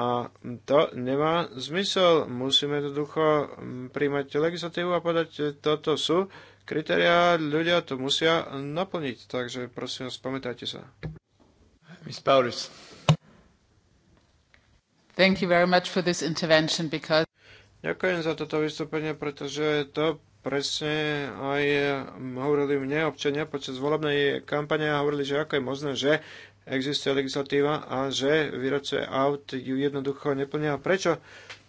Speaker 3: A to nemá zmysel. Musíme jednoducho príjmať legislatívu a povedať, toto sú kritériá, ľudia to musia naplniť. Takže prosím vás, pamätajte sa. Ms. Paulus.
Speaker 4: Thank you very much for this intervention
Speaker 3: because... Ďakujem za toto vystúpenie, pretože to presne aj hovorili mne občania počas volebnej kampane a hovorili, že ako je možné, že existuje legislatíva a že výrobce aut ju jednoducho neplnia. Prečo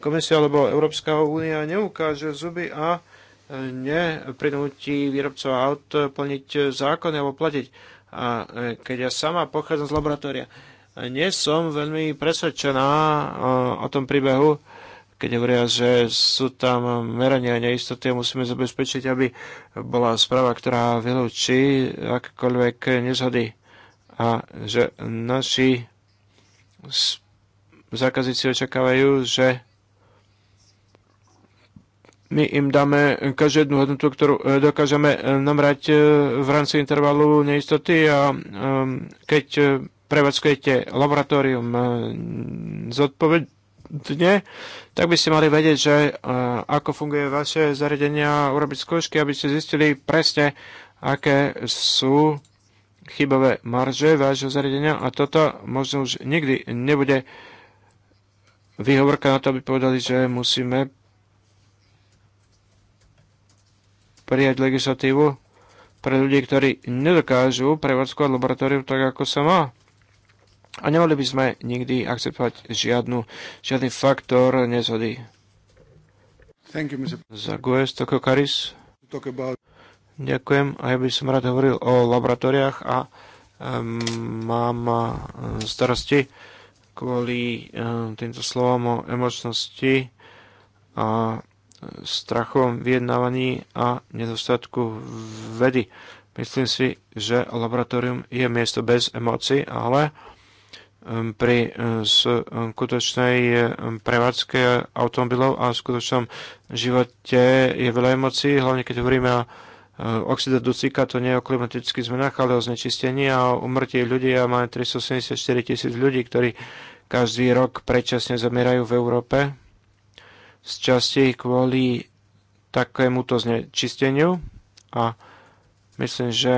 Speaker 3: komisia alebo Európska únia neukáže zuby a neprinúti výrobcov aut plniť zákony alebo platiť. A e, keď ja sama pochádzam z laboratória, nie som veľmi presvedčená e, o tom príbehu, keď hovoria, že sú tam merania neistoty a musíme zabezpečiť, aby bola správa, ktorá vylúči akékoľvek nezhody a že naši zákazníci očakávajú, že my im dáme každú hodnotu, ktorú e, dokážeme e, namrať e, v rámci intervalu neistoty a keď prevádzkujete laboratórium zodpovedne, tak by ste mali vedieť, že ako funguje vaše zariadenia, urobiť skúšky, aby ste zistili presne, aké sú chybové marže vášho zariadenia a toto možno už nikdy nebude výhovorka na to, aby povedali, že musíme prijať legislatívu pre ľudí, ktorí nedokážu prevádzkovať laboratórium tak, ako sa má. A nemali by sme nikdy akceptovať žiadnu, žiadny faktor nezhody. Thank you, Mr. Za Guest, Toko Karis. About... Ďakujem. A ja by som rád hovoril o laboratóriách a um, mám starosti kvôli um, týmto slovom o emočnosti a uh, strachom vyjednávaní a nedostatku vedy. Myslím si, že laboratórium je miesto bez emócií, ale um, pri uh, skutočnej um, prevádzke automobilov a skutočnom živote je veľa emócií, hlavne keď hovoríme o uh, oxida dusíka, to nie je o klimatických zmenách, ale o znečistení a o umrtí ľudí a máme 374 tisíc ľudí, ktorí každý rok predčasne zamierajú v Európe z časti kvôli takémuto znečisteniu a myslím, že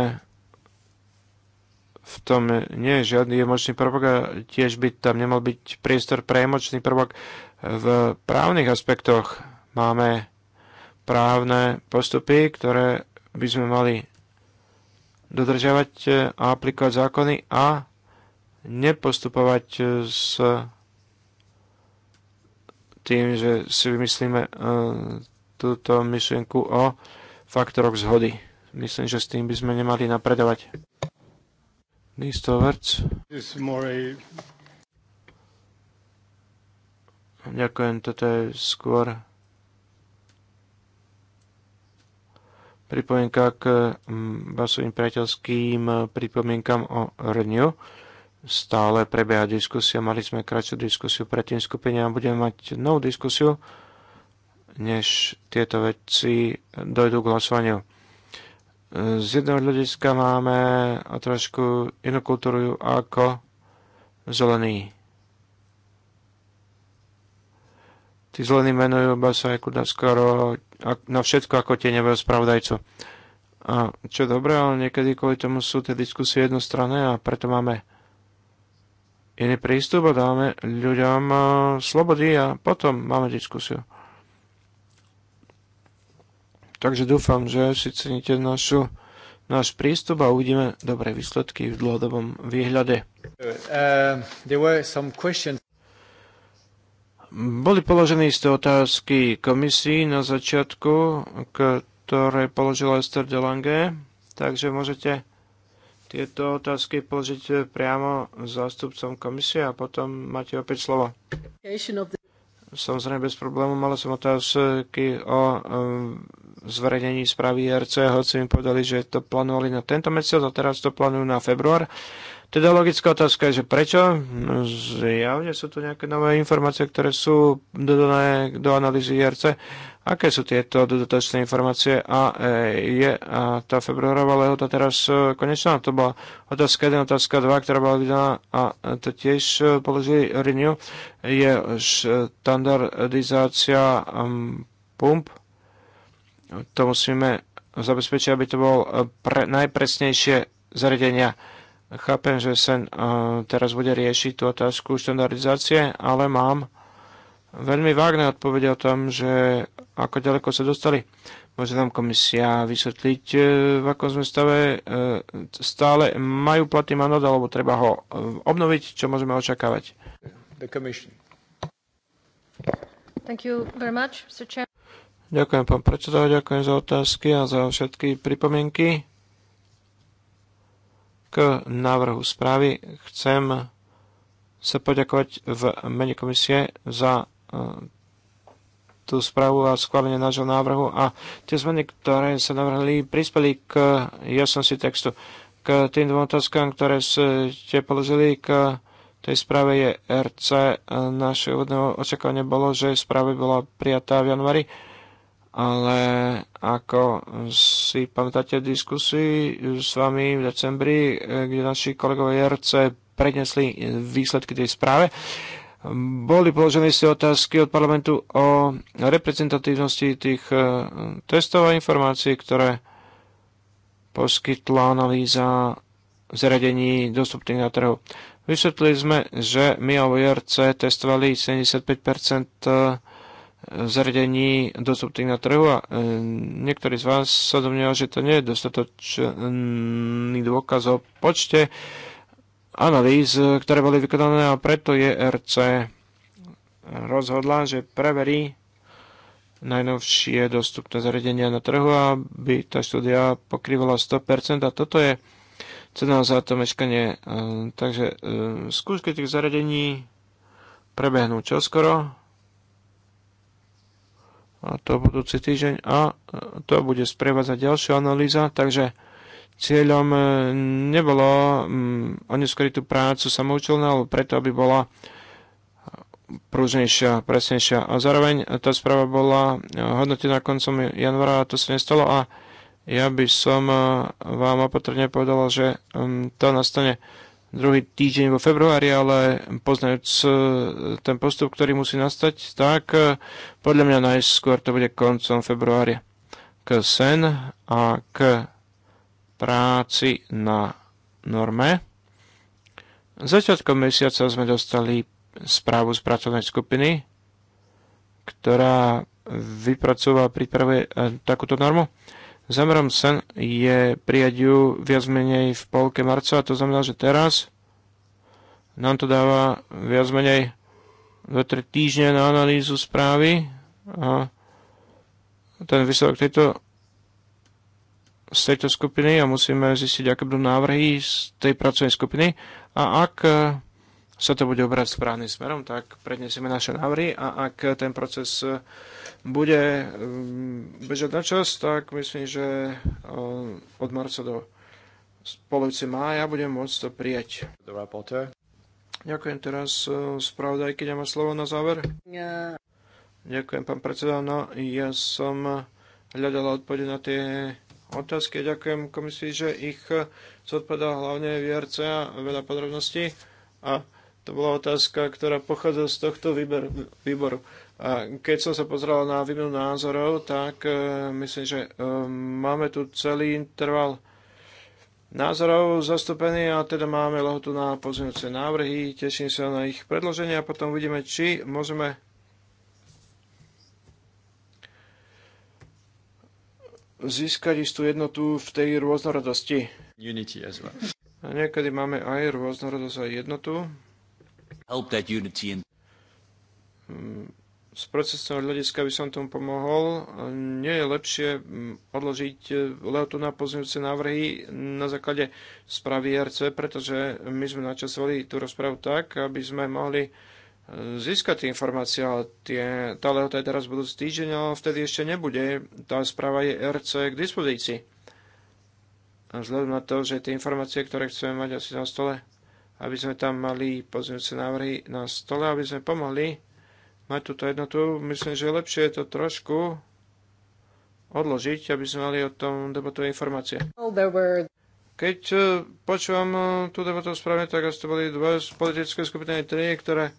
Speaker 3: v tom nie je žiadny emočný prvok a tiež by tam nemal byť priestor pre emočný prvok. V právnych aspektoch máme právne postupy, ktoré by sme mali dodržiavať a aplikovať zákony a nepostupovať s tým, že si vymyslíme e, túto myšlienku o faktoroch zhody. Myslím, že s tým by sme nemali napredovať. Nistoverc. Ďakujem, toto je skôr pripomienka k vašim mm, priateľským e, pripomienkam o Rňu stále prebieha diskusia. Mali sme kratšiu diskusiu predtým skupine a budeme mať novú diskusiu, než tieto veci dojdú k hlasovaniu. Z jedného hľadiska máme o trošku inú kultúru ako zelení. Tí zelení menujú Basajku kuda skoro na všetko ako tieňového spravodajcu. A čo dobré, ale niekedy kvôli tomu sú tie diskusie jednostranné a preto máme iný prístup a dáme ľuďom eh, slobody a potom máme diskusiu. Takže dúfam, že si ceníte našu, náš prístup a uvidíme dobré výsledky v dlhodobom výhľade.
Speaker 1: Eh,
Speaker 3: Boli položené isté otázky komisii na začiatku, ktoré položila Esther de Lange, takže môžete tieto otázky položiť eh, priamo zástupcom komisie a potom máte opäť slovo. Samozrejme bez problému, mala som otázky o eh, zverejnení správy e RC, hoci mi povedali, že to plánovali na tento mesiac a teraz to plánujú na február. Teda logická otázka je, že prečo? No, Zjavne sú tu nejaké nové informácie, ktoré sú dodané do analýzy IRC e aké sú tieto dodatočné informácie a e, je a tá februárová lehota teraz e, konečná? To bola otázka 1, otázka 2, ktorá bola vydaná a to tiež e, položili Renew. Je štandardizácia pump. To musíme zabezpečiť, aby to bol pre, najpresnejšie zariadenia. Chápem, že sen teraz bude riešiť tú otázku štandardizácie, ale mám veľmi vágne odpovede o tom, že ako ďaleko sa dostali. Môže nám komisia vysvetliť, e, v akom sme stave e, stále majú platný mandát, alebo treba ho e, obnoviť, čo môžeme očakávať. Much, ďakujem, pán predseda, ďakujem za otázky a za všetky pripomienky k návrhu správy. Chcem sa poďakovať v mene komisie za tú správu a schválenie nášho návrhu a tie zmeny, ktoré sa navrhli, prispeli k jasnosti textu. K tým dvom otázkam, ktoré ste položili k tej správe je RC. Naše úvodné očakávanie bolo, že správa bola prijatá v januári, ale ako si pamätáte diskusii s vami v decembri, kde naši kolegovia RC prednesli výsledky tej správe, boli položené si otázky od parlamentu o reprezentatívnosti tých e, testov a informácií, ktoré poskytla analýza zariadení dostupných na trhu. Vysvetlili sme, že my a VRC testovali 75 e, zariadení dostupných na trhu a e, niektorí z vás sa domňujú, že to nie je dostatočný dôkaz o počte analýz, e, ktoré boli vykonané a preto RC rozhodla, že preverí najnovšie dostupné zariadenia na trhu, aby tá štúdia pokrývala 100%. A toto je cena za to meškanie. E, takže e, skúšky tých zariadení prebehnú čoskoro. A to budúci týždeň. A to bude sprevádzať ďalšia analýza. Takže cieľom e, nebolo oneskoriť tú prácu samoučelnú, ale preto, aby bola prúžnejšia, presnejšia. A zároveň tá správa bola e, hodnotená koncom januára a to sa nestalo a ja by som e, vám opatrne povedala, že to nastane druhý týždeň vo februári, ale poznajúc ten postup, ktorý musí nastať, tak podľa mňa najskôr to bude koncom februária k sen a k práci na norme. Začiatkom mesiaca sme dostali správu z pracovnej skupiny, ktorá vypracová a pripravuje e, takúto normu. Zamerom sen je prijať ju viac menej v polke marca, to znamená, že teraz nám to dáva viac menej 2-3 týždne na analýzu správy a ten výsledok tejto z tejto skupiny a musíme zistiť, aké budú návrhy z tej pracovnej skupiny a ak e, sa to bude obrať správnym smerom, tak prednesieme naše návrhy a ak ten proces e, bude e, bežať na čas, tak myslím, že od marca do polovice mája budem môcť to prijať. Ďakujem teraz spravodaj, keď má slovo na záver. Ďakujem, pán predseda. No, ja som hľadala odpovede na tie otázky. Ďakujem komisii, že ich zodpovedal hlavne VRC a veľa podrobností. A to bola otázka, ktorá pochádza z tohto výboru. A keď som sa pozrel na výmenu názorov, tak e, myslím, že e, máme tu celý interval názorov zastúpený a teda máme lehotu na pozmeňujúce návrhy. Teším sa na ich predloženie a potom uvidíme, či môžeme získať istú jednotu v tej rôznorodosti. Unity as well. A niekedy máme aj rôznorodosť a jednotu.
Speaker 1: Help that unity in... Mm,
Speaker 3: z procesného hľadiska by som tomu pomohol. Nie je lepšie mm, odložiť e, lehotu na pozňujúce návrhy na základe správy RC, pretože my sme načasovali tú rozpravu tak, aby sme mohli získať tie informácie, ale tie, tá lehota je teraz budúci týždeň, ale vtedy ešte nebude. Tá správa je RC k dispozícii. A vzhľadom na to, že tie informácie, ktoré chceme mať asi na stole, aby sme tam mali pozmeňujúce návrhy na stole, aby sme pomohli mať túto jednotu, myslím, že lepšie je to trošku odložiť, aby sme mali o tom debatové informácie. Keď eh, počúvam eh, tú debatu správne, tak to boli dva politické skupiny, tri, ktoré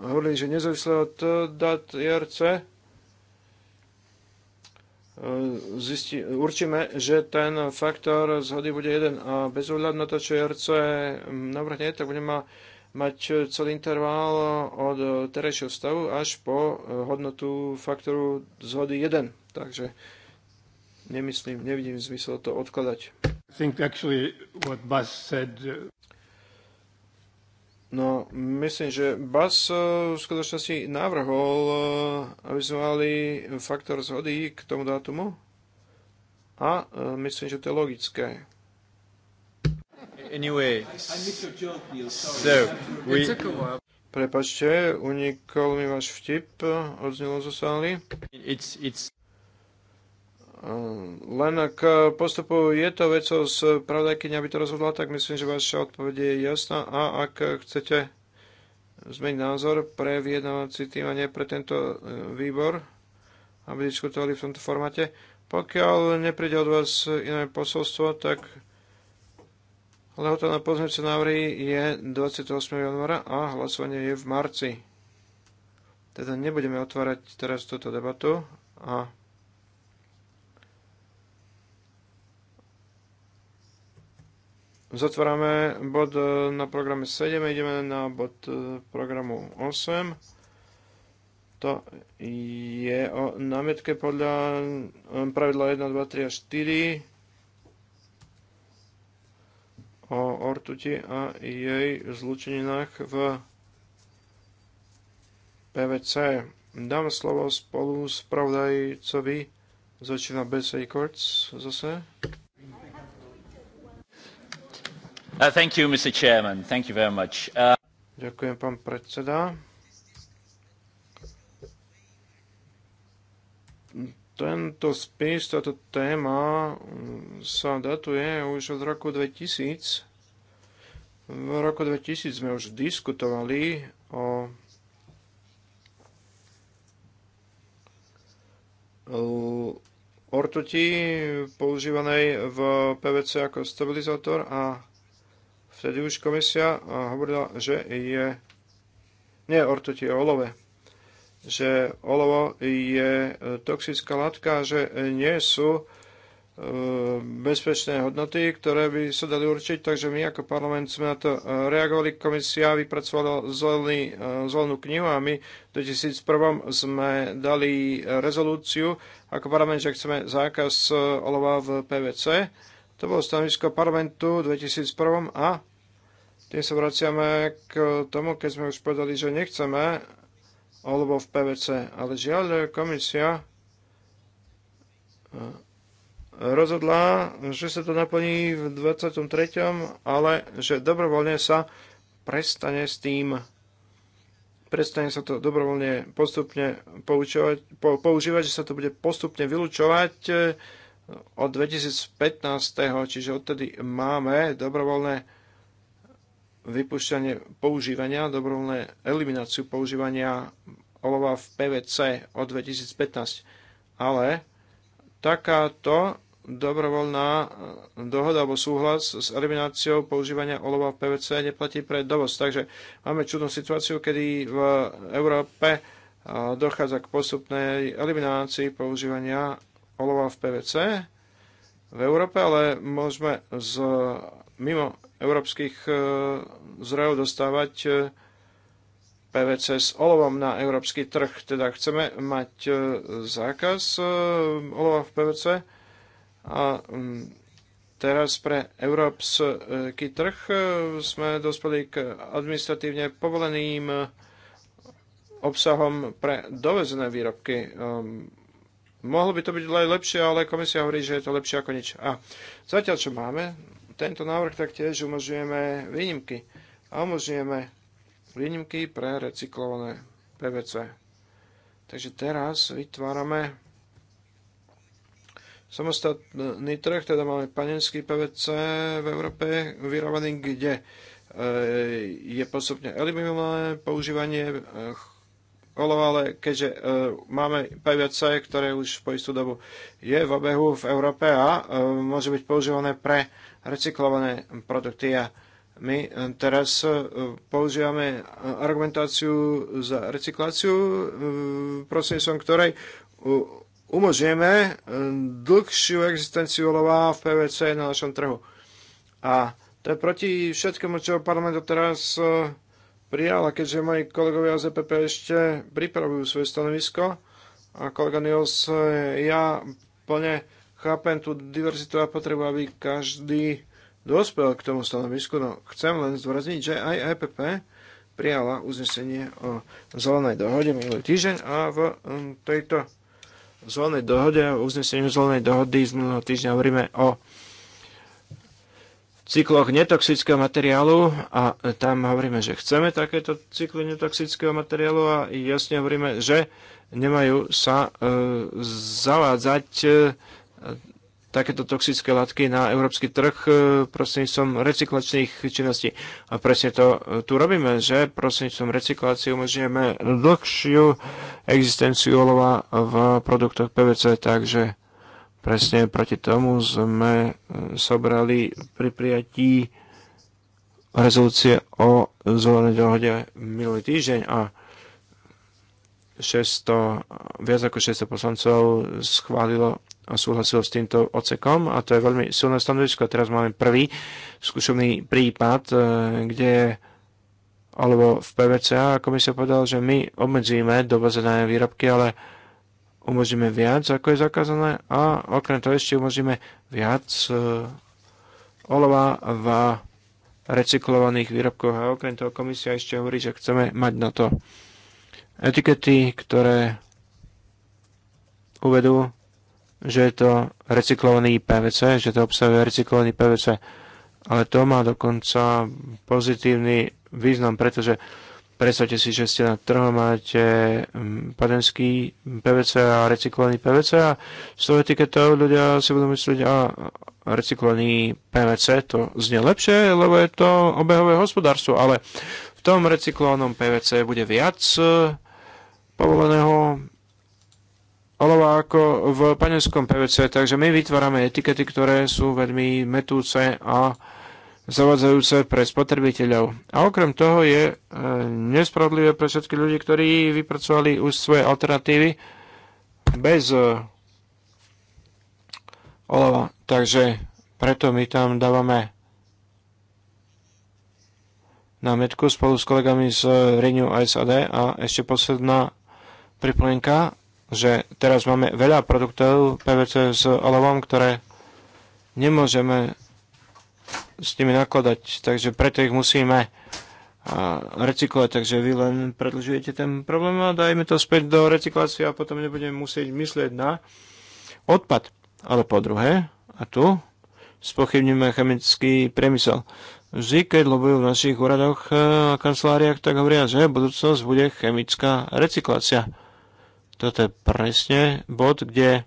Speaker 3: hovorili, že nezávisle od e, dat IRC e e, zisti, určíme, že ten faktor zhody bude jeden a bez ohľadu na to, čo IRC navrhne, tak budeme mať celý interval od terajšieho stavu až po hodnotu faktoru zhody 1. Takže nemyslím, nevidím zmysel to odkladať. Said... No, myslím, že BAS e, v skutočnosti navrhol, e, aby sme mali faktor zhody k tomu dátumu. A e, myslím, že to je logické. Anyway,
Speaker 4: so, we...
Speaker 3: Prepačte, unikol mi váš vtip, odznelo zo sály. It's, it's... Len k postupu je to vecou z pravdajkyňa, aby to rozhodla, tak myslím, že vaša odpoveď je jasná a ak chcete zmeniť názor pre vyjednávací tým a nie pre tento e, výbor, aby diskutovali v tomto formáte, pokiaľ nepríde od vás iné posolstvo, tak lehota na pozmeňujúce návrhy je 28. januára a hlasovanie je v marci. Teda nebudeme otvárať teraz túto debatu a Zatvárame bod e, na programe 7, ideme na bod e, programu 8. To je o námietke podľa e, pravidla 1, 2, 3 a 4 o ortuti a jej zlučeninách v PVC. Dám slovo spolu s pravdajcovi. Začína BC Courts zase.
Speaker 4: Uh, uh,
Speaker 3: Ďakujem, pán predseda. Tento spis, táto téma mm, sa datuje už od roku 2000. V roku 2000 sme už diskutovali o ortuti používanej v PVC ako stabilizátor a Vtedy už komisia hovorila, že je nie o rtuti, o olove. Že olovo je e, toxická látka, že nie sú e, bezpečné hodnoty, ktoré by sa dali určiť, takže my ako parlament sme na to e, reagovali, komisia vypracovala zelený, zelenú knihu a my v 2001 sme dali rezolúciu ako parlament, že chceme zákaz olova v PVC. To bolo stanovisko parlamentu v 2001 a tým sa vraciame k tomu, keď sme už povedali, že nechceme alebo v PVC, ale žiaľ komisia eh, rozhodla, že sa to naplní v 23., ale že dobrovoľne sa prestane s tým prestane sa to dobrovoľne postupne po, používať, že sa to bude postupne vylúčovať eh, od 2015. Čiže odtedy máme dobrovoľné vypúšťanie používania, dobrovoľné elimináciu používania olova v PVC od 2015. Ale takáto dobrovoľná eh, dohoda alebo súhlas s elimináciou používania olova v PVC neplatí pre dovoz. Takže máme čudnú situáciu, kedy v Európe eh, dochádza k postupnej eliminácii používania olova v PVC v Európe, ale môžeme z mimo európskych e, zdrojov dostávať e, PVC s olovom na európsky trh. Teda chceme mať e, zákaz olova v PVC a mm, teraz pre európsky trh sme dospeli k administratívne povoleným obsahom pre dovezené výrobky. Mohlo by to byť lepšie, ale komisia hovorí, že je to lepšie ako nič. A zatiaľ, čo máme, tento návrh taktiež umožňujeme výnimky a umožňujeme výnimky pre recyklované PVC. Takže teraz vytvárame samostatný trh, teda máme panenský PVC v Európe vyrobený, kde e, je postupne eliminované používanie e, olova, ale keďže e, máme PVC, ktoré už po istú dobu je v obehu v Európe a môže byť používané pre recyklované produkty. A my teraz e, používame argumentáciu za recykláciu, e, procesom ktorej umožňujeme e, dlhšiu existenciu olova v PVC na našom trhu. A to je proti všetkému, čo parlament teraz prijal, a keďže moji kolegovia z EPP ešte pripravujú svoje stanovisko, a kolega Nils, ja plne chápem tú diverzitu a potrebu, aby každý dospel k tomu stanovisku. No, chcem len zdôrazniť, že aj EPP prijala uznesenie o zelenej dohode minulý týždeň a v um, tejto zelenej dohode a uzneseniu zelenej dohody z minulého týždňa hovoríme o cykloch netoxického materiálu a tam hovoríme, že chceme takéto cykly netoxického materiálu a jasne hovoríme, že nemajú sa e, zavádzať e, takéto toxické látky na európsky trh e, prostredníctvom recyklačných činností. A presne to e, tu robíme, že prostredníctvom recyklácie umožňujeme dlhšiu existenciu olova v produktoch PVC, takže presne proti tomu sme e, sobrali pri prijatí rezolúcie o zelenej dohode minulý týždeň a 600, viac ako 600 poslancov schválilo súhlasil s týmto ocekom a to je veľmi silné stanovisko. Teraz máme prvý skúšobný prípad, e, kde alebo v PVCA sa povedal, že my obmedzíme dovezené výrobky, ale umožníme viac, ako je zakázané a okrem toho ešte umožníme viac e, olova v recyklovaných výrobkoch a okrem toho komisia ešte hovorí, že chceme mať na to etikety, ktoré uvedú že je to recyklovaný PVC, že to obsahuje recyklovaný PVC. Ale to má dokonca pozitívny význam, pretože predstavte si, že ste na trhu máte mm, padenský PVC a recyklovaný PVC a z toho etiketov ľudia si budú myslieť, a recyklovaný PVC to znie lepšie, lebo je to obehové hospodárstvo, ale v tom recyklovanom PVC bude viac eh, povoleného olova ako v panenskom PVC, takže my vytvárame etikety, ktoré sú veľmi metúce a zavadzajúce pre spotrebiteľov. A okrem toho je e, nespravodlivé pre všetky ľudí, ktorí vypracovali už svoje alternatívy bez e, olova. Takže preto my tam dávame námetku spolu s kolegami z Renew SAD a ešte posledná priplenka že teraz máme veľa produktov PVC s olovom, ktoré nemôžeme s nimi nakladať, takže preto ich musíme recyklovať, takže vy len predlžujete ten problém a dajme to späť do recyklácie a potom nebudeme musieť myslieť na odpad. Ale po druhé, a tu spochybníme chemický priemysel. Vždy, keď lobujú v našich úradoch e, a kanceláriách, tak hovoria, že budúcnosť bude chemická recyklácia. Toto je presne bod, kde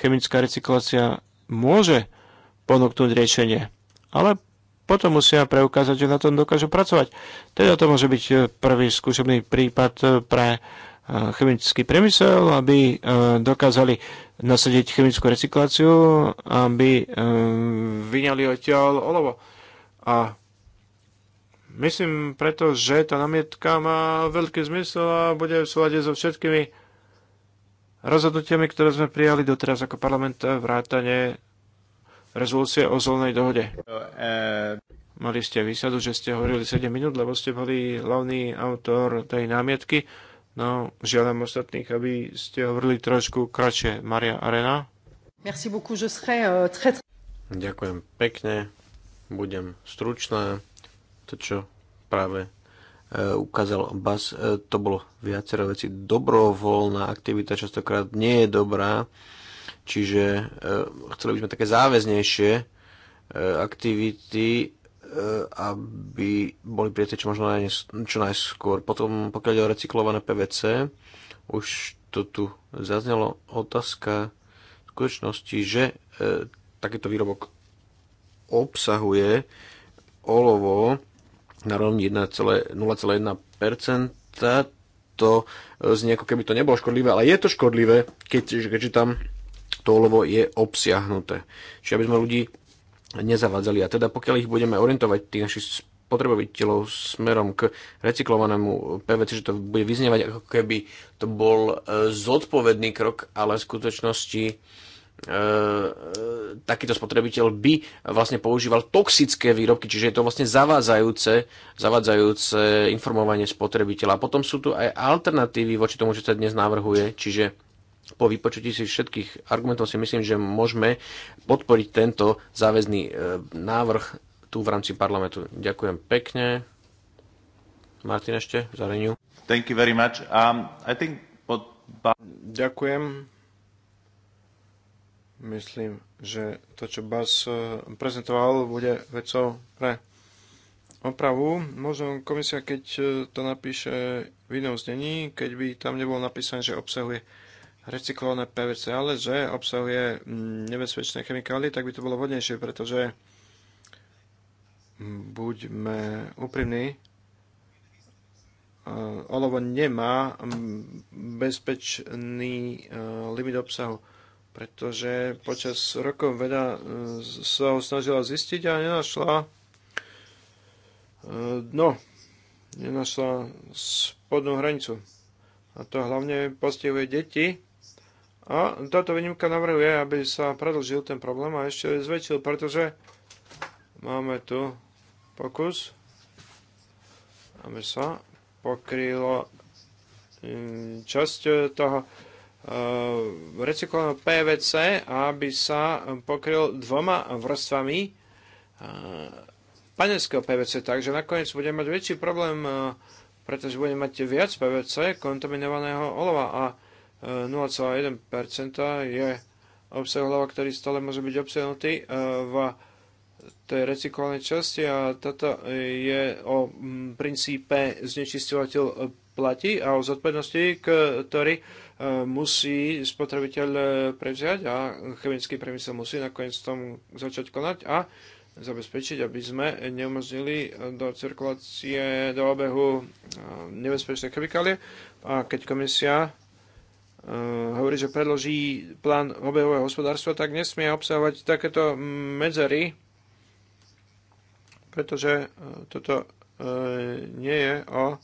Speaker 3: chemická recyklácia môže ponúknuť riešenie, ale potom musia preukázať, že na tom dokážu pracovať. Teda to môže byť eh, prvý skúšobný prípad eh, pre eh, chemický priemysel, aby dokázali nasadiť chemickú recykláciu, aby vyňali odtiaľ olovo. A myslím preto, že tá namietka má veľký zmysel a bude v súlade so všetkými rozhodnutiami, ktoré sme prijali doteraz ako parlament, eh, vrátane rezolúcie o zelenej dohode. Mali ste výsadu, že ste hovorili 7 minút, lebo ste boli hlavný autor tej námietky. No, žiadam ostatných, aby ste hovorili trošku kratšie. Maria Arena.
Speaker 4: Merci beaucoup, je serai, uh, très, très...
Speaker 3: Ďakujem pekne, budem stručná. To, čo
Speaker 2: práve E, ukázal Bas, e, to bolo viacero veci Dobrovoľná aktivita častokrát nie je dobrá, čiže e, chceli by sme také záväznejšie aktivity, aby boli prijaté čo možno čo najskôr. Potom, pokiaľ je o recyklované PVC, už to tu zaznelo otázka v skutočnosti, že takýto výrobok obsahuje olovo, na rovni 0,1%, to e, znie ako keby to nebolo škodlivé, ale je to škodlivé, keď, keďže tam to olovo je obsiahnuté. Čiže aby sme ľudí nezavadzali. A teda pokiaľ ich budeme orientovať, tých našich spotrebiteľov smerom k recyklovanému PVC, že to bude vyznievať ako keby to bol e, zodpovedný krok, ale v skutočnosti E, takýto spotrebiteľ by vlastne používal toxické výrobky, čiže je to vlastne zavádzajúce, zavádzajúce informovanie spotrebiteľa. Potom sú tu aj alternatívy voči tomu, čo sa dnes navrhuje, čiže po vypočutí si všetkých argumentov si myslím, že môžeme podporiť tento záväzný e, návrh tu v rámci parlamentu. Ďakujem pekne.
Speaker 3: Martin ešte za reňu. Thank you very much. Um, I think... Ďakujem Myslím, že to, čo Bas eh, prezentoval, bude vecou pre opravu. Možno komisia, keď eh, to napíše v inom znení, keď by tam nebolo napísané, že obsahuje recyklované PVC, ale že obsahuje mm, nebezpečné chemikálie, tak by to bolo vhodnejšie, pretože buďme úprimní, eh, olovo nemá mm, bezpečný limit obsahu pretože počas rokov veda e, sa ho snažila zistiť a nenašla e, dno, nenašla spodnú hranicu. A to hlavne postihuje deti. A táto výnimka navrhuje, aby sa predlžil ten problém a ešte zväčšil, pretože máme tu pokus, aby sa pokrylo mm, časť e, toho Eh, recyklovaného PVC, aby sa pokryl dvoma vrstvami eh, panelského PVC. Takže nakoniec budeme mať väčší problém, eh, pretože budeme mať viac PVC kontaminovaného olova a 0,1% je obsah olova, ktorý stále môže byť obsiahnutý v tej recyklovanej časti a toto je o mm, princípe znečistovateľ platí a o zodpovednosti, ktorý musí spotrebiteľ eh, prevziať a chemický priemysel musí nakoniec tom začať konať a zabezpečiť, aby sme neumožnili do cirkulácie, do obehu eh, nebezpečné chemikálie. A keď komisia eh, hovorí, že predloží plán obehového hospodárstva, tak nesmie obsahovať takéto medzery, pretože toto nie je o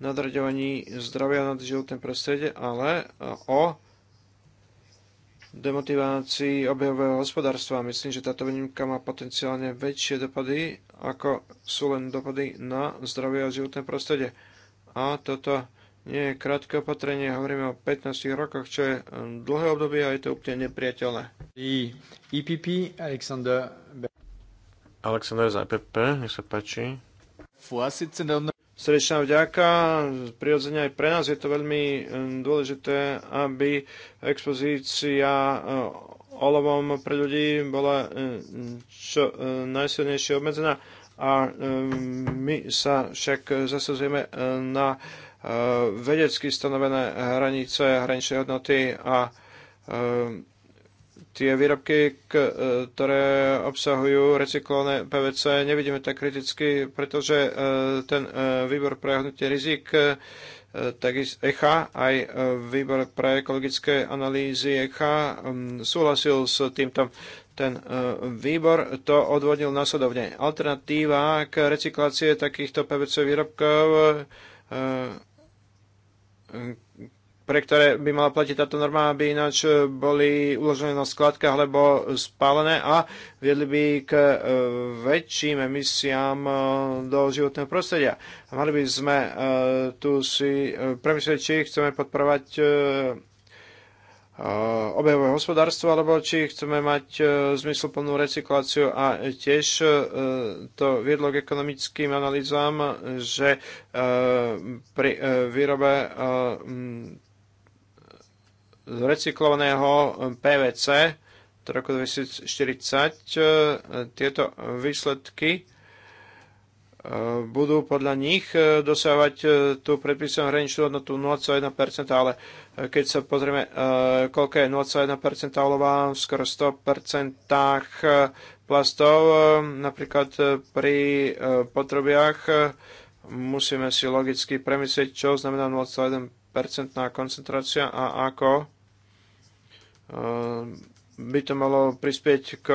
Speaker 3: nadraďovaní zdravia nad životné prostredie, ale e, o demotivácii objavového hospodárstva. Myslím, že táto výnimka má potenciálne väčšie dopady, ako sú len dopady na zdravie a životné prostredie. A toto nie je krátke opatrenie, hovoríme o 15 rokoch, čo je e, dlhé obdobie a je to úplne nepriateľné. EPP Alexander
Speaker 2: Alexander za e nech sa páči.
Speaker 3: Srdečná vďaka. Prirodzene aj pre nás je to veľmi mm, dôležité, aby expozícia e, olovom pre ľudí bola e, čo e, najsilnejšie obmedzená a my sa však zasazujeme na vedecky stanovené hranice, hraničné hodnoty a tie výrobky, e, ktoré obsahujú recyklované PVC, nevidíme tak kriticky, pretože e, ten e, výbor pre hodnotie rizik takisto ECHA, aj výbor pre ekologické analýzy ECHA súhlasil s týmto. Ten výbor to odvodil následovne. Alternatíva k recyklácie takýchto PVC výrobkov pre ktoré by mala platiť táto norma, aby ináč e, boli uložené na skladkách alebo spálené a viedli by k e, väčším emisiám e, do životného prostredia. A mali by sme tu si premyslieť, či chceme podporovať obehové hospodárstvo, alebo či chceme mať zmysluplnú recykláciu a tiež to viedlo k ekonomickým analýzám, že pri výrobe z recyklovaného PVC do roku 2040 e, tieto výsledky e, budú podľa nich e, dosávať tú predpísanú hraničnú hodnotu 0,1%, ale keď sa pozrieme, koľko je 0,1% olova, skoro 100% plastov, napríklad pri potrubiach, musíme si logicky premyslieť, čo znamená 0,1% koncentrácia a ako Ehm, by to malo prispieť k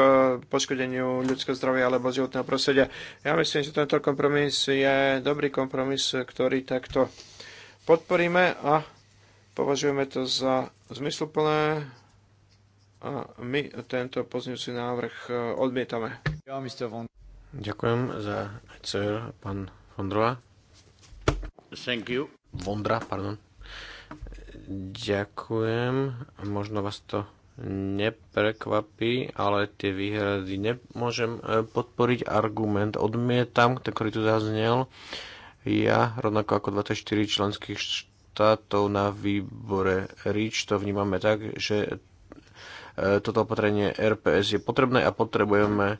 Speaker 3: poškodeniu ľudského zdravia alebo životného prostredia. Ja myslím, že tento kompromis je dobrý kompromis, ktorý takto podporíme a považujeme to za zmysluplné a my tento pozňujúci návrh e, odmietame.
Speaker 2: Ďakujem za cel. pán Vondrova. Thank you. Vondra, pardon. Ďakujem. Možno vás to neprekvapí, ale tie výhrady nemôžem e, podporiť. Argument odmietam, ktorý tu zaznel. Ja, rovnako ako 24 členských štátov na výbore REACH, to vnímame tak, že e, toto opatrenie RPS je potrebné a potrebujeme e,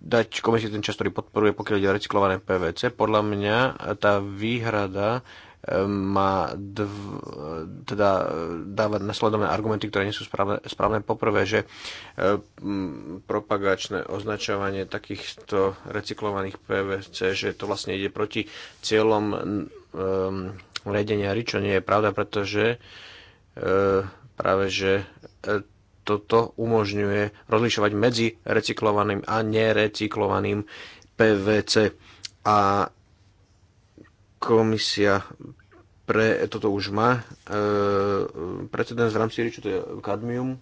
Speaker 2: dať komisii ten čas, ktorý podporuje, pokiaľ ide recyklované PVC. Podľa mňa tá výhrada má dv, teda e, dávať nasledovné argumenty, ktoré nie sú správne. správne. Poprvé, že e, propagačné označovanie takýchto recyklovaných PVC, že to vlastne ide proti cieľom um, riadenia RI, čo nie je pravda, pretože um, práve, že toto umožňuje rozlišovať medzi recyklovaným a nerecyklovaným PVC. A Komisia pre toto už má e, precedens v rámci rieču, to je kadmium.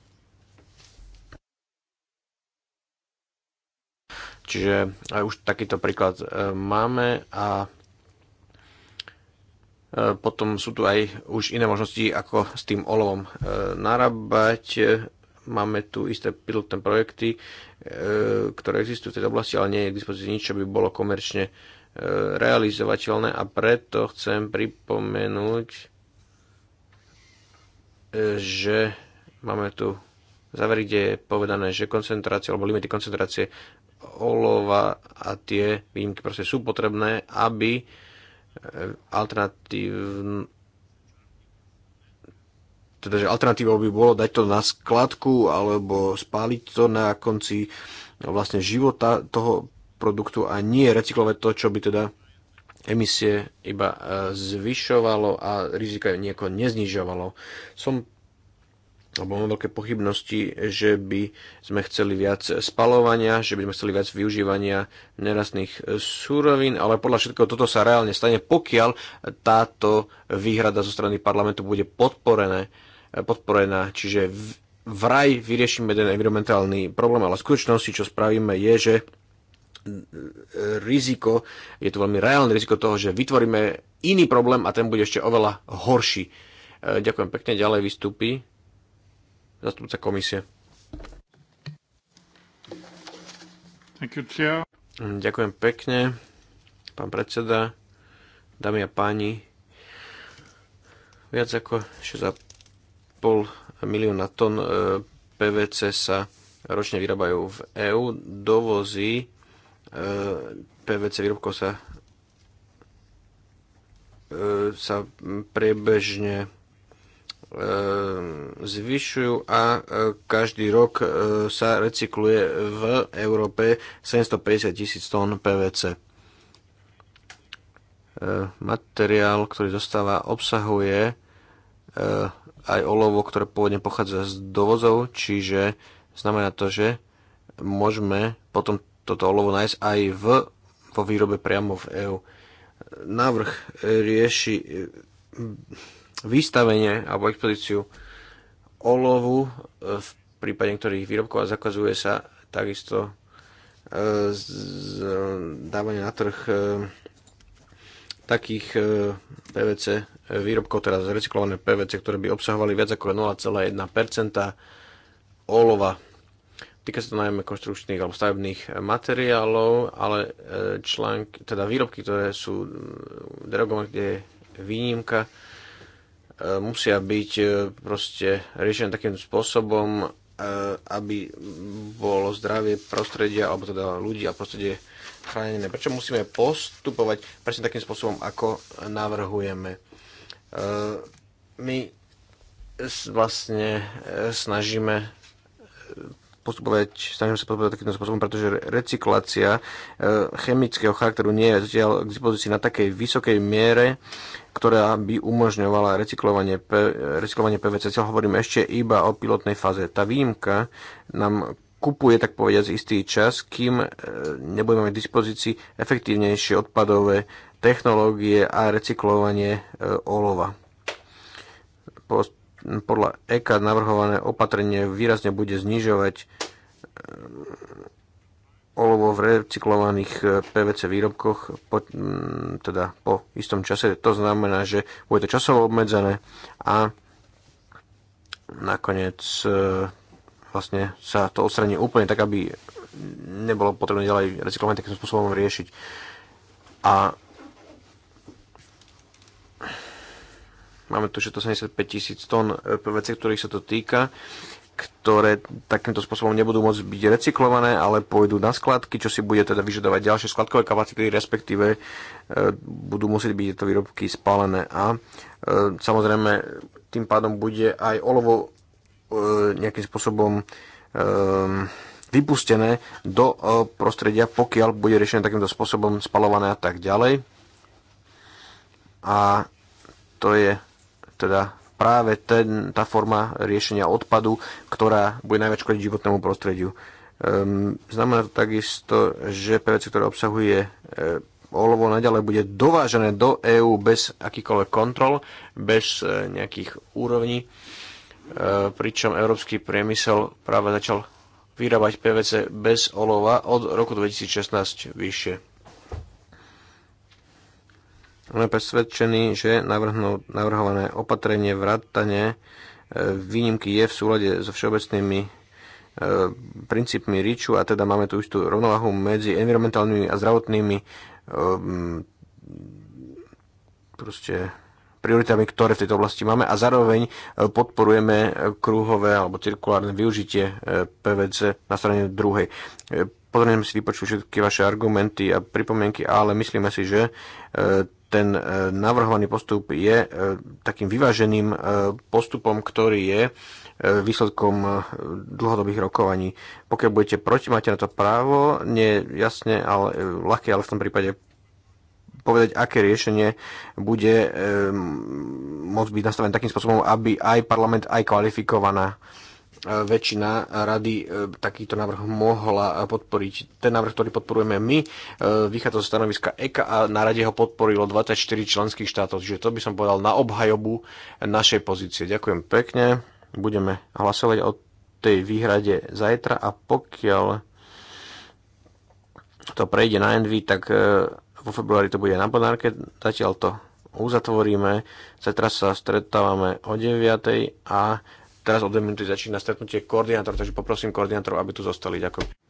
Speaker 2: Čiže aj už takýto príklad e, máme a e, potom sú tu aj už iné možnosti, ako s tým olovom e, narábať. Máme tu isté pilotné projekty, e, ktoré existujú v tejto oblasti, ale nie je k dispozícii nič, čo by bolo komerčne realizovateľné a preto chcem pripomenúť, e, že máme tu záver, kde je povedané, že koncentrácie alebo limity koncentrácie olova a tie výnimky proste sú potrebné, aby e, alternatívne teda, že alternatívou by bolo dať to na skladku alebo spáliť to na konci vlastne života toho produktu a nie recyklovať to, čo by teda emisie iba e, zvyšovalo a rizika nieko neznižovalo. Som alebo mám veľké pochybnosti, že by sme chceli viac spalovania, že by sme chceli viac využívania nerastných e, súrovín, ale podľa všetkého toto sa reálne stane, pokiaľ táto výhrada zo strany parlamentu bude podporené, e, podporená. Čiže vraj vyriešime ten environmentálny problém, ale v skutočnosti, čo spravíme, je, že riziko, je tu veľmi reálne riziko toho, že vytvoríme iný problém a ten bude ešte oveľa horší. E, ďakujem pekne, ďalej vystúpi zastupca komisie. Ďakujem pekne, pán predseda, dámy a páni. Viac ako 6,5 milióna tón e, PVC sa ročne vyrábajú v EÚ. Dovozy PVC výrobkov sa, e, sa priebežne e, zvyšujú a e, každý rok sa recykluje v Európe 750 tisíc tón PVC. Materiál, ktorý zostáva, obsahuje aj olovo, ktoré pôvodne pochádza z dovozov, čiže znamená to, že môžeme potom toto olovo nájsť aj v, vo výrobe priamo v EÚ. Návrh rieši eh, vystavenie alebo expozíciu olovu eh, v prípade niektorých výrobkov a zakazuje sa takisto eh, dávanie na trh takých PVC výrobkov, teda recyklované PVC, ktoré by obsahovali viac ako 0,1% olova. Týka sa to najmä konštrukčných alebo stavebných eh, materiálov, ale eh, článk, teda výrobky, ktoré sú mm, derogované, kde je výnimka, eh, musia byť proste riešené takým spôsobom, aby bolo zdravie prostredia, alebo teda ľudí a prostredie chránené. Prečo musíme postupovať presne takým spôsobom, ako navrhujeme? My vlastne snažíme postupovať, snažíme sa postupovať takýmto spôsobom, pretože recyklácia e, chemického charakteru nie je zatiaľ k dispozícii na takej vysokej miere, ktorá by umožňovala recyklovanie, recyklovanie PVC. Zatiaľ hovorím ešte iba o pilotnej fáze. Tá výjimka nám kupuje, tak povediať, istý čas, kým e, nebudeme mať v dispozícii efektívnejšie odpadové technológie a recyklovanie e, olova. Post- podľa EKA navrhované opatrenie výrazne bude znižovať e, olovo v recyklovaných e, PVC výrobkoch po, teda po istom čase. To znamená, že bude to časovo obmedzené a nakoniec e, vlastne sa to odstraní úplne tak, aby nebolo potrebné ďalej recyklovanie takým spôsobom riešiť. A Máme tu 675 tisíc tón e, PVC, ktorých sa to týka ktoré takýmto spôsobom nebudú môcť byť recyklované, ale pôjdu na skladky, čo si bude teda vyžadovať ďalšie skladkové kapacity, respektíve e, budú musieť byť tieto výrobky spálené. A e, samozrejme, tým pádom bude aj olovo nejakým spôsobom vypustené do prostredia, pokiaľ bude riešené takýmto spôsobom spalované a tak ďalej. A to je teda práve ten, tá forma riešenia odpadu, ktorá bude najviac škodiť životnému prostrediu. Um, znamená to takisto, že PVC, ktoré obsahuje e, olovo naďalej bude dovážené do EÚ bez akýkoľvek kontrol, bez e, nejakých úrovní, e, pričom európsky priemysel práve začal vyrábať PVC bez olova od roku 2016 vyššie. Sme presvedčení, že navrhované opatrenie vrátane e, výnimky je v súlade so všeobecnými e, princípmi ríču a teda máme tu istú rovnováhu medzi environmentálnymi a zdravotnými e, proste prioritami, ktoré v tejto oblasti máme a zároveň podporujeme krúhové alebo cirkulárne využitie PVC na strane druhej. Pozorujeme si vypočuť všetky vaše argumenty a pripomienky, ale myslíme si, že ten e, navrhovaný postup je e, takým vyváženým e, postupom, ktorý je výsledkom dlhodobých rokovaní. Pokiaľ budete proti, máte na to právo, nie jasne, ale ľahké, ale v tom prípade povedať, aké riešenie bude môcť byť nastavené takým spôsobom, aby aj parlament, aj kvalifikovaná väčšina rady e, takýto návrh mohla podporiť. Ten návrh, ktorý podporujeme my, e, vychádza zo stanoviska EKA a na rade ho podporilo 24 členských štátov. Čiže to by som povedal na obhajobu našej pozície. Ďakujem pekne. Budeme hlasovať o tej výhrade zajtra a pokiaľ to prejde na Envy, tak e, vo februári to bude na Bonárke. Zatiaľ to uzatvoríme. Zajtra sa stretávame o 9. a Teraz o dve minúty začína stretnutie koordinátor, takže poprosím koordinátorov, aby tu zostali. Ďakujem.